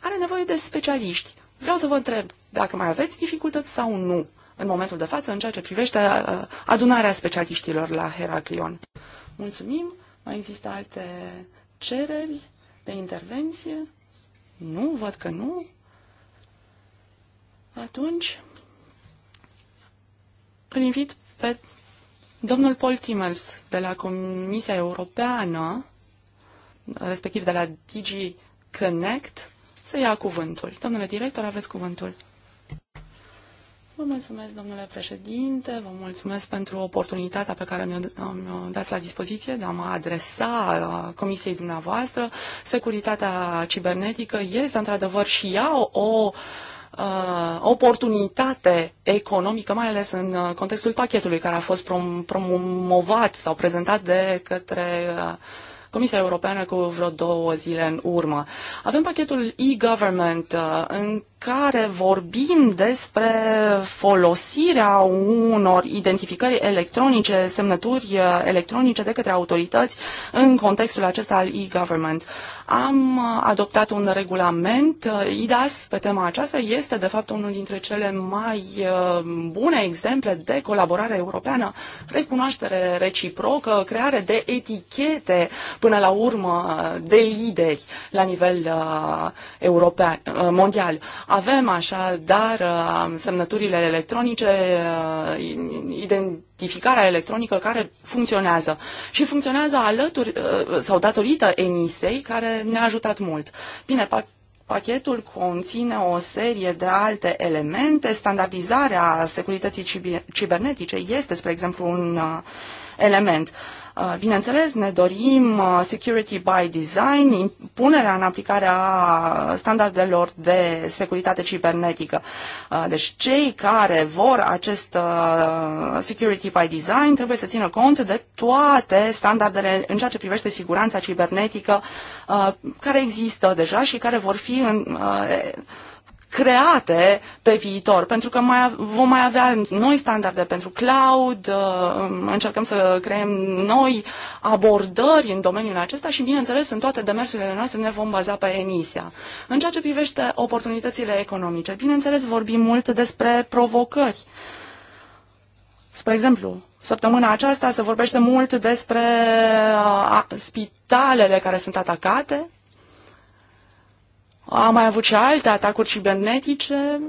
are nevoie de specialiști. Vreau să vă întreb dacă mai aveți dificultăți sau nu în momentul de față în ceea ce privește uh, adunarea specialiștilor la Heraclion. Mulțumim. Mai există alte cereri? de intervenție? Nu, văd că nu. Atunci, îl invit pe domnul Paul Timmers de la Comisia Europeană, respectiv de la DG Connect, să ia cuvântul. Domnule director, aveți cuvântul. Vă mulțumesc, domnule președinte, vă mulțumesc pentru oportunitatea pe care mi-o dați la dispoziție de a mă adresa uh, comisiei dumneavoastră. Securitatea cibernetică este, într-adevăr, și ea o uh, oportunitate economică, mai ales în uh, contextul pachetului care a fost prom- promovat sau prezentat de către uh, Comisia Europeană cu vreo două zile în urmă. Avem pachetul e-government, uh, în care vorbim despre folosirea unor identificări electronice, semnături uh, electronice de către autorități în contextul acesta al e-government. Am uh, adoptat un regulament, uh, IDAS, pe tema aceasta, este de fapt unul dintre cele mai bune exemple de colaborare europeană, recunoaștere reciprocă, creare de etichete, până la urmă, de lideri la nivel european, mondial. Avem dar uh, semnăturile electronice, uh, identificarea electronică care funcționează și funcționează alături uh, sau datorită emisei care ne-a ajutat mult. Bine, pachetul conține o serie de alte elemente. Standardizarea securității cibernetice este, spre exemplu, un element. Uh, Uh, bineînțeles, ne dorim uh, security by design, punerea în aplicare a standardelor de securitate cibernetică. Uh, deci cei care vor acest security by design trebuie să țină cont de toate standardele în ceea ce privește siguranța cibernetică care există deja și care vor fi în, create pe viitor, pentru că mai, vom mai avea noi standarde pentru cloud, uh, um, încercăm să creăm noi abordări în domeniul acesta și, bineînțeles, în toate demersurile noastre ne vom baza pe emisia. În ceea ce privește oportunitățile economice, bineînțeles, vorbim mult despre provocări. Spre exemplu, săptămâna aceasta se vorbește mult despre uh, spitalele care sunt atacate, am mai avut și alte atacuri cibernetice.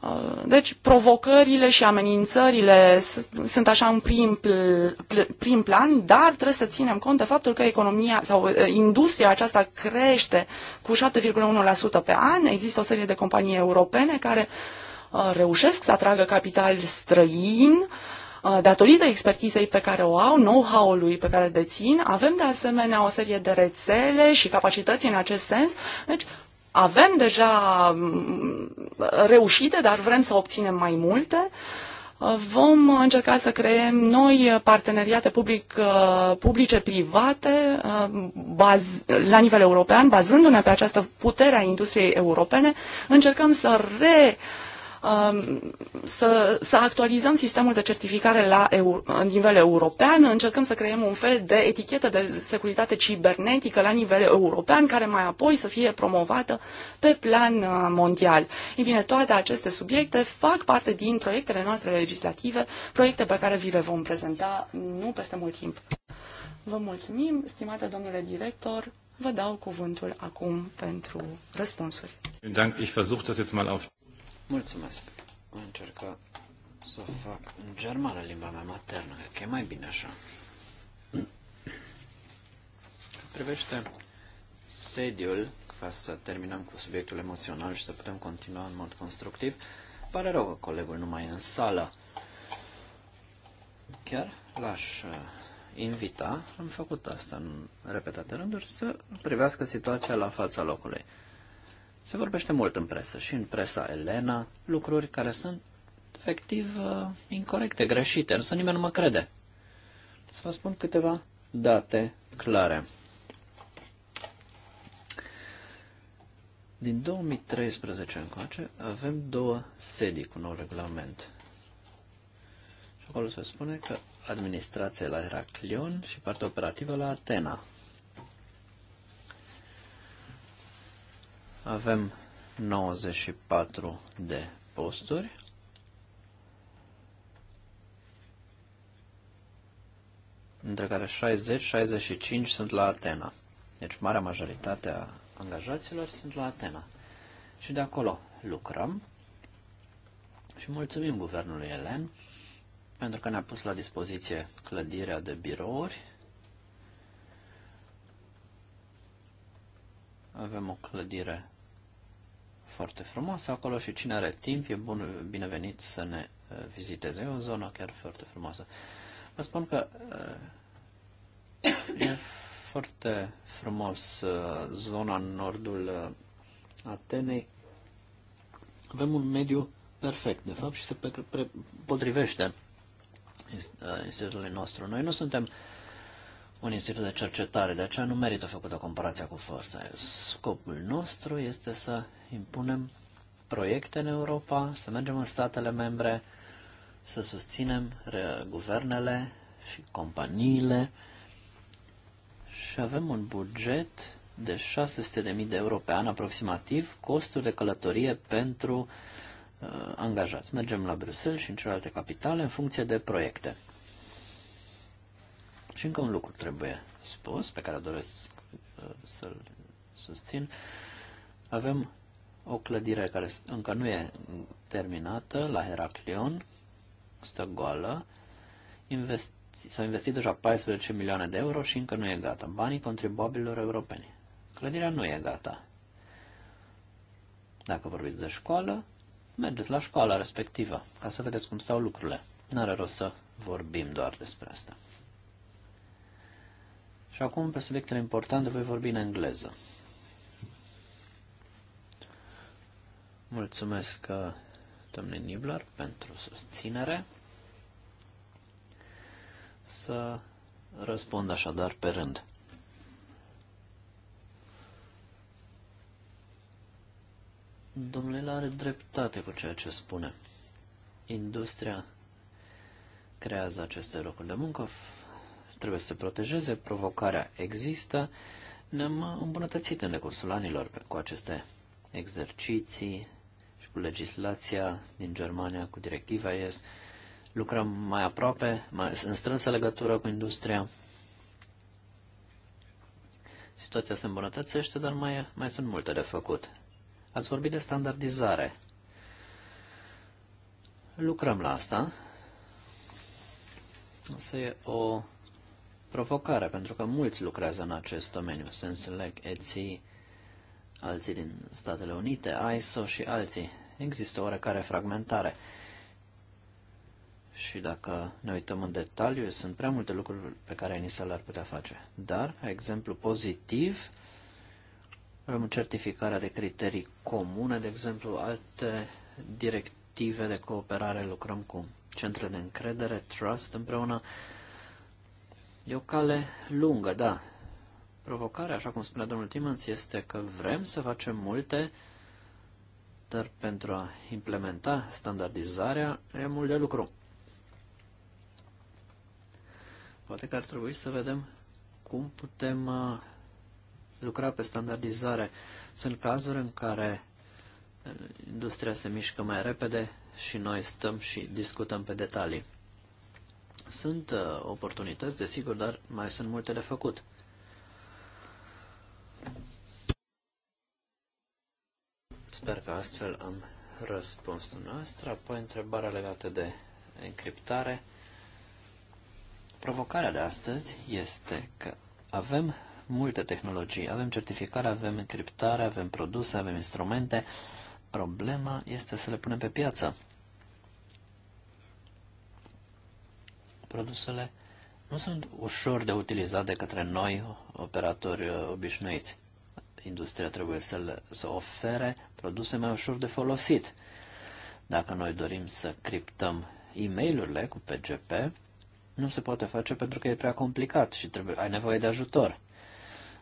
Uh, deci provocările și amenințările sunt așa în prim, prim plan, dar trebuie să ținem cont de faptul că economia sau uh, industria aceasta crește cu 7,1% pe an. Există o serie de companii europene care uh, reușesc să atragă capital străin uh, Uh, datorită expertizei pe care o au, know-how-ului pe care îl dețin, avem de asemenea o serie de rețele și capacități în acest sens. Deci, avem deja mm, reușite, dar vrem să obținem mai multe. Uh, vom încerca să creăm noi parteneriate public, uh, publice-private la nivel european, bazându-ne pe această putere a industriei europene. Încercăm să re- Um, să, să actualizăm sistemul de certificare la eu, nivel european, încercând să creăm un fel de etichetă de securitate cibernetică la nivel european, care mai apoi să fie promovată pe plan uh, mondial. Ei bine, toate aceste subiecte fac parte din proiectele noastre legislative, proiecte pe care vi le vom prezenta nu peste mult timp. Vă mulțumim, stimate domnule director. Vă dau cuvântul acum pentru răspunsuri. Dank, ich versuche das jetzt mal auf Mulțumesc. Voi încerca să fac în germană, limba mea maternă, că e mai bine așa. Privește sediul, ca să terminăm cu subiectul emoțional și să putem continua în mod constructiv, pare rău că colegul nu mai e în sală. Chiar l-aș uh, invita, am făcut asta în repetate rânduri, să privească situația la fața locului. Se vorbește mult în presă și în presa Elena lucruri care sunt efectiv uh, incorrecte, greșite, însă nimeni nu mă crede. Să vă spun câteva date clare. Din 2013 încoace avem două sedii cu nou regulament. Și acolo se spune că administrația la Heraclion și partea operativă la Atena. Avem 94 de posturi. Între care 60-65 sunt la Atena. Deci marea majoritate a angajaților sunt la Atena. Și de acolo lucrăm și mulțumim guvernului Elen pentru că ne-a pus la dispoziție clădirea de birouri. Avem o clădire foarte frumoasă acolo și cine are timp e bun, binevenit să ne uh, viziteze. E o zonă chiar foarte frumoasă. Vă spun că uh, <coughs> e foarte frumos uh, zona în nordul Atenei. Avem un mediu perfect, de fapt, și se potrivește institutului nostru. Noi nu suntem un institut de cercetare, de aceea nu merită făcută comparația cu forța. Scopul nostru este să impunem proiecte în Europa, să mergem în statele membre, să susținem guvernele și companiile și avem un buget de 600.000 de euro pe an aproximativ, costul de călătorie pentru uh, angajați. Mergem la Bruxelles și în celelalte capitale în funcție de proiecte. Și încă un lucru trebuie spus, pe care doresc uh, să-l susțin. Avem o clădire care încă nu e terminată, la Heraclion, stă goală, investi, s-au investit deja 14 milioane de euro și încă nu e gata. Banii contribuabililor europeni. Clădirea nu e gata. Dacă vorbiți de școală, mergeți la școala respectivă, ca să vedeți cum stau lucrurile. N-are rost să vorbim doar despre asta. Și acum, pe subiectele importante, voi vorbi în engleză. Mulțumesc, uh, domnule Nibler, pentru susținere. Să răspund așadar pe rând. Domnule are dreptate cu ceea ce spune. Industria creează aceste locuri de muncă, trebuie să se protejeze, provocarea există. Ne-am îmbunătățit în decursul anilor cu aceste exerciții, cu legislația din Germania, cu directiva ES. Lucrăm mai aproape, mai în strânsă legătură cu industria. Situația se îmbunătățește, dar mai, mai sunt multe de făcut. Ați vorbit de standardizare. Lucrăm la asta. Asta e o provocare, pentru că mulți lucrează în acest domeniu. Senselec, ETSI, alții din Statele Unite, ISO și alții există oarecare fragmentare. Și dacă ne uităm în detaliu, sunt prea multe lucruri pe care NISA le-ar putea face. Dar, exemplu pozitiv, avem certificarea de criterii comune, de exemplu, alte directive de cooperare lucrăm cu centre de încredere, trust împreună. E o cale lungă, da. Provocarea, așa cum spunea domnul Timans, este că vrem să facem multe, dar pentru a implementa standardizarea e mult de lucru. Poate că ar trebui să vedem cum putem uh, lucra pe standardizare. Sunt cazuri în care uh, industria se mișcă mai repede și noi stăm și discutăm pe detalii. Sunt uh, oportunități, desigur, dar mai sunt multe de făcut. Sper că astfel am răspuns dumneavoastră. Apoi întrebarea legată de încriptare. Provocarea de astăzi este că avem multe tehnologii. Avem certificare, avem încriptare, avem produse, avem instrumente. Problema este să le punem pe piață. Produsele nu sunt ușor de utilizat de către noi, operatori uh, obișnuiți industria trebuie să, le, să ofere produse mai ușor de folosit. Dacă noi dorim să criptăm e mail cu PGP, nu se poate face pentru că e prea complicat și trebuie, ai nevoie de ajutor.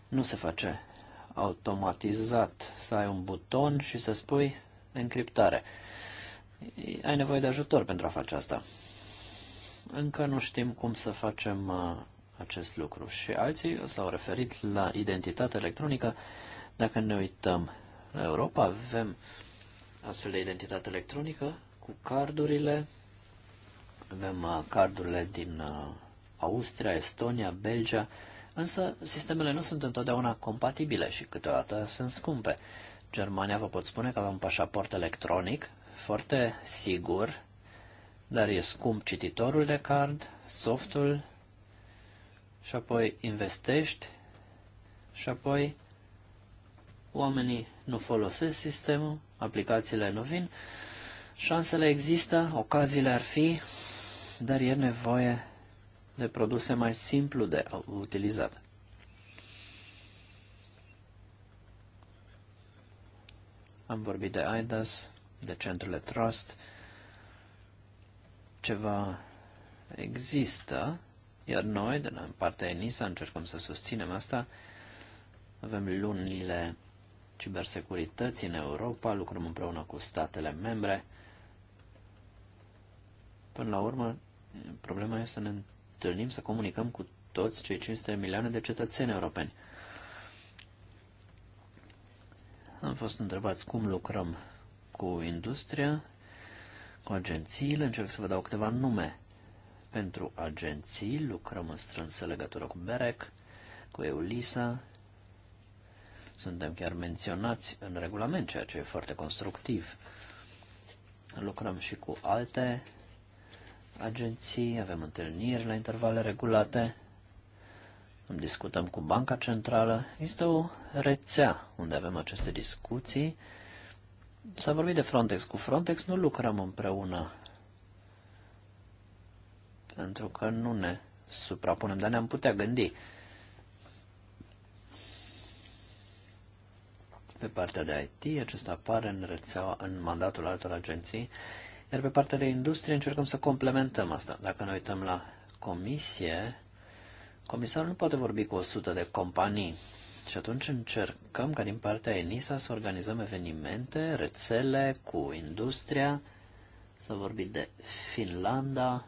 Nu se face automatizat să ai un buton și să spui încriptare. Ai nevoie de ajutor pentru a face asta. Încă nu știm cum să facem uh, acest lucru. Și alții s-au referit la identitatea electronică. Dacă ne uităm la Europa, avem astfel de identitate electronică cu cardurile. Avem uh, cardurile din uh, Austria, Estonia, Belgia, însă sistemele nu sunt întotdeauna compatibile și câteodată sunt scumpe. Germania vă pot spune că avem un pașaport electronic foarte sigur, dar e scump cititorul de card, softul și apoi investești și apoi oamenii nu folosesc sistemul, aplicațiile nu vin, șansele există, ocaziile ar fi, dar e nevoie de produse mai simplu de utilizat. Am vorbit de IDAS, de centrele Trust, ceva există, iar noi, de la partea ENISA, încercăm să susținem asta. Avem lunile cibersecurității în Europa, lucrăm împreună cu statele membre. Până la urmă, problema este să ne întâlnim, să comunicăm cu toți cei 500 milioane de cetățeni europeni. Am fost întrebați cum lucrăm cu industria, cu agențiile, încerc să vă dau câteva nume pentru agenții, lucrăm în strânsă legătură cu BEREC, cu EULISA, suntem chiar menționați în regulament, ceea ce e foarte constructiv. Lucrăm și cu alte agenții, avem întâlniri la intervale regulate, discutăm cu Banca Centrală. Există o rețea unde avem aceste discuții. S-a vorbit de Frontex. Cu Frontex nu lucrăm împreună pentru că nu ne suprapunem, dar ne-am putea gândi. Pe partea de IT, acesta apare în rețeaua, în mandatul altor agenții, iar pe partea de industrie încercăm să complementăm asta. Dacă ne uităm la comisie, comisarul nu poate vorbi cu 100 de companii. Și atunci încercăm ca din partea ENISA să organizăm evenimente, rețele cu industria, să vorbim de Finlanda,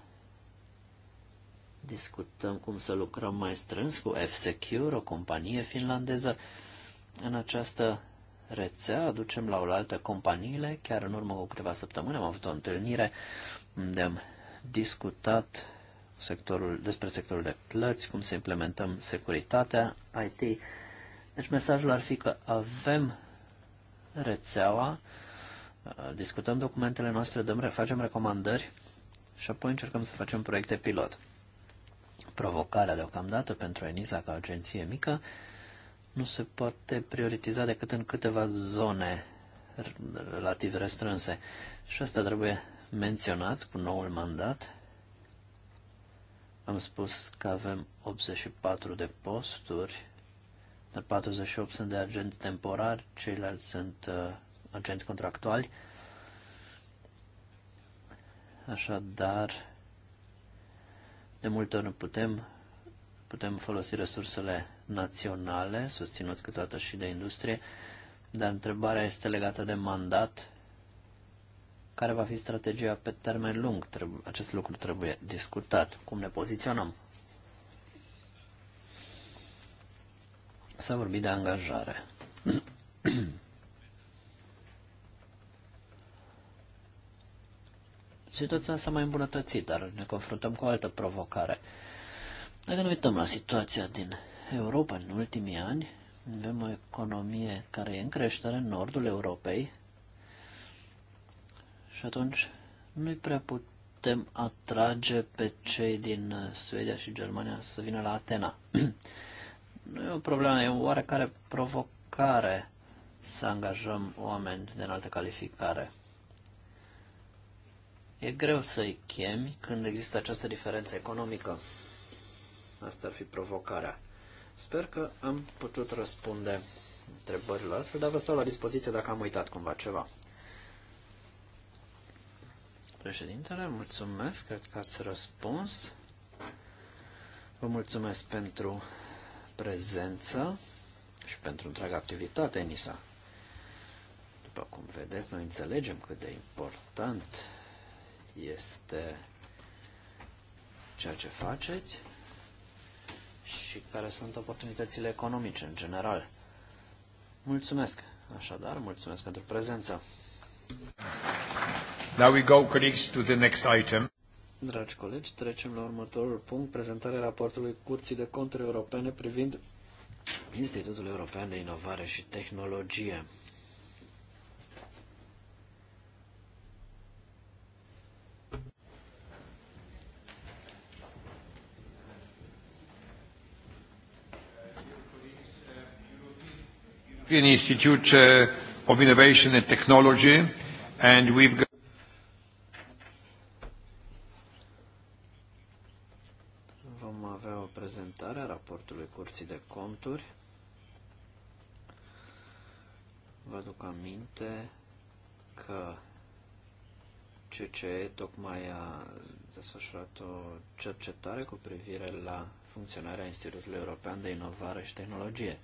Discutăm cum să lucrăm mai strâns cu F-Secure, o companie finlandeză. În această rețea aducem la oaltă companiile. Chiar în urmă cu câteva săptămâni am avut o întâlnire unde am discutat sectorul, despre sectorul de plăți, cum să implementăm securitatea IT. Deci mesajul ar fi că avem rețeaua, discutăm documentele noastre, dăm, facem recomandări și apoi încercăm să facem proiecte pilot provocarea deocamdată pentru ENISA ca agenție mică nu se poate prioritiza decât în câteva zone relativ restrânse. Și asta trebuie menționat cu noul mandat. Am spus că avem 84 de posturi, dar 48 sunt de agenți temporari, ceilalți sunt uh, agenți contractuali. Așadar, de multe ori putem, putem folosi resursele naționale, susținuți câteodată și de industrie, dar întrebarea este legată de mandat. Care va fi strategia pe termen lung? Acest lucru trebuie discutat. Cum ne poziționăm? S-a vorbit de angajare. <clears throat> situația s-a mai îmbunătățit, dar ne confruntăm cu o altă provocare. Dacă ne uităm la situația din Europa în ultimii ani, avem o economie care e în creștere în nordul Europei și atunci nu-i prea putem atrage pe cei din Suedia și Germania să vină la Atena. <clears throat> nu e o problemă, e o oarecare provocare să angajăm oameni de înaltă calificare. E greu să-i chemi când există această diferență economică. Asta ar fi provocarea. Sper că am putut răspunde întrebările astfel, dar vă stau la dispoziție dacă am uitat cumva ceva. Președintele, mulțumesc, cred că ați răspuns. Vă mulțumesc pentru prezență și pentru întreaga activitate, Nisa. După cum vedeți, noi înțelegem cât de important este ceea ce faceți și care sunt oportunitățile economice în general. Mulțumesc, așadar, mulțumesc pentru prezență. Now we go, colleagues, to the next item. Dragi colegi, trecem la următorul punct, prezentarea raportului Curții de Conturi Europene privind Institutul European de Inovare și Tehnologie. European Institute uh, of Innovation and Technology and we've got Vom avea prezentare raportului Curții de Conturi. Vă aduc aminte că CCE tocmai a desfășurat o cercetare cu privire la funcționarea Institutului European de Inovare și Tehnologie.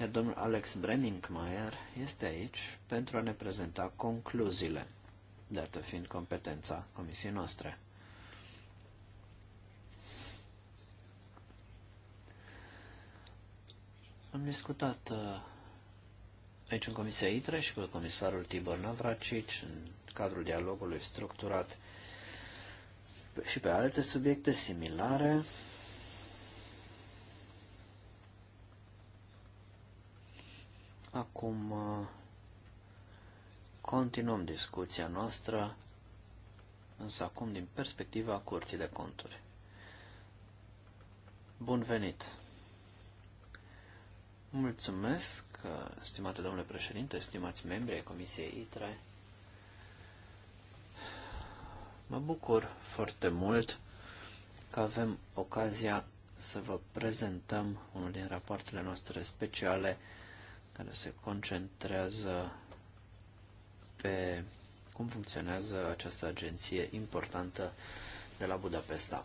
Iar domnul Alex Brenningmeier este aici pentru a ne prezenta concluziile, dată fiind competența comisiei noastre. Am discutat uh, aici în Comisia ITRE și cu comisarul Tibor Navracic în cadrul dialogului structurat și pe alte subiecte similare. Acum uh, continuăm discuția noastră, însă acum din perspectiva Curții de Conturi. Bun venit! Mulțumesc, uh, stimate domnule președinte, stimați membri ai Comisiei ITRE. Mă bucur foarte mult că avem ocazia să vă prezentăm unul din rapoartele noastre speciale care se concentrează pe cum funcționează această agenție importantă de la Budapesta.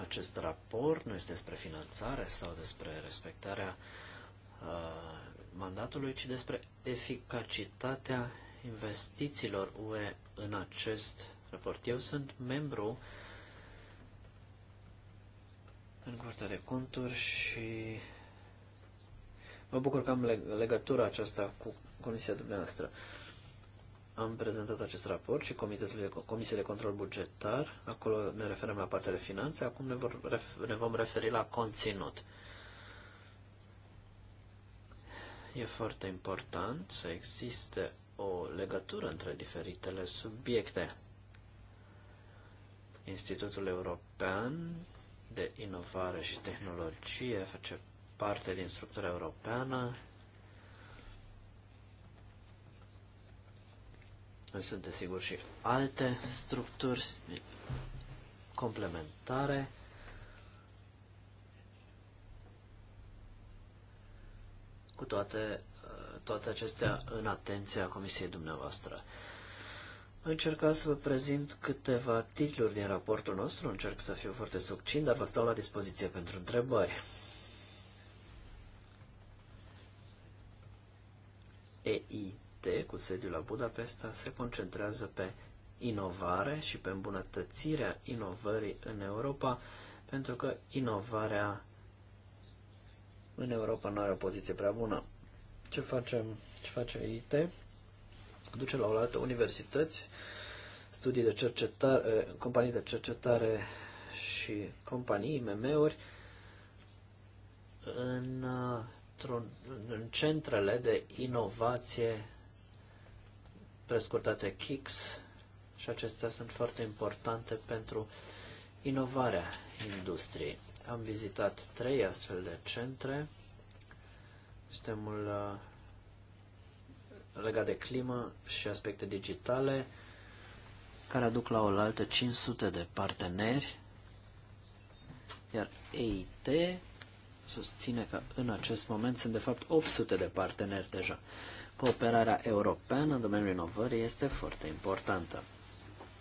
Acest raport nu este despre finanțare sau despre respectarea uh, mandatului, ci despre eficacitatea investițiilor UE în acest raport. Eu sunt membru în Curtea de Conturi și Mă bucur că am legătura aceasta cu comisia dumneavoastră. Am prezentat acest raport și Comitetul de, Comisie de Control Bugetar. Acolo ne referăm la partea de finanțe. Acum ne, vor, ne vom referi la conținut. E foarte important să existe o legătură între diferitele subiecte. Institutul European de Inovare și Tehnologie face parte din structura europeană. Noi sunt, desigur, și alte structuri complementare. Cu toate, uh, toate acestea în atenția Comisiei dumneavoastră. încercat să vă prezint câteva titluri din raportul nostru, încerc să fiu foarte succint, dar vă stau la dispoziție pentru întrebări. EIT, cu sediul la Budapesta, se concentrează pe inovare și pe îmbunătățirea inovării în Europa, pentru că inovarea în Europa nu are o poziție prea bună. Ce face, Ce face EIT? Duce la o altă universități, studii de cercetare, companii de cercetare și companii, imm uri în în centrele de inovație prescurtate KICS și acestea sunt foarte importante pentru inovarea industriei. Am vizitat trei astfel de centre. Sistemul uh, legat de climă și aspecte digitale, care aduc la oaltă 500 de parteneri, iar EIT susține că în acest moment sunt de fapt 800 de parteneri deja. Cooperarea europeană în domeniul inovării este foarte importantă.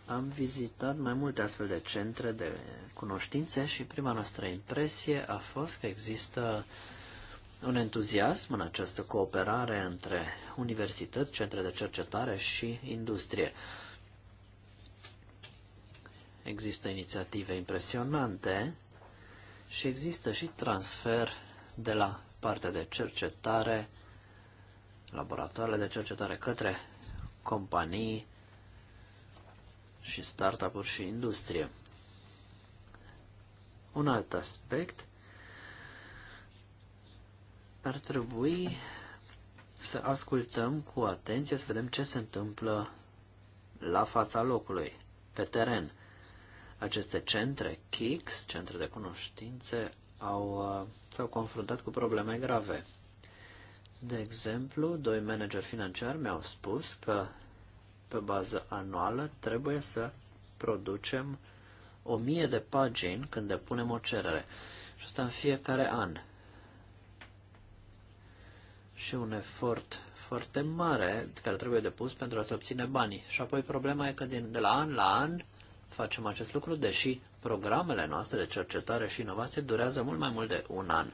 Am vizitat mai multe astfel de centre de cunoștințe și prima noastră impresie a fost că există un entuziasm în această cooperare între universități, centre de cercetare și industrie. Există inițiative impresionante și există și transfer de la partea de cercetare, laboratoarele de cercetare către companii și startup-uri și industrie. Un alt aspect ar trebui să ascultăm cu atenție, să vedem ce se întâmplă la fața locului, pe teren. Aceste centre, KICS, centre de cunoștințe, au, uh, s-au confruntat cu probleme grave. De exemplu, doi manageri financiari mi-au spus că pe bază anuală trebuie să producem o mie de pagini când depunem o cerere. Și asta în fiecare an. Și un efort foarte mare care trebuie depus pentru a-ți obține banii. Și apoi problema e că din, de la an la an facem acest lucru, deși programele noastre de cercetare și inovație durează mult mai mult de un an.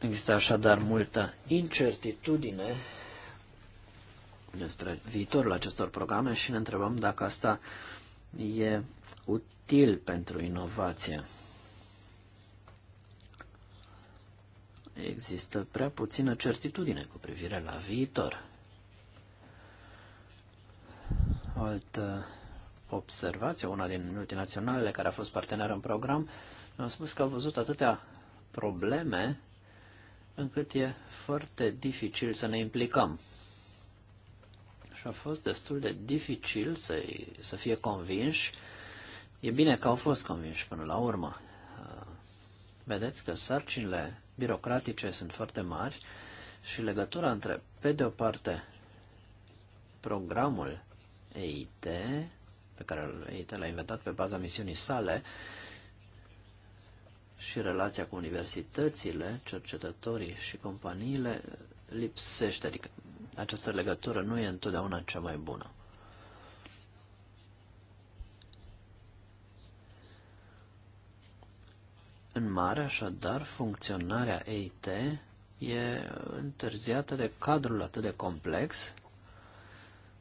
Există așadar multă incertitudine despre viitorul acestor programe și ne întrebăm dacă asta e util pentru inovație. Există prea puțină certitudine cu privire la viitor. O altă observație, una din multinaționalele care a fost partener în program, mi-a spus că au văzut atâtea probleme încât e foarte dificil să ne implicăm. Și a fost destul de dificil să, să fie convinși. E bine că au fost convinși până la urmă. Vedeți că sarcinile birocratice sunt foarte mari și legătura între, pe de o parte, programul EIT pe care l-a inventat pe baza misiunii sale și relația cu universitățile, cercetătorii și companiile lipsește, adică această legătură nu e întotdeauna cea mai bună. În mare, așadar, funcționarea EIT e întârziată de cadrul atât de complex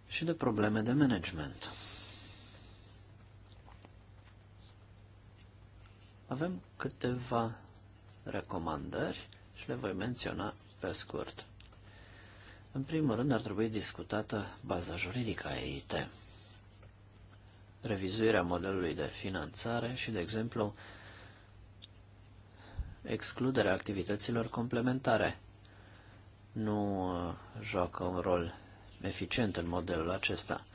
și de probleme de management. Avem câteva recomandări și le voi menționa pe scurt. În primul rând ar trebui discutată baza juridică a EIT. Revizuirea modelului de finanțare și, de exemplu, excluderea activităților complementare nu uh, joacă un rol eficient în modelul acesta.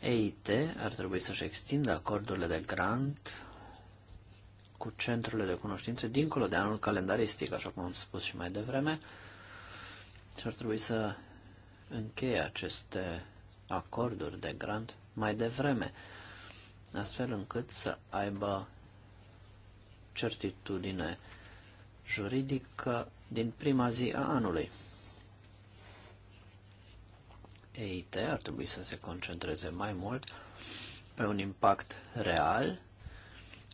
EIT ar trebui să-și extindă acordurile de grant cu centrele de cunoștință dincolo de anul calendaristic, așa cum am spus și mai devreme. Și ar trebui să încheie aceste acorduri de grant mai devreme, astfel încât să aibă certitudine juridică din prima zi a anului. EIT ar trebui să se concentreze mai mult pe un impact real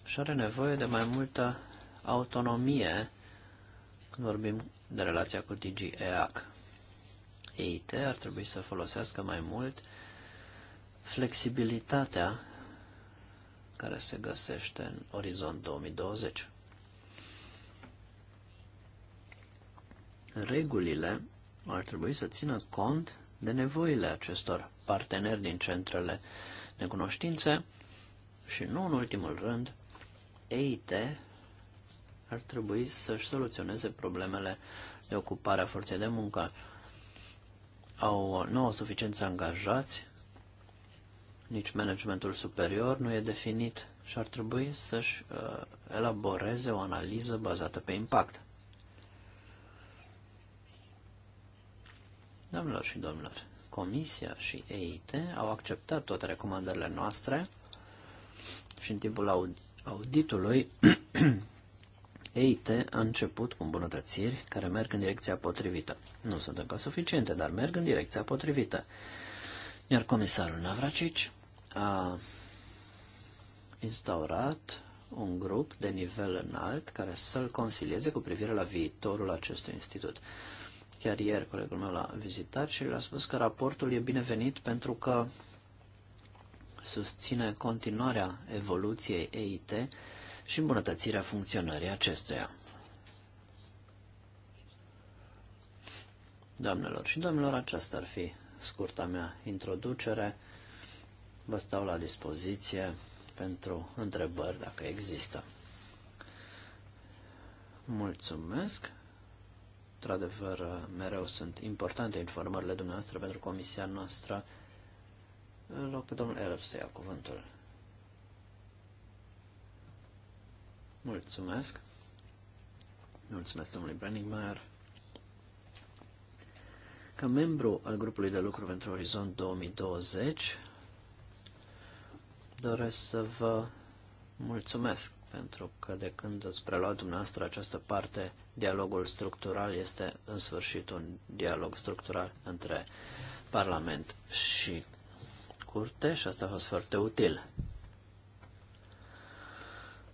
și are nevoie de mai multă autonomie când vorbim de relația cu DG EAC. EIT ar trebui să folosească mai mult flexibilitatea care se găsește în orizont 2020. Regulile ar trebui să țină cont de nevoile acestor parteneri din centrele de cunoștințe și, nu în ultimul rând, EIT ar trebui să-și soluționeze problemele de ocupare a forței de muncă. Au, nu au suficienți angajați, nici managementul superior nu e definit și ar trebui să-și uh, elaboreze o analiză bazată pe impact. Doamnelor și domnilor, Comisia și EIT au acceptat toate recomandările noastre și în timpul aud auditului, <clears throat> EIT a început cu îmbunătățiri care merg în direcția potrivită. Nu sunt încă suficiente, dar merg în direcția potrivită. Iar comisarul Navracici a instaurat un grup de nivel înalt care să-l consilieze cu privire la viitorul acestui institut. Chiar ieri colegul meu l-a vizitat și le-a spus că raportul e binevenit pentru că susține continuarea evoluției EIT și îmbunătățirea funcționării acestuia. Doamnelor și domnilor, aceasta ar fi scurta mea introducere. Vă stau la dispoziție pentru întrebări dacă există. Mulțumesc! Într-adevăr, mereu sunt importante informările dumneavoastră pentru comisia noastră. Îl rog pe domnul Eller să ia cuvântul. Mulțumesc. Mulțumesc domnului Brenningmeier. Ca membru al grupului de lucru pentru Orizont 2020, doresc să vă mulțumesc pentru că de când ați preluat dumneavoastră această parte, dialogul structural este în sfârșit un dialog structural între Parlament și scurte și asta a fost foarte util.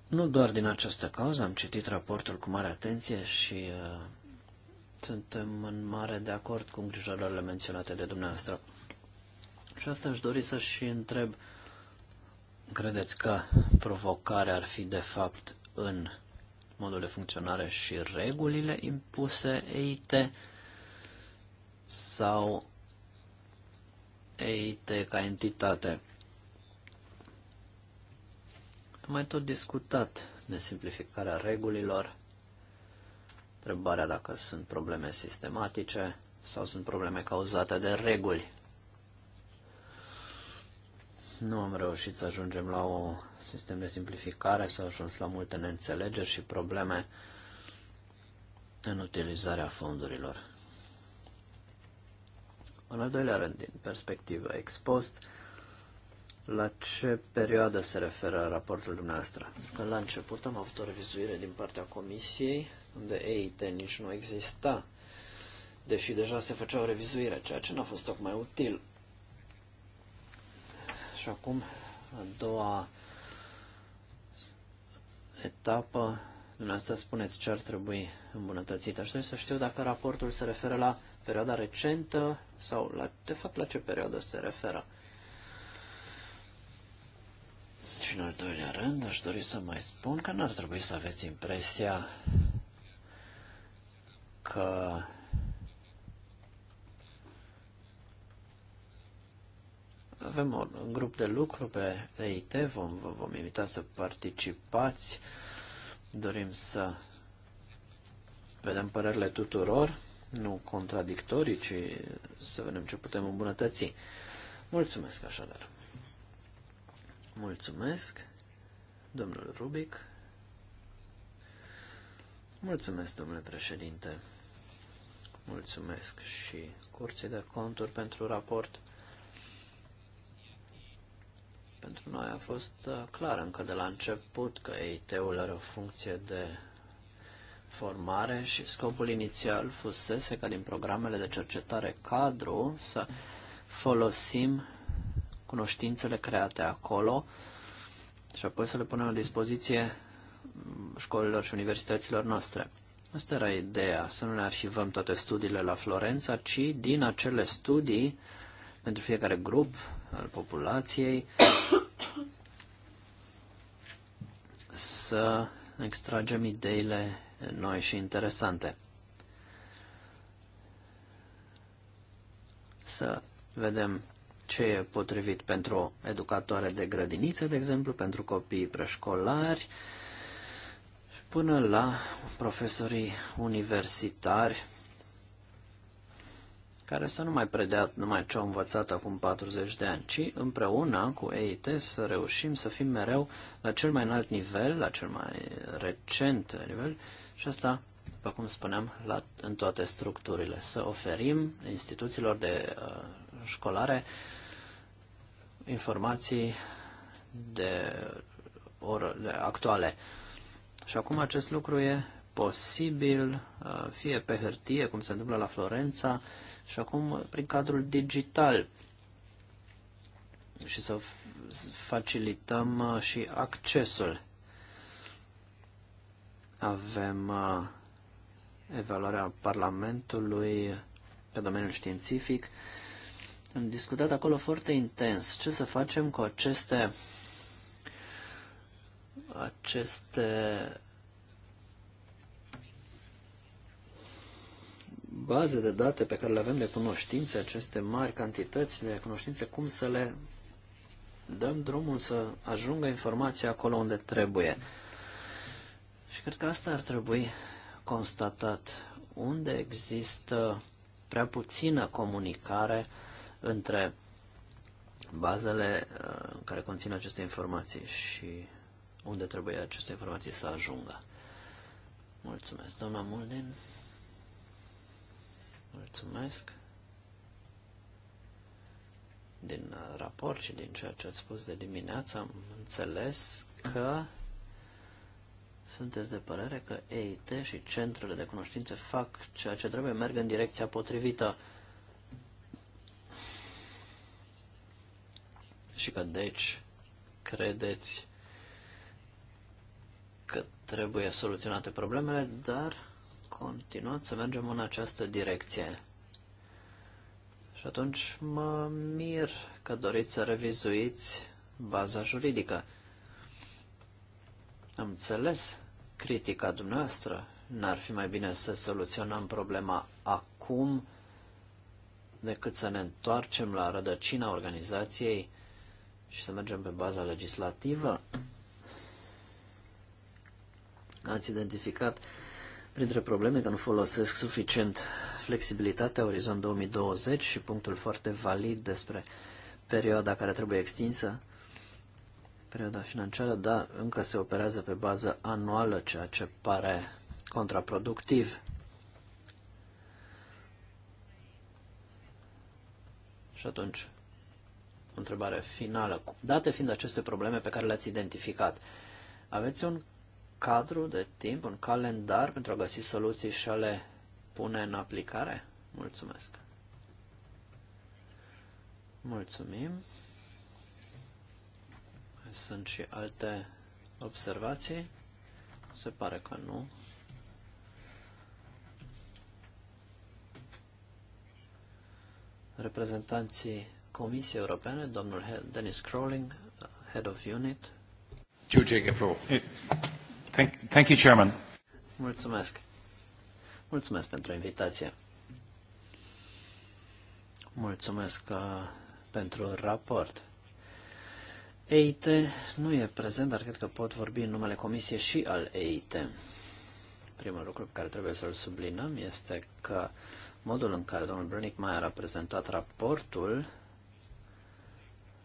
Nu doar din această cauză am citit raportul cu mare atenție și uh, suntem în mare de acord cu îngrijorările menționate de dumneavoastră. Și asta aș dori să și întreb, credeți că provocarea ar fi de fapt în modul de funcționare și regulile impuse EIT sau EIT ca entitate. Am mai tot discutat de simplificarea regulilor, întrebarea dacă sunt probleme sistematice sau sunt probleme cauzate de reguli. Nu am reușit să ajungem la un sistem de simplificare, s-au ajuns la multe neînțelegeri și probleme în utilizarea fondurilor. În al doilea rând, din perspectivă expost, la ce perioadă se referă raportul dumneavoastră? La început am avut o revizuire din partea comisiei, unde EIT nici nu exista, deși deja se făcea o revizuire, ceea ce n-a fost tocmai util. Și acum, a doua etapă, dumneavoastră spuneți ce ar trebui îmbunătățit. Aș să știu dacă raportul se referă la perioada recentă sau, la, de fapt, la ce perioadă se referă. Și în al doilea rând, aș dori să mai spun că n-ar trebui să aveți impresia că avem un grup de lucru pe EIT, vom, vă vom invita să participați, dorim să vedem părerile tuturor nu contradictorii, ci să vedem ce putem îmbunătăți. Mulțumesc așadar. Mulțumesc, domnul Rubic. Mulțumesc, domnule președinte. Mulțumesc și Curții de Conturi pentru raport. Pentru noi a fost uh, clar încă de la început că EIT-ul are o funcție de formare și scopul inițial fusese ca din programele de cercetare cadru să folosim cunoștințele create acolo și apoi să le punem la dispoziție școlilor și universităților noastre. Asta era ideea, să nu ne arhivăm toate studiile la Florența, ci din acele studii, pentru fiecare grup al populației, să extragem ideile noi și interesante. Să vedem ce e potrivit pentru educatoare de grădiniță, de exemplu, pentru copii preșcolari, până la profesorii universitari care să nu mai predea numai ce au învățat acum 40 de ani, ci împreună cu EIT să reușim să fim mereu la cel mai înalt nivel, la cel mai recent nivel, și asta, după cum spuneam, la, în toate structurile. Să oferim instituțiilor de uh, școlare informații de, oră, de actuale. Și acum acest lucru e posibil, uh, fie pe hârtie, cum se întâmplă la Florența, și acum prin cadrul digital. Și să facilităm uh, și accesul avem uh, evaluarea Parlamentului pe domeniul științific. Am discutat acolo foarte intens ce să facem cu aceste aceste baze de date pe care le avem de cunoștințe, aceste mari cantități de cunoștințe, cum să le dăm drumul să ajungă informația acolo unde trebuie. Și cred că asta ar trebui constatat. Unde există prea puțină comunicare între bazele uh, care conțin aceste informații și unde trebuie aceste informații să ajungă. Mulțumesc, doamna Mulden. Mulțumesc din uh, raport și din ceea ce ați spus de dimineață, am înțeles că sunteți de părere că EIT și centrele de cunoștințe fac ceea ce trebuie, merg în direcția potrivită și că deci credeți că trebuie soluționate problemele, dar continuați să mergem în această direcție. Și atunci mă mir că doriți să revizuiți baza juridică. Am înțeles critica dumneavoastră. N-ar fi mai bine să soluționăm problema acum decât să ne întoarcem la rădăcina organizației și să mergem pe baza legislativă? Ați identificat printre probleme că nu folosesc suficient flexibilitatea Orizont 2020 și punctul foarte valid despre perioada care trebuie extinsă perioada financiară, dar încă se operează pe bază anuală, ceea ce pare contraproductiv. Și atunci, o întrebare finală. Date fiind aceste probleme pe care le-ați identificat, aveți un cadru de timp, un calendar pentru a găsi soluții și a le pune în aplicare? Mulțumesc! Mulțumim! sunt și alte observații? Se pare că nu. Reprezentanții Comisiei Europene, domnul Dennis Crowling, uh, Head of Unit. You Thank, thank you, Chairman. Mulțumesc. Mulțumesc pentru invitație. Mulțumesc uh, pentru raport. EIT nu e prezent, dar cred că pot vorbi în numele Comisiei și al EIT. Primul lucru pe care trebuie să-l sublinăm este că modul în care domnul Brunic mai a prezentat raportul,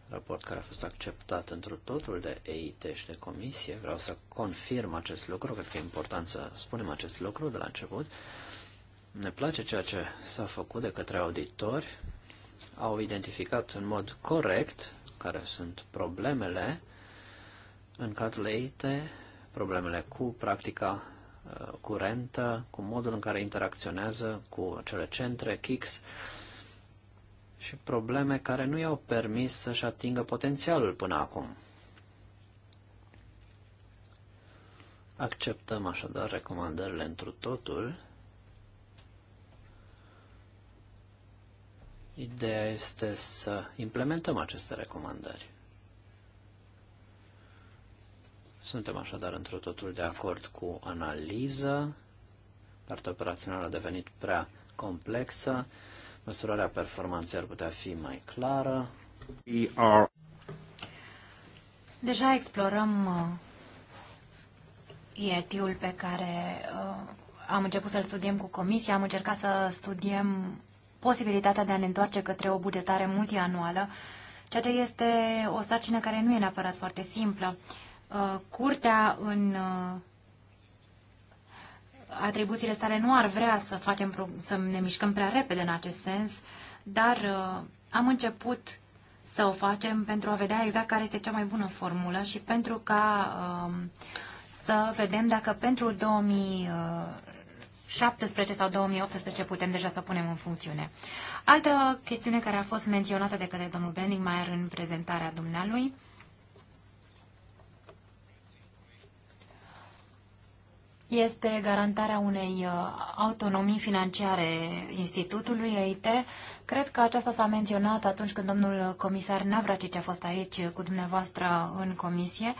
raport care a fost acceptat într totul de EIT și de Comisie, vreau să confirm acest lucru, cred că e important să spunem acest lucru de la început, ne place ceea ce s-a făcut de către auditori, au identificat în mod corect care sunt problemele în cadrul EIT, problemele cu practica uh, curentă, cu modul în care interacționează cu acele centre, KICS, și probleme care nu i-au permis să-și atingă potențialul până acum. Acceptăm așadar recomandările întru totul Ideea este să implementăm aceste recomandări. Suntem așadar într o totul de acord cu analiza. Partea operațională a devenit prea complexă. Măsurarea performanței ar putea fi mai clară. Deja explorăm uh, IET-ul pe care uh, am început să-l studiem cu comisia. Am încercat să studiem posibilitatea de a ne întoarce către o bugetare multianuală, ceea ce este o sarcină care nu e neapărat foarte simplă. Uh, curtea în uh, atribuțiile sale nu ar vrea să, facem, să ne mișcăm prea repede în acest sens, dar uh, am început să o facem pentru a vedea exact care este cea mai bună formulă și pentru ca să vedem dacă pentru 2000 2017 sau 2018 putem deja să o punem în funcțiune. Altă chestiune care a fost menționată de către domnul Brenningmeier în prezentarea dumnealui este garantarea unei uh, autonomii financiare Institutului EIT. Cred că aceasta s-a menționat atunci când domnul comisar Navracici a fost aici cu dumneavoastră în comisie. Uh,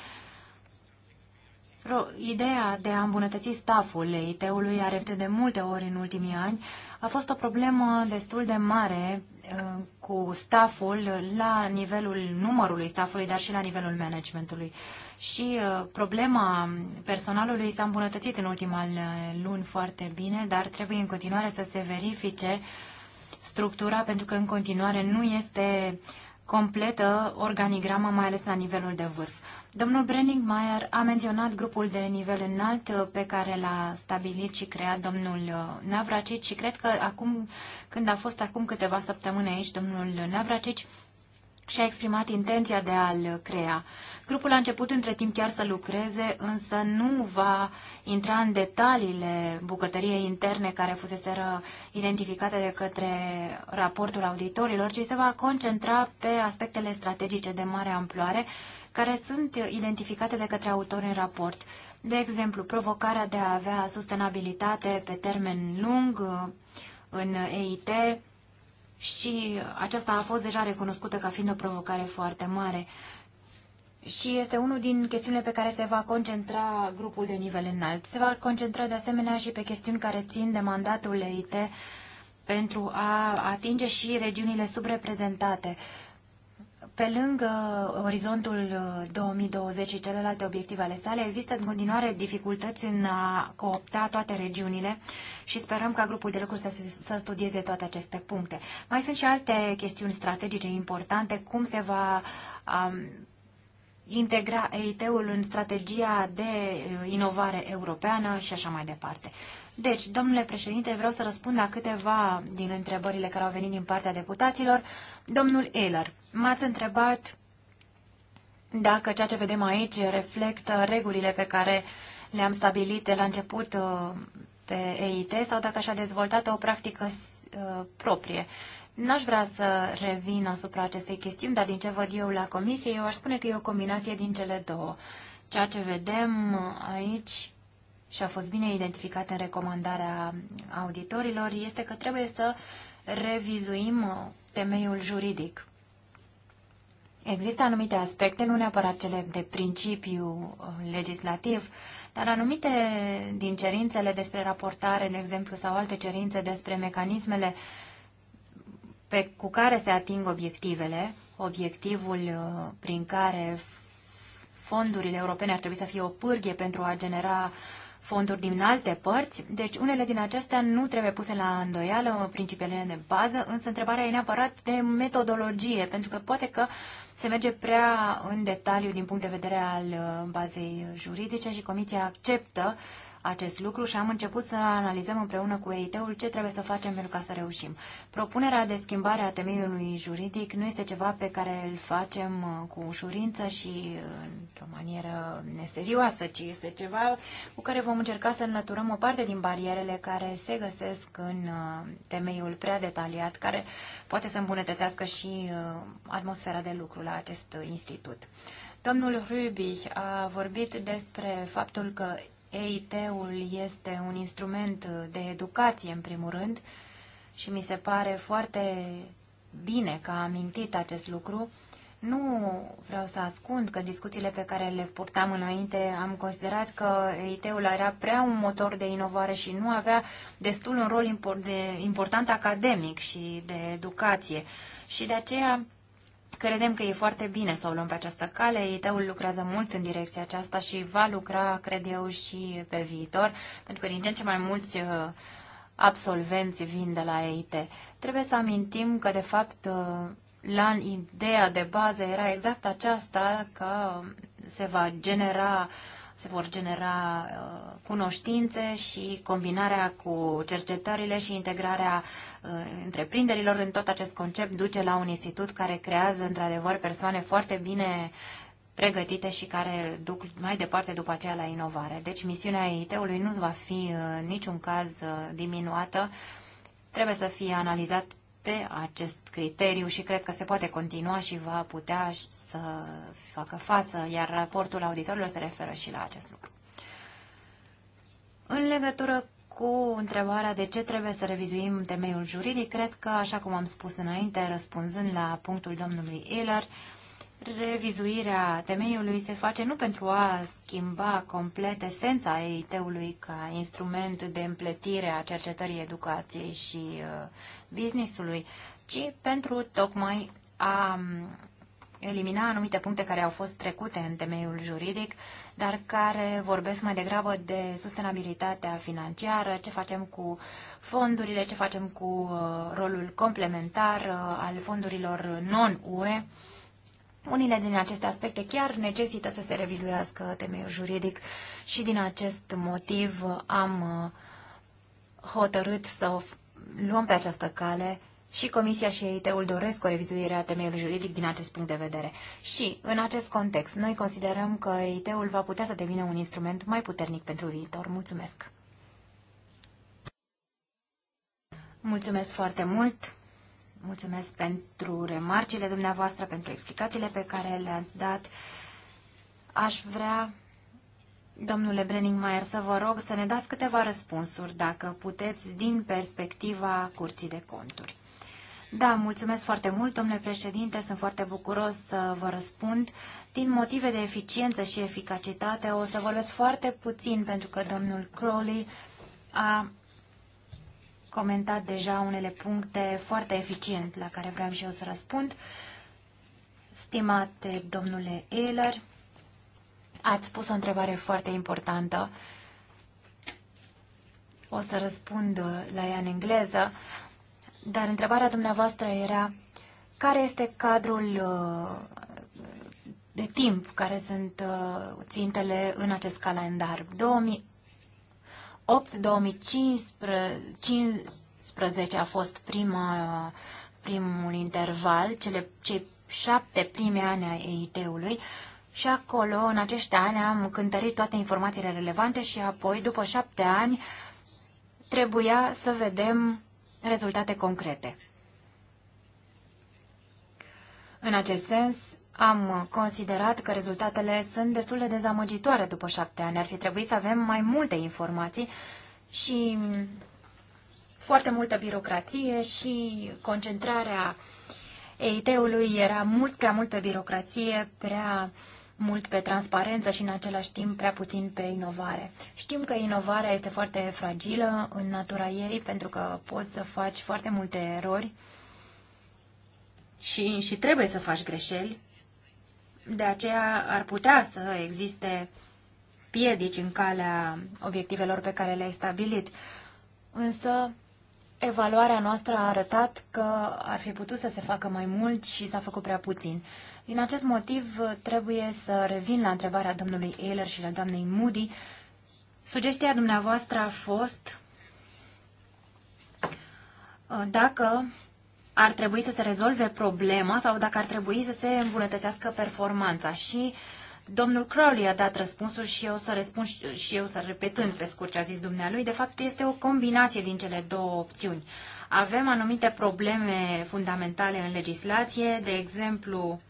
Ideea de a îmbunătăți staful EIT-ului RFT de multe ori în ultimii ani a fost o problemă destul de mare uh, cu staful la nivelul numărului staffului, dar și la nivelul managementului. Și uh, problema personalului s-a îmbunătățit în ultimele luni foarte bine, dar trebuie în continuare să se verifice structura, pentru că în continuare nu este completă organigrama, mai ales la nivelul de vârf. Domnul Brenning Mayer a menționat grupul de nivel înalt uh, pe care l-a stabilit și creat domnul uh, Navracici și cred că acum, când a fost acum câteva săptămâni aici, domnul Navracici și-a exprimat intenția de a-l crea. Grupul a început între timp chiar să lucreze, însă nu va intra în detaliile bucătăriei interne care fusese identificate de către raportul auditorilor, ci se va concentra pe aspectele strategice de mare amploare care sunt identificate de către autor în raport. De exemplu, provocarea de a avea sustenabilitate pe termen lung uh, în EIT și aceasta a fost deja recunoscută ca fiind o provocare foarte mare. Și este unul din chestiunile pe care se va concentra grupul de nivel înalt. Se va concentra de asemenea și pe chestiuni care țin de mandatul EIT pentru a atinge și regiunile subreprezentate. Pe lângă uh, orizontul 2020 uh, și celelalte obiective ale sale, există în continuare dificultăți în a coopta toate regiunile și sperăm ca grupul de lucru să, să studieze toate aceste puncte. Mai sunt și alte chestiuni strategice importante, cum se va um, integra EIT-ul în strategia de uh, inovare europeană și așa mai departe. Deci, domnule președinte, vreau să răspund la câteva din întrebările care au venit din partea deputaților. Domnul Eller, m-ați întrebat dacă ceea ce vedem aici reflectă regulile pe care le-am stabilit de la început uh, pe EIT sau dacă și-a dezvoltat o practică uh, proprie. N-aș vrea să revin asupra acestei chestiuni, dar din ce văd eu la comisie, eu aș spune că e o combinație din cele două. Ceea ce vedem aici și a fost bine identificat în recomandarea auditorilor, este că trebuie să revizuim uh, temeiul juridic. Există anumite aspecte, nu neapărat cele de principiu uh, legislativ, dar anumite din cerințele despre raportare, de exemplu, sau alte cerințe despre mecanismele pe, cu care se ating obiectivele, obiectivul uh, prin care fondurile europene ar trebui să fie o pârghie pentru a genera fonduri din alte părți, deci unele din acestea nu trebuie puse la îndoială principiile de bază, însă întrebarea e neapărat de metodologie, pentru că poate că se merge prea în detaliu din punct de vedere al uh, bazei juridice și Comisia acceptă uh, acest lucru și am început să analizăm împreună cu EIT-ul ce trebuie să facem pentru ca să reușim. Propunerea de schimbare a temeiului juridic nu este ceva pe care îl facem uh, cu ușurință și uh, într-o manieră neserioasă, ci este ceva cu care vom încerca să înlăturăm o parte din barierele care se găsesc în uh, temeiul prea detaliat, care poate să îmbunătățească și atmosfera de lucru la acest institut. Domnul Rubi a vorbit despre faptul că EIT-ul este un instrument de educație, în primul rând, și mi se pare foarte bine că a amintit acest lucru. Nu vreau să ascund că discuțiile pe care le purtam înainte am considerat că EIT-ul era prea un motor de inovare și nu avea destul un rol de, important academic și de educație. Și de aceea Credem că e foarte bine să o luăm pe această cale. IT-ul lucrează mult în direcția aceasta și va lucra, cred eu, și pe viitor, pentru că din ce în ce mai mulți uh, absolvenți vin de la EIT. Trebuie să amintim că, de fapt, uh, la ideea de bază era exact aceasta că se va genera uh, se vor genera uh, cunoștințe și combinarea cu cercetările și integrarea uh, întreprinderilor în tot acest concept duce la un institut care creează într-adevăr persoane foarte bine pregătite și care duc mai departe după aceea la inovare. Deci misiunea EIT-ului nu va fi în uh, niciun caz diminuată. Trebuie să fie analizat pe acest criteriu și cred că se poate continua și va putea să facă față, iar raportul auditorilor se referă și la acest lucru. În legătură cu întrebarea de ce trebuie să revizuim temeiul juridic, cred că, așa cum am spus înainte, răspunzând la punctul domnului Eller, revizuirea temeiului se face nu pentru a schimba complet esența EIT-ului ca instrument de împletire a cercetării educației și uh, businessului, ci pentru tocmai a um, elimina anumite puncte care au fost trecute în temeiul juridic, dar care vorbesc mai degrabă de sustenabilitatea financiară, ce facem cu fondurile, ce facem cu uh, rolul complementar uh, al fondurilor non-UE Unile din aceste aspecte chiar necesită să se revizuiască temeiul juridic și din acest motiv am uh, hotărât să o luăm pe această cale și Comisia și EIT-ul doresc o revizuire a temeiului juridic din acest punct de vedere. Și, în acest context, noi considerăm că EIT-ul va putea să devină un instrument mai puternic pentru viitor. Mulțumesc! Mulțumesc foarte mult! Mulțumesc pentru remarcile dumneavoastră, pentru explicațiile pe care le-ați dat. Aș vrea, domnule Brenningmeier, să vă rog să ne dați câteva răspunsuri, dacă puteți, din perspectiva Curții de Conturi. Da, mulțumesc foarte mult, domnule președinte, sunt foarte bucuros să vă răspund. Din motive de eficiență și eficacitate o să vorbesc foarte puțin, pentru că domnul Crowley a comentat deja unele puncte foarte eficient la care vreau și eu să răspund. Stimate domnule Ehler, ați pus o întrebare foarte importantă. O să răspund la ea în engleză, dar întrebarea dumneavoastră era care este cadrul uh, de timp care sunt uh, țintele în acest calendar. 2000 2008-2015 a fost prima, primul interval, cele, cei șapte prime ani ai EIT-ului și acolo, în acești ani, am cântărit toate informațiile relevante și apoi, după șapte ani, trebuia să vedem rezultate concrete. În acest sens, am considerat că rezultatele sunt destul de dezamăgitoare după șapte ani. Ar fi trebuit să avem mai multe informații și foarte multă birocrație și concentrarea EIT-ului era mult prea mult pe birocrație, prea mult pe transparență și în același timp prea puțin pe inovare. Știm că inovarea este foarte fragilă în natura ei pentru că poți să faci foarte multe erori și, și trebuie să faci greșeli de aceea ar putea să existe piedici în calea obiectivelor pe care le-ai stabilit. Însă, evaluarea noastră a arătat că ar fi putut să se facă mai mult și s-a făcut prea puțin. Din acest motiv, trebuie să revin la întrebarea domnului Ehler și la doamnei Moody. Sugestia dumneavoastră a fost uh, dacă ar trebui să se rezolve problema sau dacă ar trebui să se îmbunătățească performanța. Și domnul Crowley a dat răspunsul și eu să răspund și eu să repetând pe scurt ce a zis dumnealui. De fapt, este o combinație din cele două opțiuni. Avem anumite probleme fundamentale în legislație, de exemplu,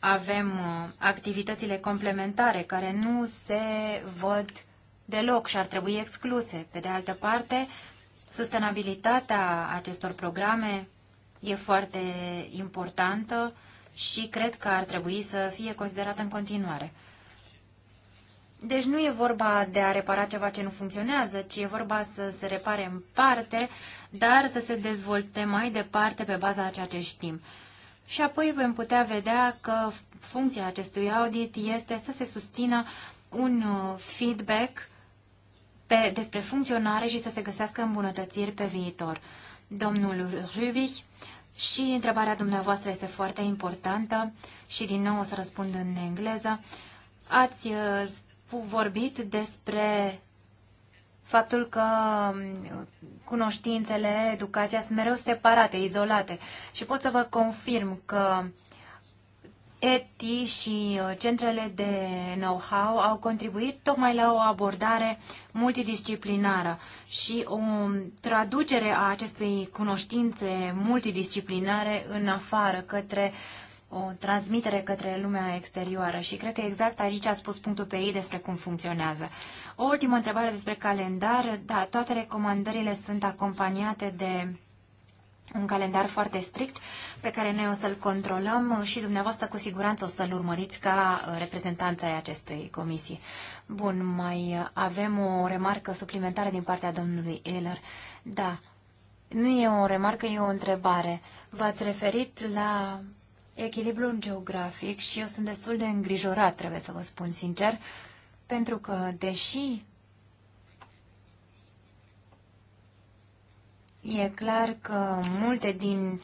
avem uh, activitățile complementare care nu se văd deloc și ar trebui excluse. Pe de altă parte, sustenabilitatea acestor programe e foarte importantă și cred că ar trebui să fie considerată în continuare. Deci nu e vorba de a repara ceva ce nu funcționează, ci e vorba să se repare în parte, dar să se dezvolte mai departe pe baza a ceea ce știm. Și apoi vom putea vedea că funcția acestui audit este să se susțină un uh, feedback pe, despre funcționare și să se găsească îmbunătățiri pe viitor domnul Rubich, și întrebarea dumneavoastră este foarte importantă și din nou o să răspund în engleză. Ați uh, vorbit despre faptul că um, cunoștințele, educația sunt mereu separate, izolate. Și pot să vă confirm că ETI și uh, centrele de know-how au contribuit tocmai la o abordare multidisciplinară și o traducere a acestei cunoștințe multidisciplinare în afară, către o transmitere către lumea exterioară. Și cred că exact aici a spus punctul pe ei despre cum funcționează. O ultimă întrebare despre calendar. Da, toate recomandările sunt acompaniate de un calendar foarte strict pe care noi o să-l controlăm și dumneavoastră cu siguranță o să-l urmăriți ca uh, reprezentanța ai acestei comisii. Bun, mai avem o remarcă suplimentară din partea domnului Eller. Da, nu e o remarcă, e o întrebare. V-ați referit la echilibrul geografic și eu sunt destul de îngrijorat, trebuie să vă spun sincer, pentru că, deși E clar că multe din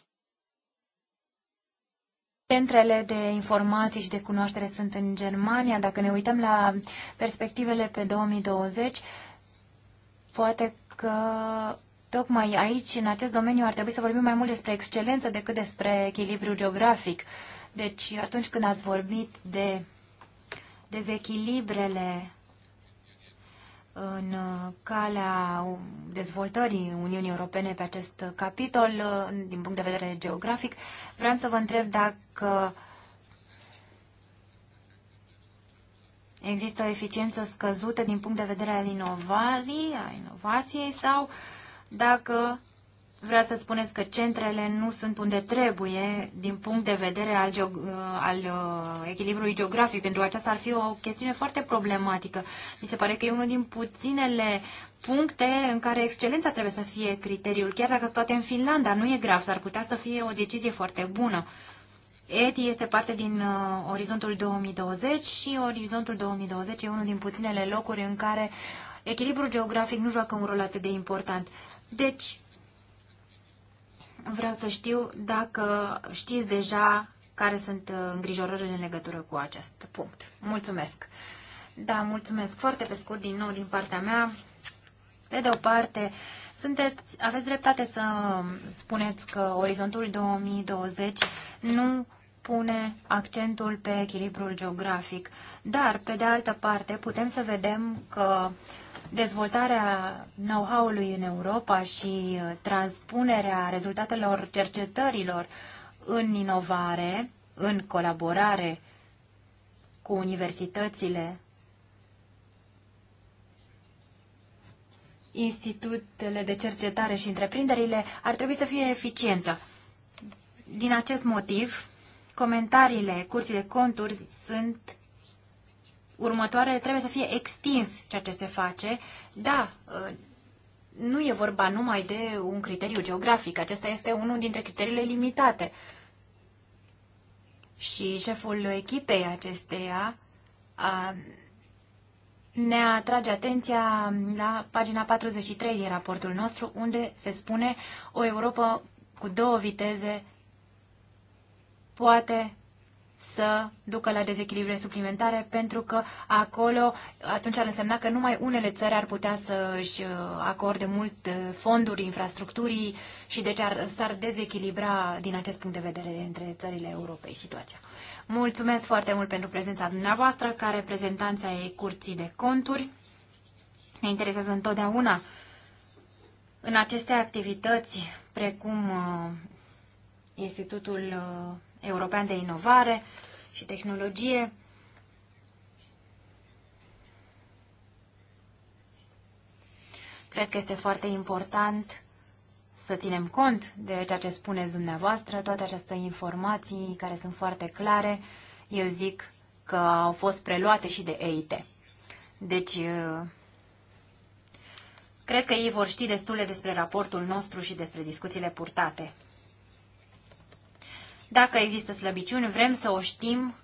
Centrele de informații și de cunoaștere sunt în Germania. Dacă ne uităm la perspectivele pe 2020, poate că tocmai aici, în acest domeniu, ar trebui să vorbim mai mult despre excelență decât despre echilibru geografic. Deci, atunci când ați vorbit de dezechilibrele în uh, calea dezvoltării Uniunii Europene pe acest capitol, uh, din punct de vedere geografic, vreau să vă întreb dacă există o eficiență scăzută din punct de vedere al inovării, a inovației sau dacă Vreau să spuneți că centrele nu sunt unde trebuie din punct de vedere al, geog- al uh, echilibrului geografic. Pentru aceasta ar fi o chestiune foarte problematică. Mi se pare că e unul din puținele puncte în care excelența trebuie să fie criteriul. Chiar dacă toate în Finlanda nu e grav, s-ar putea să fie o decizie foarte bună. ETI este parte din uh, Orizontul 2020 și Orizontul 2020 e unul din puținele locuri în care echilibrul geografic nu joacă un rol atât de important. Deci, Vreau să știu dacă știți deja care sunt uh, îngrijorările în legătură cu acest punct. Mulțumesc! Da, mulțumesc foarte pe scurt din nou din partea mea. Pe de o parte, sunteți, aveți dreptate să spuneți că orizontul 2020 nu pune accentul pe echilibrul geografic. Dar, pe de altă parte, putem să vedem că uh, Dezvoltarea know-how-ului în Europa și uh, transpunerea rezultatelor cercetărilor în inovare, în colaborare cu universitățile, institutele de cercetare și întreprinderile, ar trebui să fie eficientă. Din acest motiv, comentariile Curții de Conturi sunt următoarele trebuie să fie extins ceea ce se face. Da, ă, nu e vorba numai de un criteriu geografic, acesta este unul dintre criteriile limitate. Și șeful echipei acesteia a, ne atrage atenția la pagina 43 din raportul nostru, unde se spune o Europa cu două viteze poate să ducă la dezechilibre suplimentare, pentru că acolo atunci ar însemna că numai unele țări ar putea să își uh, acorde mult uh, fonduri infrastructurii și deci ar, s-ar dezechilibra din acest punct de vedere între țările Europei situația. Mulțumesc foarte mult pentru prezența dumneavoastră ca reprezentanța ei Curții de Conturi. Ne interesează întotdeauna în aceste activități, precum uh, Institutul European de Inovare și Tehnologie. Cred că este foarte important să ținem cont de ceea ce spuneți dumneavoastră, toate aceste informații care sunt foarte clare, eu zic că au fost preluate și de EIT. Deci, uh, cred că ei vor ști destule despre raportul nostru și despre discuțiile purtate. Dacă există slăbiciuni, vrem să o știm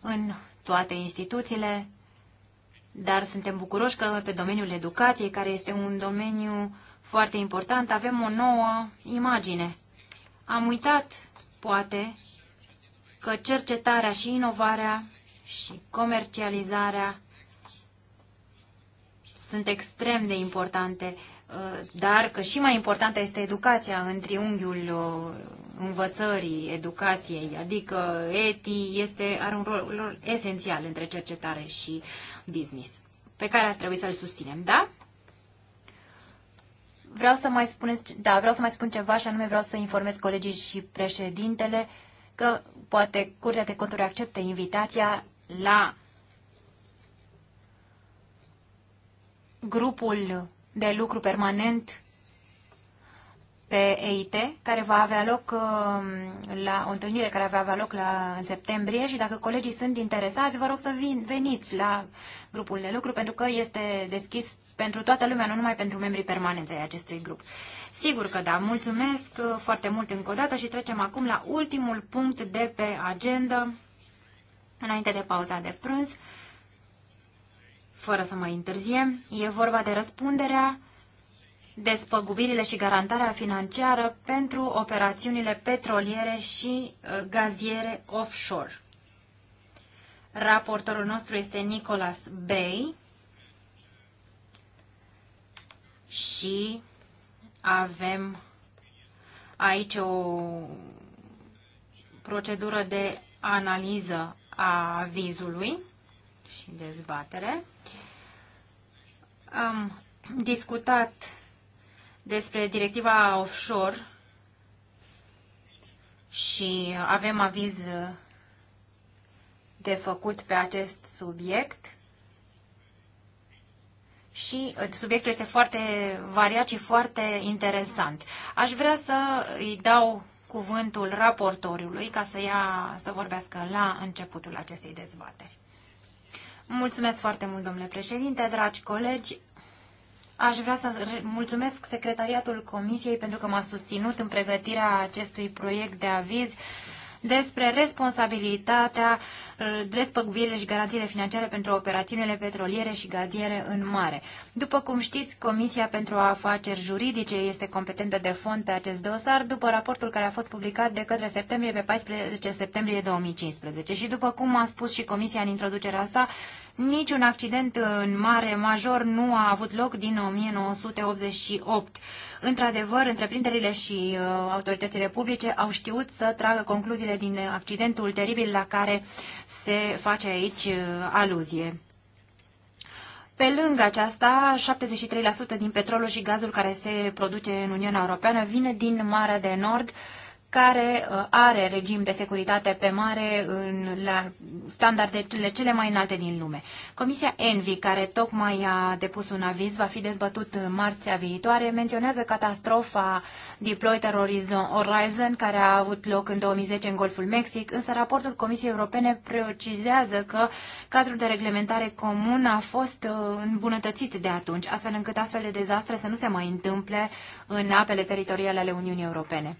în toate instituțiile, dar suntem bucuroși că pe domeniul educației, care este un domeniu foarte important, avem o nouă imagine. Am uitat, poate, că cercetarea și inovarea și comercializarea sunt extrem de importante, uh, dar că și mai importantă este educația în triunghiul uh, învățării, educației, adică ETI, este, are un rol, rol esențial între cercetare și business, pe care ar trebui să-l susținem, da? Vreau să mai spuneți, da, vreau să mai spun ceva și anume vreau să informez colegii și președintele că poate Curtea de Conturi acceptă invitația la grupul de lucru permanent pe EIT, care va avea loc um, la o întâlnire care va avea loc la septembrie și dacă colegii sunt interesați, vă rog să vin, veniți la grupul de lucru pentru că este deschis pentru toată lumea, nu numai pentru membrii permanenți ai acestui grup. Sigur că da, mulțumesc uh, foarte mult încă o dată și trecem acum la ultimul punct de pe agenda, înainte de pauza de prânz, fără să mai întârziem. E vorba de răspunderea despăgubirile și garantarea financiară pentru operațiunile petroliere și uh, gaziere offshore. Raportorul nostru este Nicolas Bay și avem aici o procedură de analiză a avizului și dezbatere. Am discutat despre directiva offshore și avem aviz de făcut pe acest subiect. Și uh, subiectul este foarte variat și foarte interesant. Aș vrea să îi dau cuvântul raportorului ca să, ia, să vorbească la începutul acestei dezbateri. Mulțumesc foarte mult, domnule președinte, dragi colegi. Aș vrea să mulțumesc Secretariatul Comisiei pentru că m-a susținut în pregătirea acestui proiect de aviz despre responsabilitatea Uh, despăgubirile și garanțiile financiare pentru operațiunile petroliere și gaziere în mare. După cum știți, Comisia pentru Afaceri Juridice este competentă de fond pe acest dosar după raportul care a fost publicat de către septembrie pe 14 septembrie 2015 și după cum a spus și Comisia în introducerea sa, niciun accident în mare major nu a avut loc din 1988. Într-adevăr, întreprinderile și uh, autoritățile publice au știut să tragă concluziile din accidentul teribil la care se face aici uh, aluzie. Pe lângă aceasta, 73% din petrolul și gazul care se produce în Uniunea Europeană vine din Marea de Nord, care uh, are regim de securitate pe mare în, la standardele cele mai înalte din lume. Comisia Envi, care tocmai a depus un aviz, va fi dezbătut marțea viitoare, menționează catastrofa Deployter Horizon, care a avut loc în 2010 în Golful Mexic, însă raportul Comisiei Europene precizează că cadrul de reglementare comun a fost uh, îmbunătățit de atunci, astfel încât astfel de dezastre să nu se mai întâmple în apele teritoriale ale Uniunii Europene.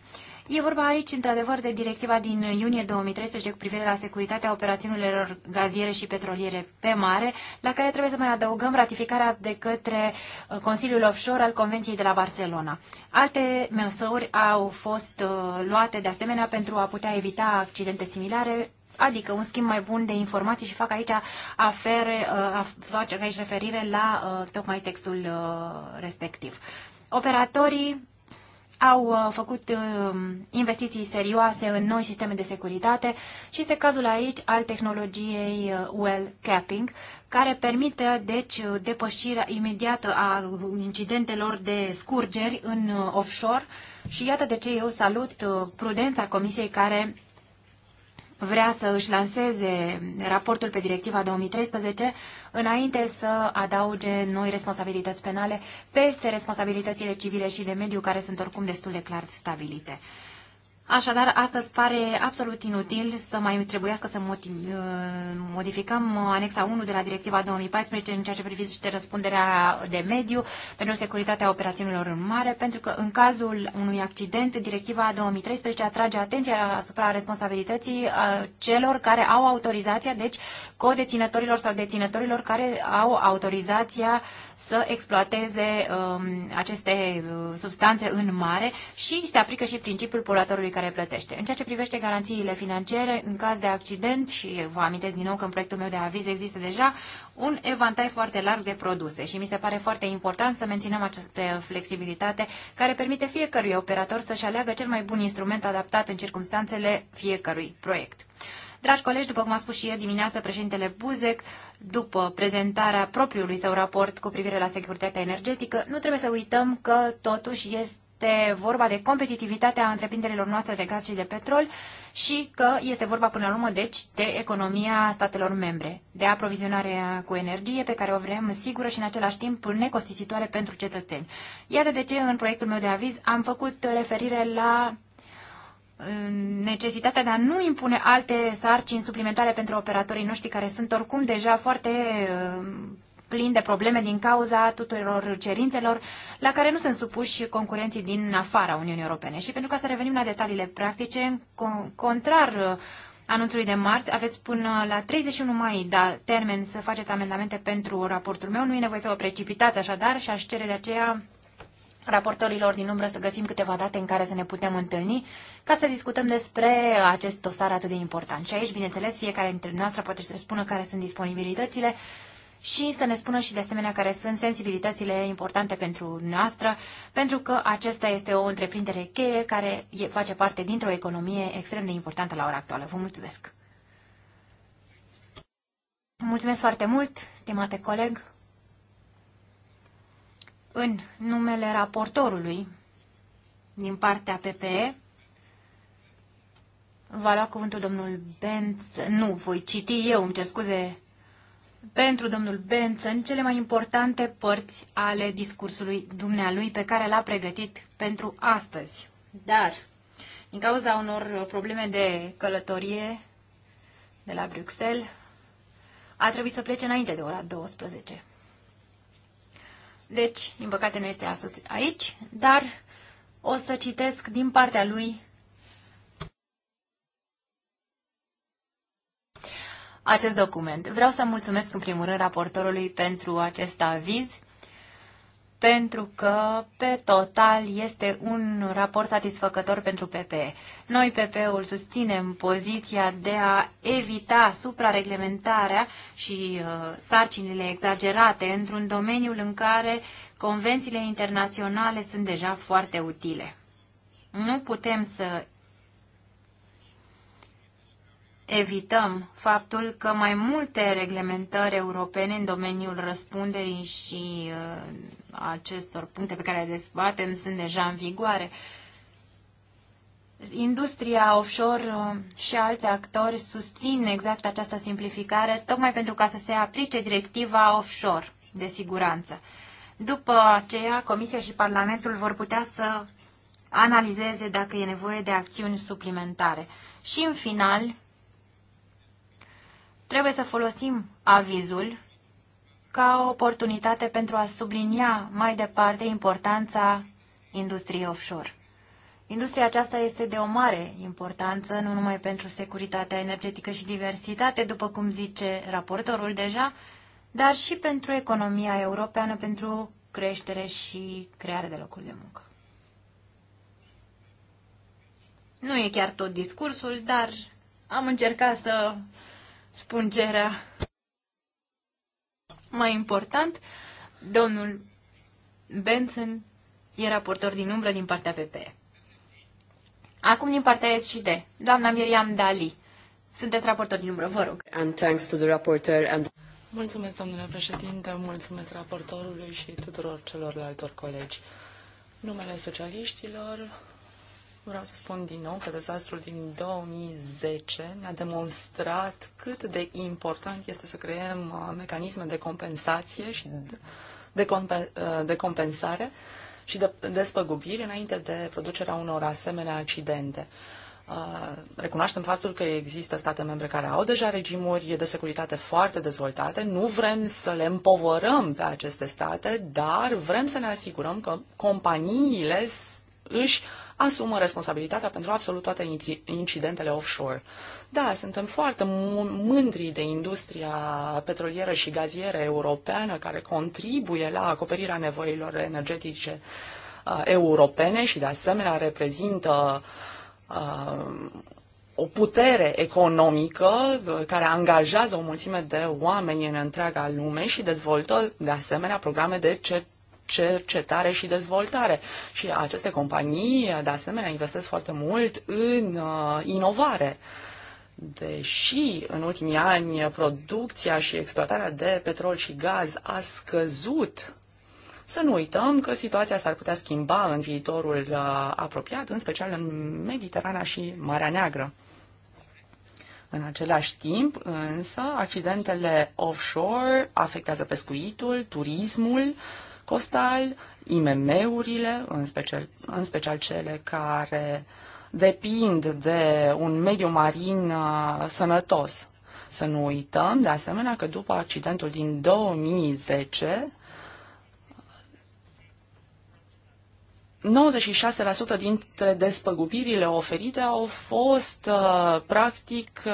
E vorba aici, într-adevăr, de directiva din iunie 2013 cu privire la securitatea operațiunilor gaziere și petroliere pe mare, la care trebuie să mai adăugăm ratificarea de către uh, Consiliul Offshore al Convenției de la Barcelona. Alte măsuri au fost uh, luate de asemenea pentru a putea evita accidente similare adică un schimb mai bun de informații și fac aici afere, uh, fac aici referire la tocmai textul respectiv. Operatorii au uh, făcut uh, investiții serioase în noi sisteme de securitate și este cazul aici al tehnologiei uh, well capping, care permite deci depășirea imediată a incidentelor de scurgeri în offshore și iată de ce eu salut prudența comisiei care vrea să își lanseze raportul pe directiva 2013 înainte să adauge noi responsabilități penale peste responsabilitățile civile și de mediu care sunt oricum destul de clar stabilite. Așadar, astăzi pare absolut inutil să mai trebuiască să uh, modificăm anexa 1 de la directiva 2014 în ceea ce privește răspunderea de mediu pentru securitatea operațiunilor în mare, pentru că în cazul unui accident, directiva 2013 atrage atenția asupra responsabilității uh, celor care au autorizația, deci codeținătorilor sau deținătorilor care au autorizația să exploateze um, aceste uh, substanțe în mare și se aplică și principiul poluatorului care plătește. În ceea ce privește garanțiile financiare, în caz de accident, și vă amintesc din nou că în proiectul meu de aviz există deja un evantai foarte larg de produse și mi se pare foarte important să menținem această flexibilitate care permite fiecărui operator să-și aleagă cel mai bun instrument adaptat în circunstanțele fiecărui proiect. Dragi colegi, după cum a spus și ieri dimineață președintele Buzek, după prezentarea propriului său raport cu privire la securitatea energetică, nu trebuie să uităm că totuși este este vorba de competitivitatea întreprinderilor noastre de gaz și de petrol și că este vorba până la urmă, deci, de economia statelor membre, de aprovizionarea cu energie pe care o vrem sigură și în același timp necostisitoare pentru cetățeni. Iată de ce în proiectul meu de aviz am făcut referire la necesitatea de a nu impune alte sarcini suplimentare pentru operatorii noștri care sunt oricum deja foarte uh, plini de probleme din cauza tuturor cerințelor la care nu sunt supuși concurenții din afara Uniunii Europene. Și pentru ca să revenim la detaliile practice, contrar uh, anunțului de marți, aveți până la 31 mai da, termen să faceți amendamente pentru raportul meu. Nu e nevoie să vă precipitați așadar și aș cere de aceea raportorilor din umbră să găsim câteva date în care să ne putem întâlni ca să discutăm despre acest dosar atât de important. Și aici, bineînțeles, fiecare dintre noastre poate să spună care sunt disponibilitățile și să ne spună și de asemenea care sunt sensibilitățile importante pentru noastră, pentru că acesta este o întreprindere cheie care face parte dintr-o economie extrem de importantă la ora actuală. Vă mulțumesc! Mulțumesc foarte mult, stimate coleg! în numele raportorului din partea PPE. Va lua cuvântul domnul Benz. Nu, voi citi eu, îmi cer scuze pentru domnul în cele mai importante părți ale discursului dumnealui pe care l-a pregătit pentru astăzi. Dar, din cauza unor probleme de călătorie de la Bruxelles, a trebuit să plece înainte de ora 12. Deci, din păcate, nu este astăzi aici, dar o să citesc din partea lui acest document. Vreau să mulțumesc în primul rând raportorului pentru acest aviz pentru că, pe total, este un raport satisfăcător pentru PPE. Noi, PPE-ul, susținem poziția de a evita suprareglementarea și uh, sarcinile exagerate într-un domeniu în care convențiile internaționale sunt deja foarte utile. Nu putem să evităm faptul că mai multe reglementări europene în domeniul răspunderii și uh, acestor puncte pe care le dezbatem sunt deja în vigoare. Industria offshore uh, și alți actori susțin exact această simplificare, tocmai pentru ca să se aplice directiva offshore de siguranță. După aceea, Comisia și Parlamentul vor putea să analizeze dacă e nevoie de acțiuni suplimentare. Și în final, Trebuie să folosim avizul ca o oportunitate pentru a sublinia mai departe importanța industriei offshore. Industria aceasta este de o mare importanță, nu numai pentru securitatea energetică și diversitate, după cum zice raportorul deja, dar și pentru economia europeană, pentru creștere și creare de locuri de muncă. Nu e chiar tot discursul, dar am încercat să Spungerea mai important, domnul Benson era portor din umbră din partea PP. Acum din partea SCD doamna Miriam Dali. Sunteți raportor din umbră, vă rog. And thanks to the reporter and... Mulțumesc, domnule președinte, mulțumesc raportorului și tuturor celorlaltor colegi. Numele socialiștilor Vreau să spun din nou că dezastrul din 2010 ne-a demonstrat cât de important este să creăm uh, mecanisme de compensație și de, uh, de compensare și de despăgubiri înainte de producerea unor asemenea accidente. Uh, recunoaștem faptul că există state membre care au deja regimuri de securitate foarte dezvoltate. Nu vrem să le împovărăm pe aceste state, dar vrem să ne asigurăm că companiile își asumă responsabilitatea pentru absolut toate incidentele offshore. Da, suntem foarte mândri de industria petrolieră și gazieră europeană care contribuie la acoperirea nevoilor energetice uh, europene și de asemenea reprezintă uh, o putere economică uh, care angajează o mulțime de oameni în întreaga lume și dezvoltă de asemenea programe de cercetare cercetare și dezvoltare. Și aceste companii, de asemenea, investesc foarte mult în uh, inovare. Deși în ultimii ani producția și exploatarea de petrol și gaz a scăzut, să nu uităm că situația s-ar putea schimba în viitorul uh, apropiat, în special în Mediterana și Marea Neagră. În același timp, însă, accidentele offshore afectează pescuitul, turismul, uh, Costal, IMM-urile, în special, în special cele care depind de un mediu marin uh, sănătos. Să nu uităm, de asemenea, că după accidentul din 2010, 96% dintre despăgubirile oferite au fost uh, practic uh,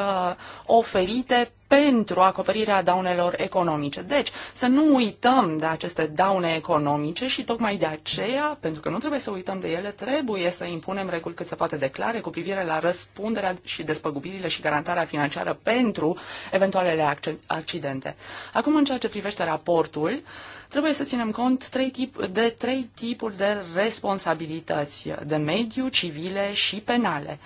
oferite pentru acoperirea daunelor economice. Deci, să nu uităm de aceste daune economice și tocmai de aceea, pentru că nu trebuie să uităm de ele, trebuie să impunem reguli cât se poate de clare cu privire la răspunderea și despăgubirile și garantarea financiară pentru eventualele accidente. Acum, în ceea ce privește raportul, uh, Trebuie să ținem cont trei tip, de trei tipuri de responsabilități, de mediu, civile și penale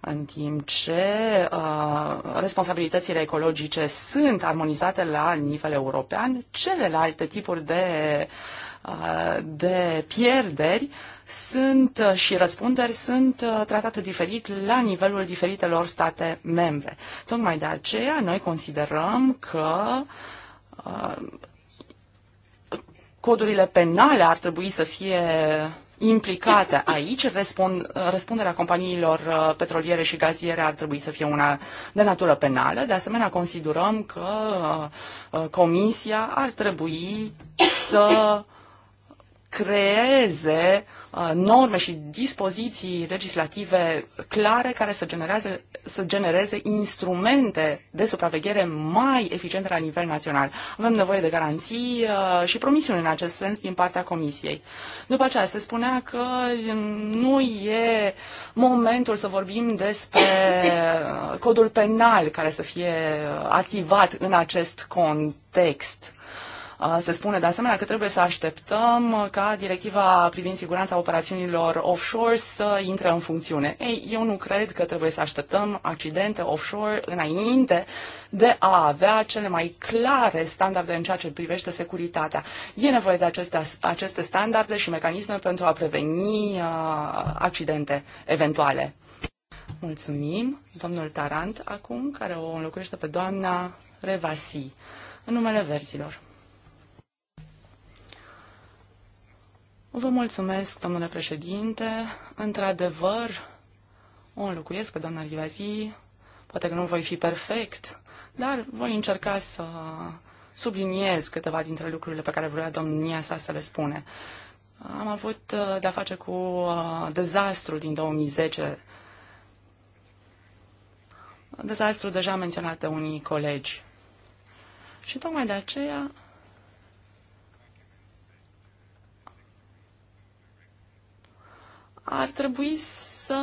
în timp ce uh, responsabilitățile ecologice sunt armonizate la nivel european, celelalte tipuri de, uh, de pierderi sunt uh, și răspunderi sunt uh, tratate diferit la nivelul diferitelor state membre. Tocmai de aceea noi considerăm că uh, codurile penale ar trebui să fie implicate aici, Respond, răspunderea companiilor uh, petroliere și gaziere ar trebui să fie una de natură penală. De asemenea, considerăm că uh, uh, Comisia ar trebui să creeze uh, Uh, norme și dispoziții legislative clare care să, generează, să genereze instrumente de supraveghere mai eficiente la nivel național. Avem nevoie de garanții uh, și promisiuni în acest sens din partea Comisiei. După aceea se spunea că nu e momentul să vorbim despre uh, codul penal care să fie activat în acest context se spune de asemenea că trebuie să așteptăm ca directiva privind siguranța operațiunilor offshore să intre în funcțiune. Ei, eu nu cred că trebuie să așteptăm accidente offshore înainte de a avea cele mai clare standarde în ceea ce privește securitatea. E nevoie de aceste, aceste standarde și mecanisme pentru a preveni uh, accidente eventuale. Mulțumim, domnul Tarant, acum, care o înlocuiește pe doamna Revasi, în numele verzilor. Vă mulțumesc, domnule președinte. Într-adevăr, o înlocuiesc pe doamna Rivazi. Poate că nu voi fi perfect, dar voi încerca să subliniez câteva dintre lucrurile pe care vrea domnia sa să le spune. Am avut uh, de-a face cu uh, dezastrul din 2010, dezastru deja menționat de unii colegi. Și tocmai de aceea ar trebui să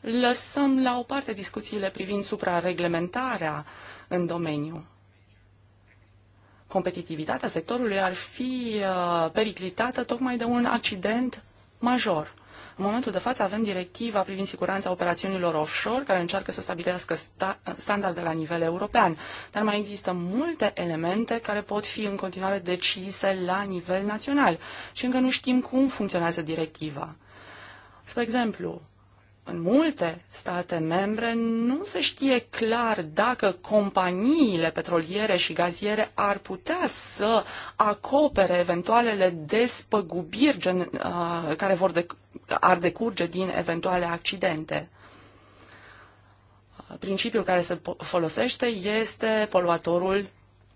lăsăm la o parte discuțiile privind suprareglementarea în domeniu. Competitivitatea sectorului ar fi uh, periclitată tocmai de un accident major. În momentul de față avem directiva privind siguranța operațiunilor offshore, care încearcă să stabilească sta- standarde la nivel european, dar mai există multe elemente care pot fi în continuare decise la nivel național și încă nu știm cum funcționează directiva. Spre exemplu, în multe state membre nu se știe clar dacă companiile petroliere și gaziere ar putea să acopere eventualele despăgubiri gen, uh, care vor de, ar decurge din eventuale accidente. Uh, principiul care se folosește este poluatorul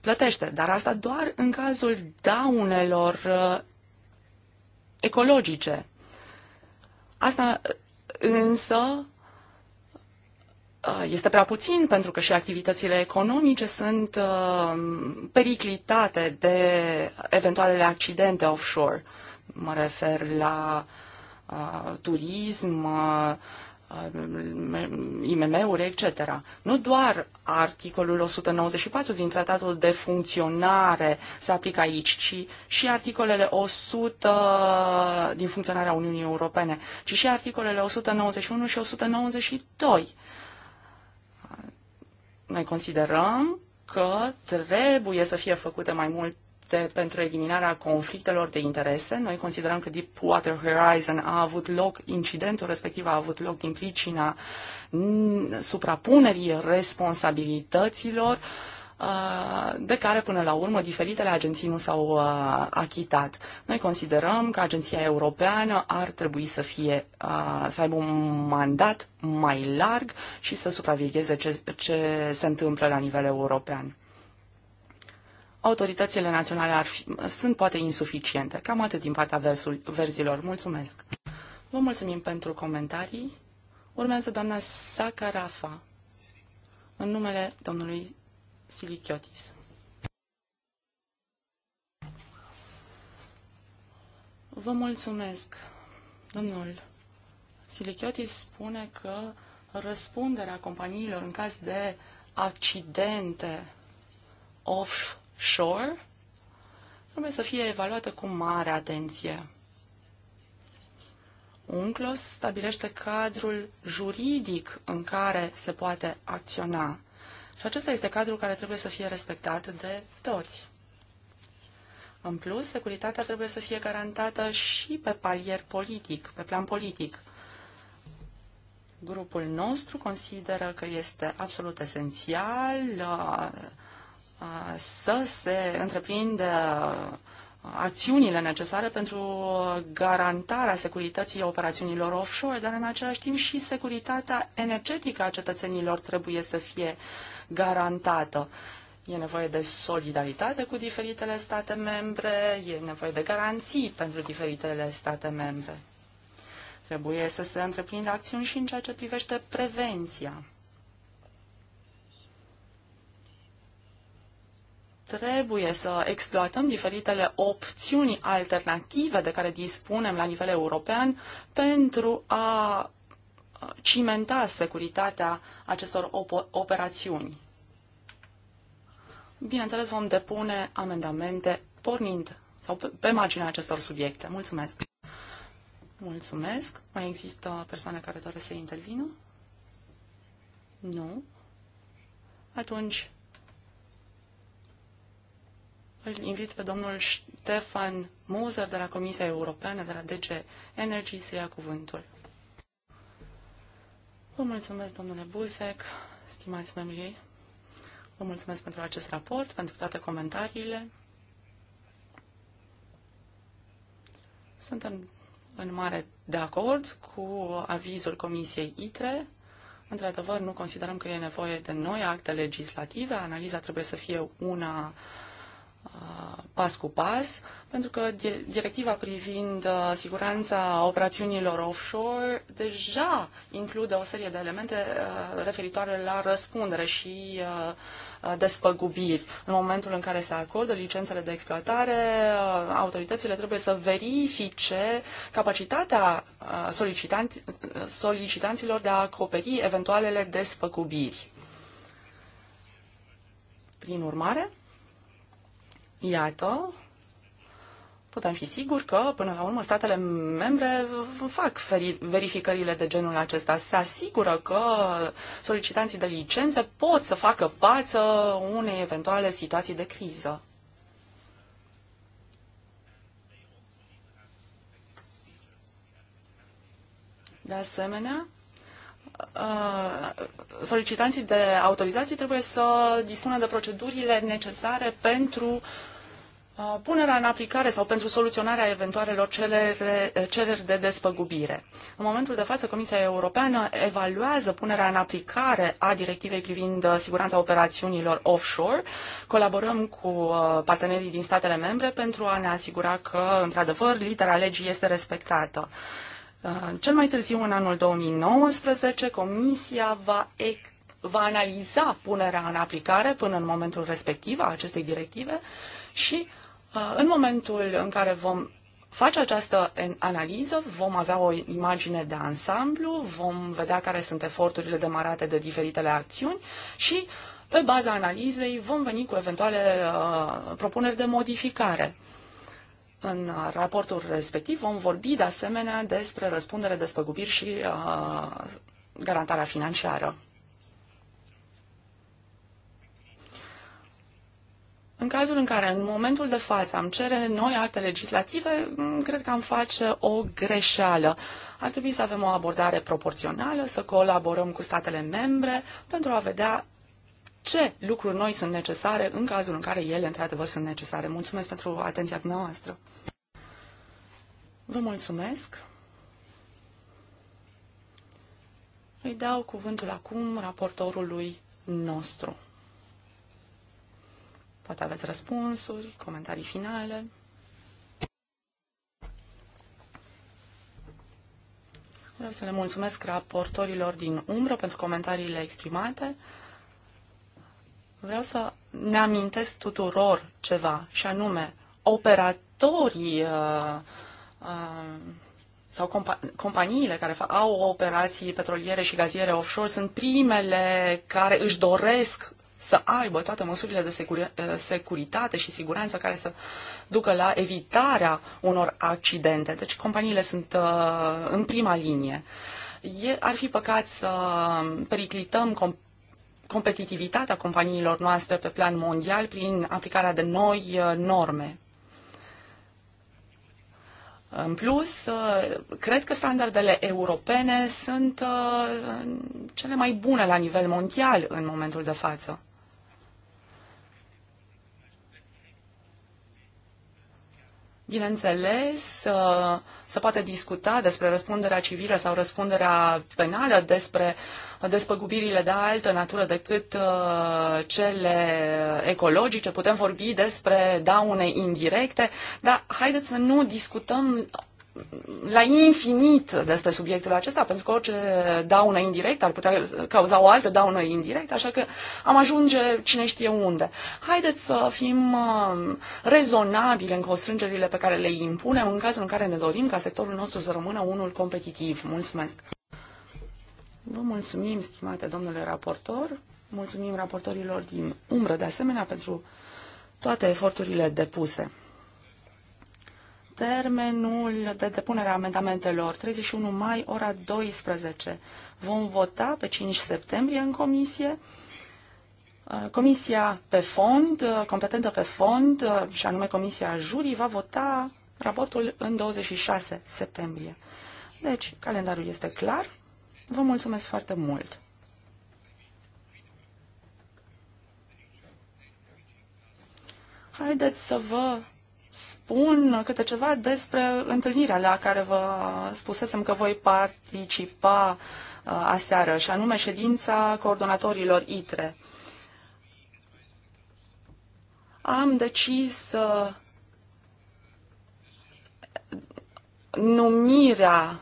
plătește, dar asta doar în cazul daunelor uh, ecologice. Asta uh, însă uh, este prea puțin pentru că și activitățile economice sunt uh, periclitate de eventualele accidente offshore. Mă refer la turism, IMM-uri, etc. Nu doar articolul 194 din Tratatul de Funcționare se aplică aici, ci și articolele 100 din funcționarea Uniunii Europene, ci și articolele 191 și 192. Noi considerăm că trebuie să fie făcute mai mult de, pentru eliminarea conflictelor de interese. Noi considerăm că Deepwater Horizon a avut loc, incidentul respectiv a avut loc din pricina suprapunerii responsabilităților uh, de care până la urmă diferitele agenții nu s-au uh, achitat. Noi considerăm că agenția europeană ar trebui să fie uh, să aibă un mandat mai larg și să supravegheze ce, ce se întâmplă la nivel european autoritățile naționale ar fi, sunt poate insuficiente. Cam atât din partea versul, verzilor. Mulțumesc! Vă mulțumim pentru comentarii. Urmează doamna Sakarafa în numele domnului Silichiotis. Vă mulțumesc. Domnul Silichiotis spune că răspunderea companiilor în caz de accidente off Shore trebuie să fie evaluată cu mare atenție. UNCLOS stabilește cadrul juridic în care se poate acționa. Și acesta este cadrul care trebuie să fie respectat de toți. În plus, securitatea trebuie să fie garantată și pe palier politic, pe plan politic. Grupul nostru consideră că este absolut esențial uh, să se întreprindă uh, acțiunile necesare pentru garantarea securității operațiunilor offshore, dar în același timp și securitatea energetică a cetățenilor trebuie să fie garantată. E nevoie de solidaritate cu diferitele state membre, e nevoie de garanții pentru diferitele state membre. Trebuie să se întreprindă acțiuni și în ceea ce privește prevenția. trebuie să exploatăm diferitele opțiuni alternative de care dispunem la nivel european pentru a cimenta securitatea acestor op- operațiuni. Bineînțeles, vom depune amendamente pornind sau pe, pe marginea acestor subiecte. Mulțumesc! Mulțumesc! Mai există persoane care doresc să intervină? Nu? Atunci îl invit pe domnul Stefan Moser de la Comisia Europeană, de la DG Energy, să ia cuvântul. Vă mulțumesc, domnule Buzek, stimați membrii. Vă mulțumesc pentru acest raport, pentru toate comentariile. Suntem în mare de acord cu avizul Comisiei ITRE. Într-adevăr, nu considerăm că e nevoie de noi acte legislative. Analiza trebuie să fie una uh, pas cu pas, pentru că directiva privind uh, siguranța operațiunilor offshore deja include o serie de elemente uh, referitoare la răspundere și uh, despăgubiri. În momentul în care se acordă licențele de exploatare, autoritățile trebuie să verifice capacitatea solicitant, solicitanților de a acoperi eventualele despăgubiri. Prin urmare, Iată, putem fi siguri că, până la urmă, statele membre fac verificările de genul acesta. Se asigură că solicitanții de licențe pot să facă față unei eventuale situații de criză. De asemenea, Uh, solicitanții de autorizații trebuie să dispună de procedurile necesare pentru uh, punerea în aplicare sau pentru soluționarea eventualelor cereri de despăgubire. În momentul de față, Comisia Europeană evaluează punerea în aplicare a directivei privind uh, siguranța operațiunilor offshore. Colaborăm cu partenerii din statele membre pentru a ne asigura că, într-adevăr, litera legii este respectată. Uh, cel mai târziu, în anul 2019, Comisia va, va analiza punerea în aplicare până în momentul respectiv a acestei directive și uh, în momentul în care vom face această analiză, vom avea o imagine de ansamblu, vom vedea care sunt eforturile demarate de diferitele acțiuni și, pe baza analizei, vom veni cu eventuale uh, propuneri de modificare. În raportul respectiv vom vorbi de asemenea despre răspundere, despăgubiri și uh, garantarea financiară. În cazul în care în momentul de față am cere noi acte legislative, mm, cred că am face o greșeală. Ar trebui să avem o abordare proporțională, să colaborăm cu statele membre pentru a vedea ce lucruri noi sunt necesare în cazul în care ele, într-adevăr, sunt necesare. Mulțumesc pentru atenția dumneavoastră. Vă mulțumesc. Îi dau cuvântul acum raportorului nostru. Poate aveți răspunsuri, comentarii finale. Vreau să le mulțumesc raportorilor din umbră pentru comentariile exprimate. Vreau să ne amintesc tuturor ceva, și anume, operatorii uh, uh, sau compa- companiile care au operații petroliere și gaziere offshore sunt primele care își doresc să aibă toate măsurile de securi- uh, securitate și siguranță care să ducă la evitarea unor accidente. Deci companiile sunt uh, în prima linie. E, ar fi păcat să periclităm comp competitivitatea companiilor noastre pe plan mondial prin aplicarea de noi uh, norme. În plus, uh, cred că standardele europene sunt uh, cele mai bune la nivel mondial în momentul de față. Bineînțeles, uh, se poate discuta despre răspunderea civilă sau răspunderea penală, despre despăgubirile de altă natură decât uh, cele ecologice, putem vorbi despre daune indirecte, dar haideți să nu discutăm la infinit despre subiectul acesta, pentru că orice daună indirectă ar putea cauza o altă daună indirectă, așa că am ajunge cine știe unde. Haideți să fim um, rezonabili în constrângerile pe care le impunem în cazul în care ne dorim ca sectorul nostru să rămână unul competitiv. Mulțumesc! Vă mulțumim, stimate domnule raportor, mulțumim raportorilor din umbră, de asemenea, pentru toate eforturile depuse. Termenul de depunere a amendamentelor, 31 mai, ora 12. Vom vota pe 5 septembrie în comisie. Uh, comisia pe fond, uh, competentă pe fond, uh, și anume Comisia Jurii, va vota raportul în 26 septembrie. Deci, calendarul este clar. Vă mulțumesc foarte mult! Haideți să vă spun câte ceva despre întâlnirea la care vă spusesem că voi participa uh, aseară, și anume ședința coordonatorilor ITRE. Am decis uh, numirea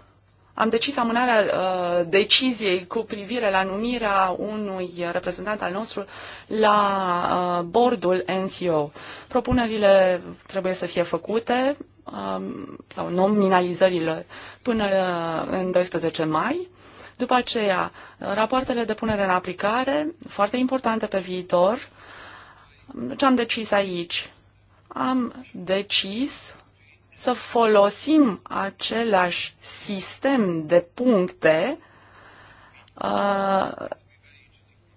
am decis amânarea uh, deciziei cu privire la numirea unui reprezentant al nostru la uh, bordul NCO. Propunerile trebuie să fie făcute um, sau nominalizările până uh, în 12 mai. După aceea, rapoartele de punere în aplicare, foarte importante pe viitor. Ce am decis aici? Am decis să folosim același sistem de puncte uh,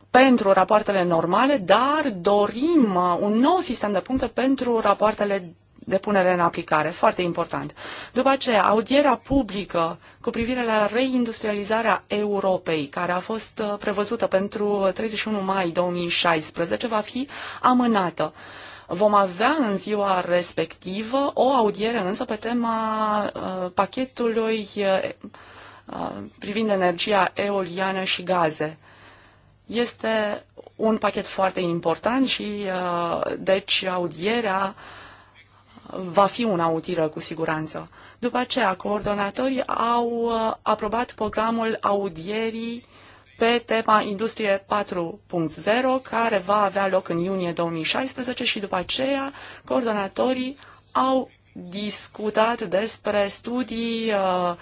pentru rapoartele normale, dar dorim uh, un nou sistem de puncte pentru rapoartele de punere în aplicare, foarte important. După aceea, audierea publică cu privire la reindustrializarea Europei, care a fost uh, prevăzută pentru 31 mai 2016, va fi amânată. Uh, Vom avea în ziua respectivă o audiere însă pe tema uh, pachetului uh, privind energia eoliană și gaze. Este un pachet foarte important și uh, deci audierea va fi una utilă cu siguranță. După aceea, coordonatorii au uh, aprobat programul audierii pe tema Industrie 4.0, care va avea loc în iunie 2016 și după aceea coordonatorii au discutat despre studii uh,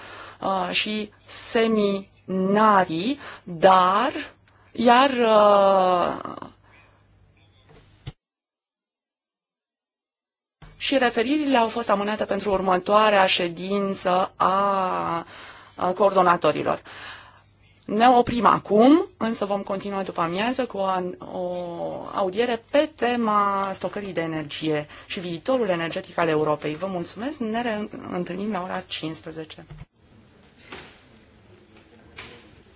uh, și seminarii, dar iar uh, și referirile au fost amânate pentru următoarea ședință a coordonatorilor. Uh, ne oprim acum, însă vom continua după amiază cu o, o audiere pe tema stocării de energie și viitorul energetic al Europei. Vă mulțumesc, ne reîntâlnim la ora 15.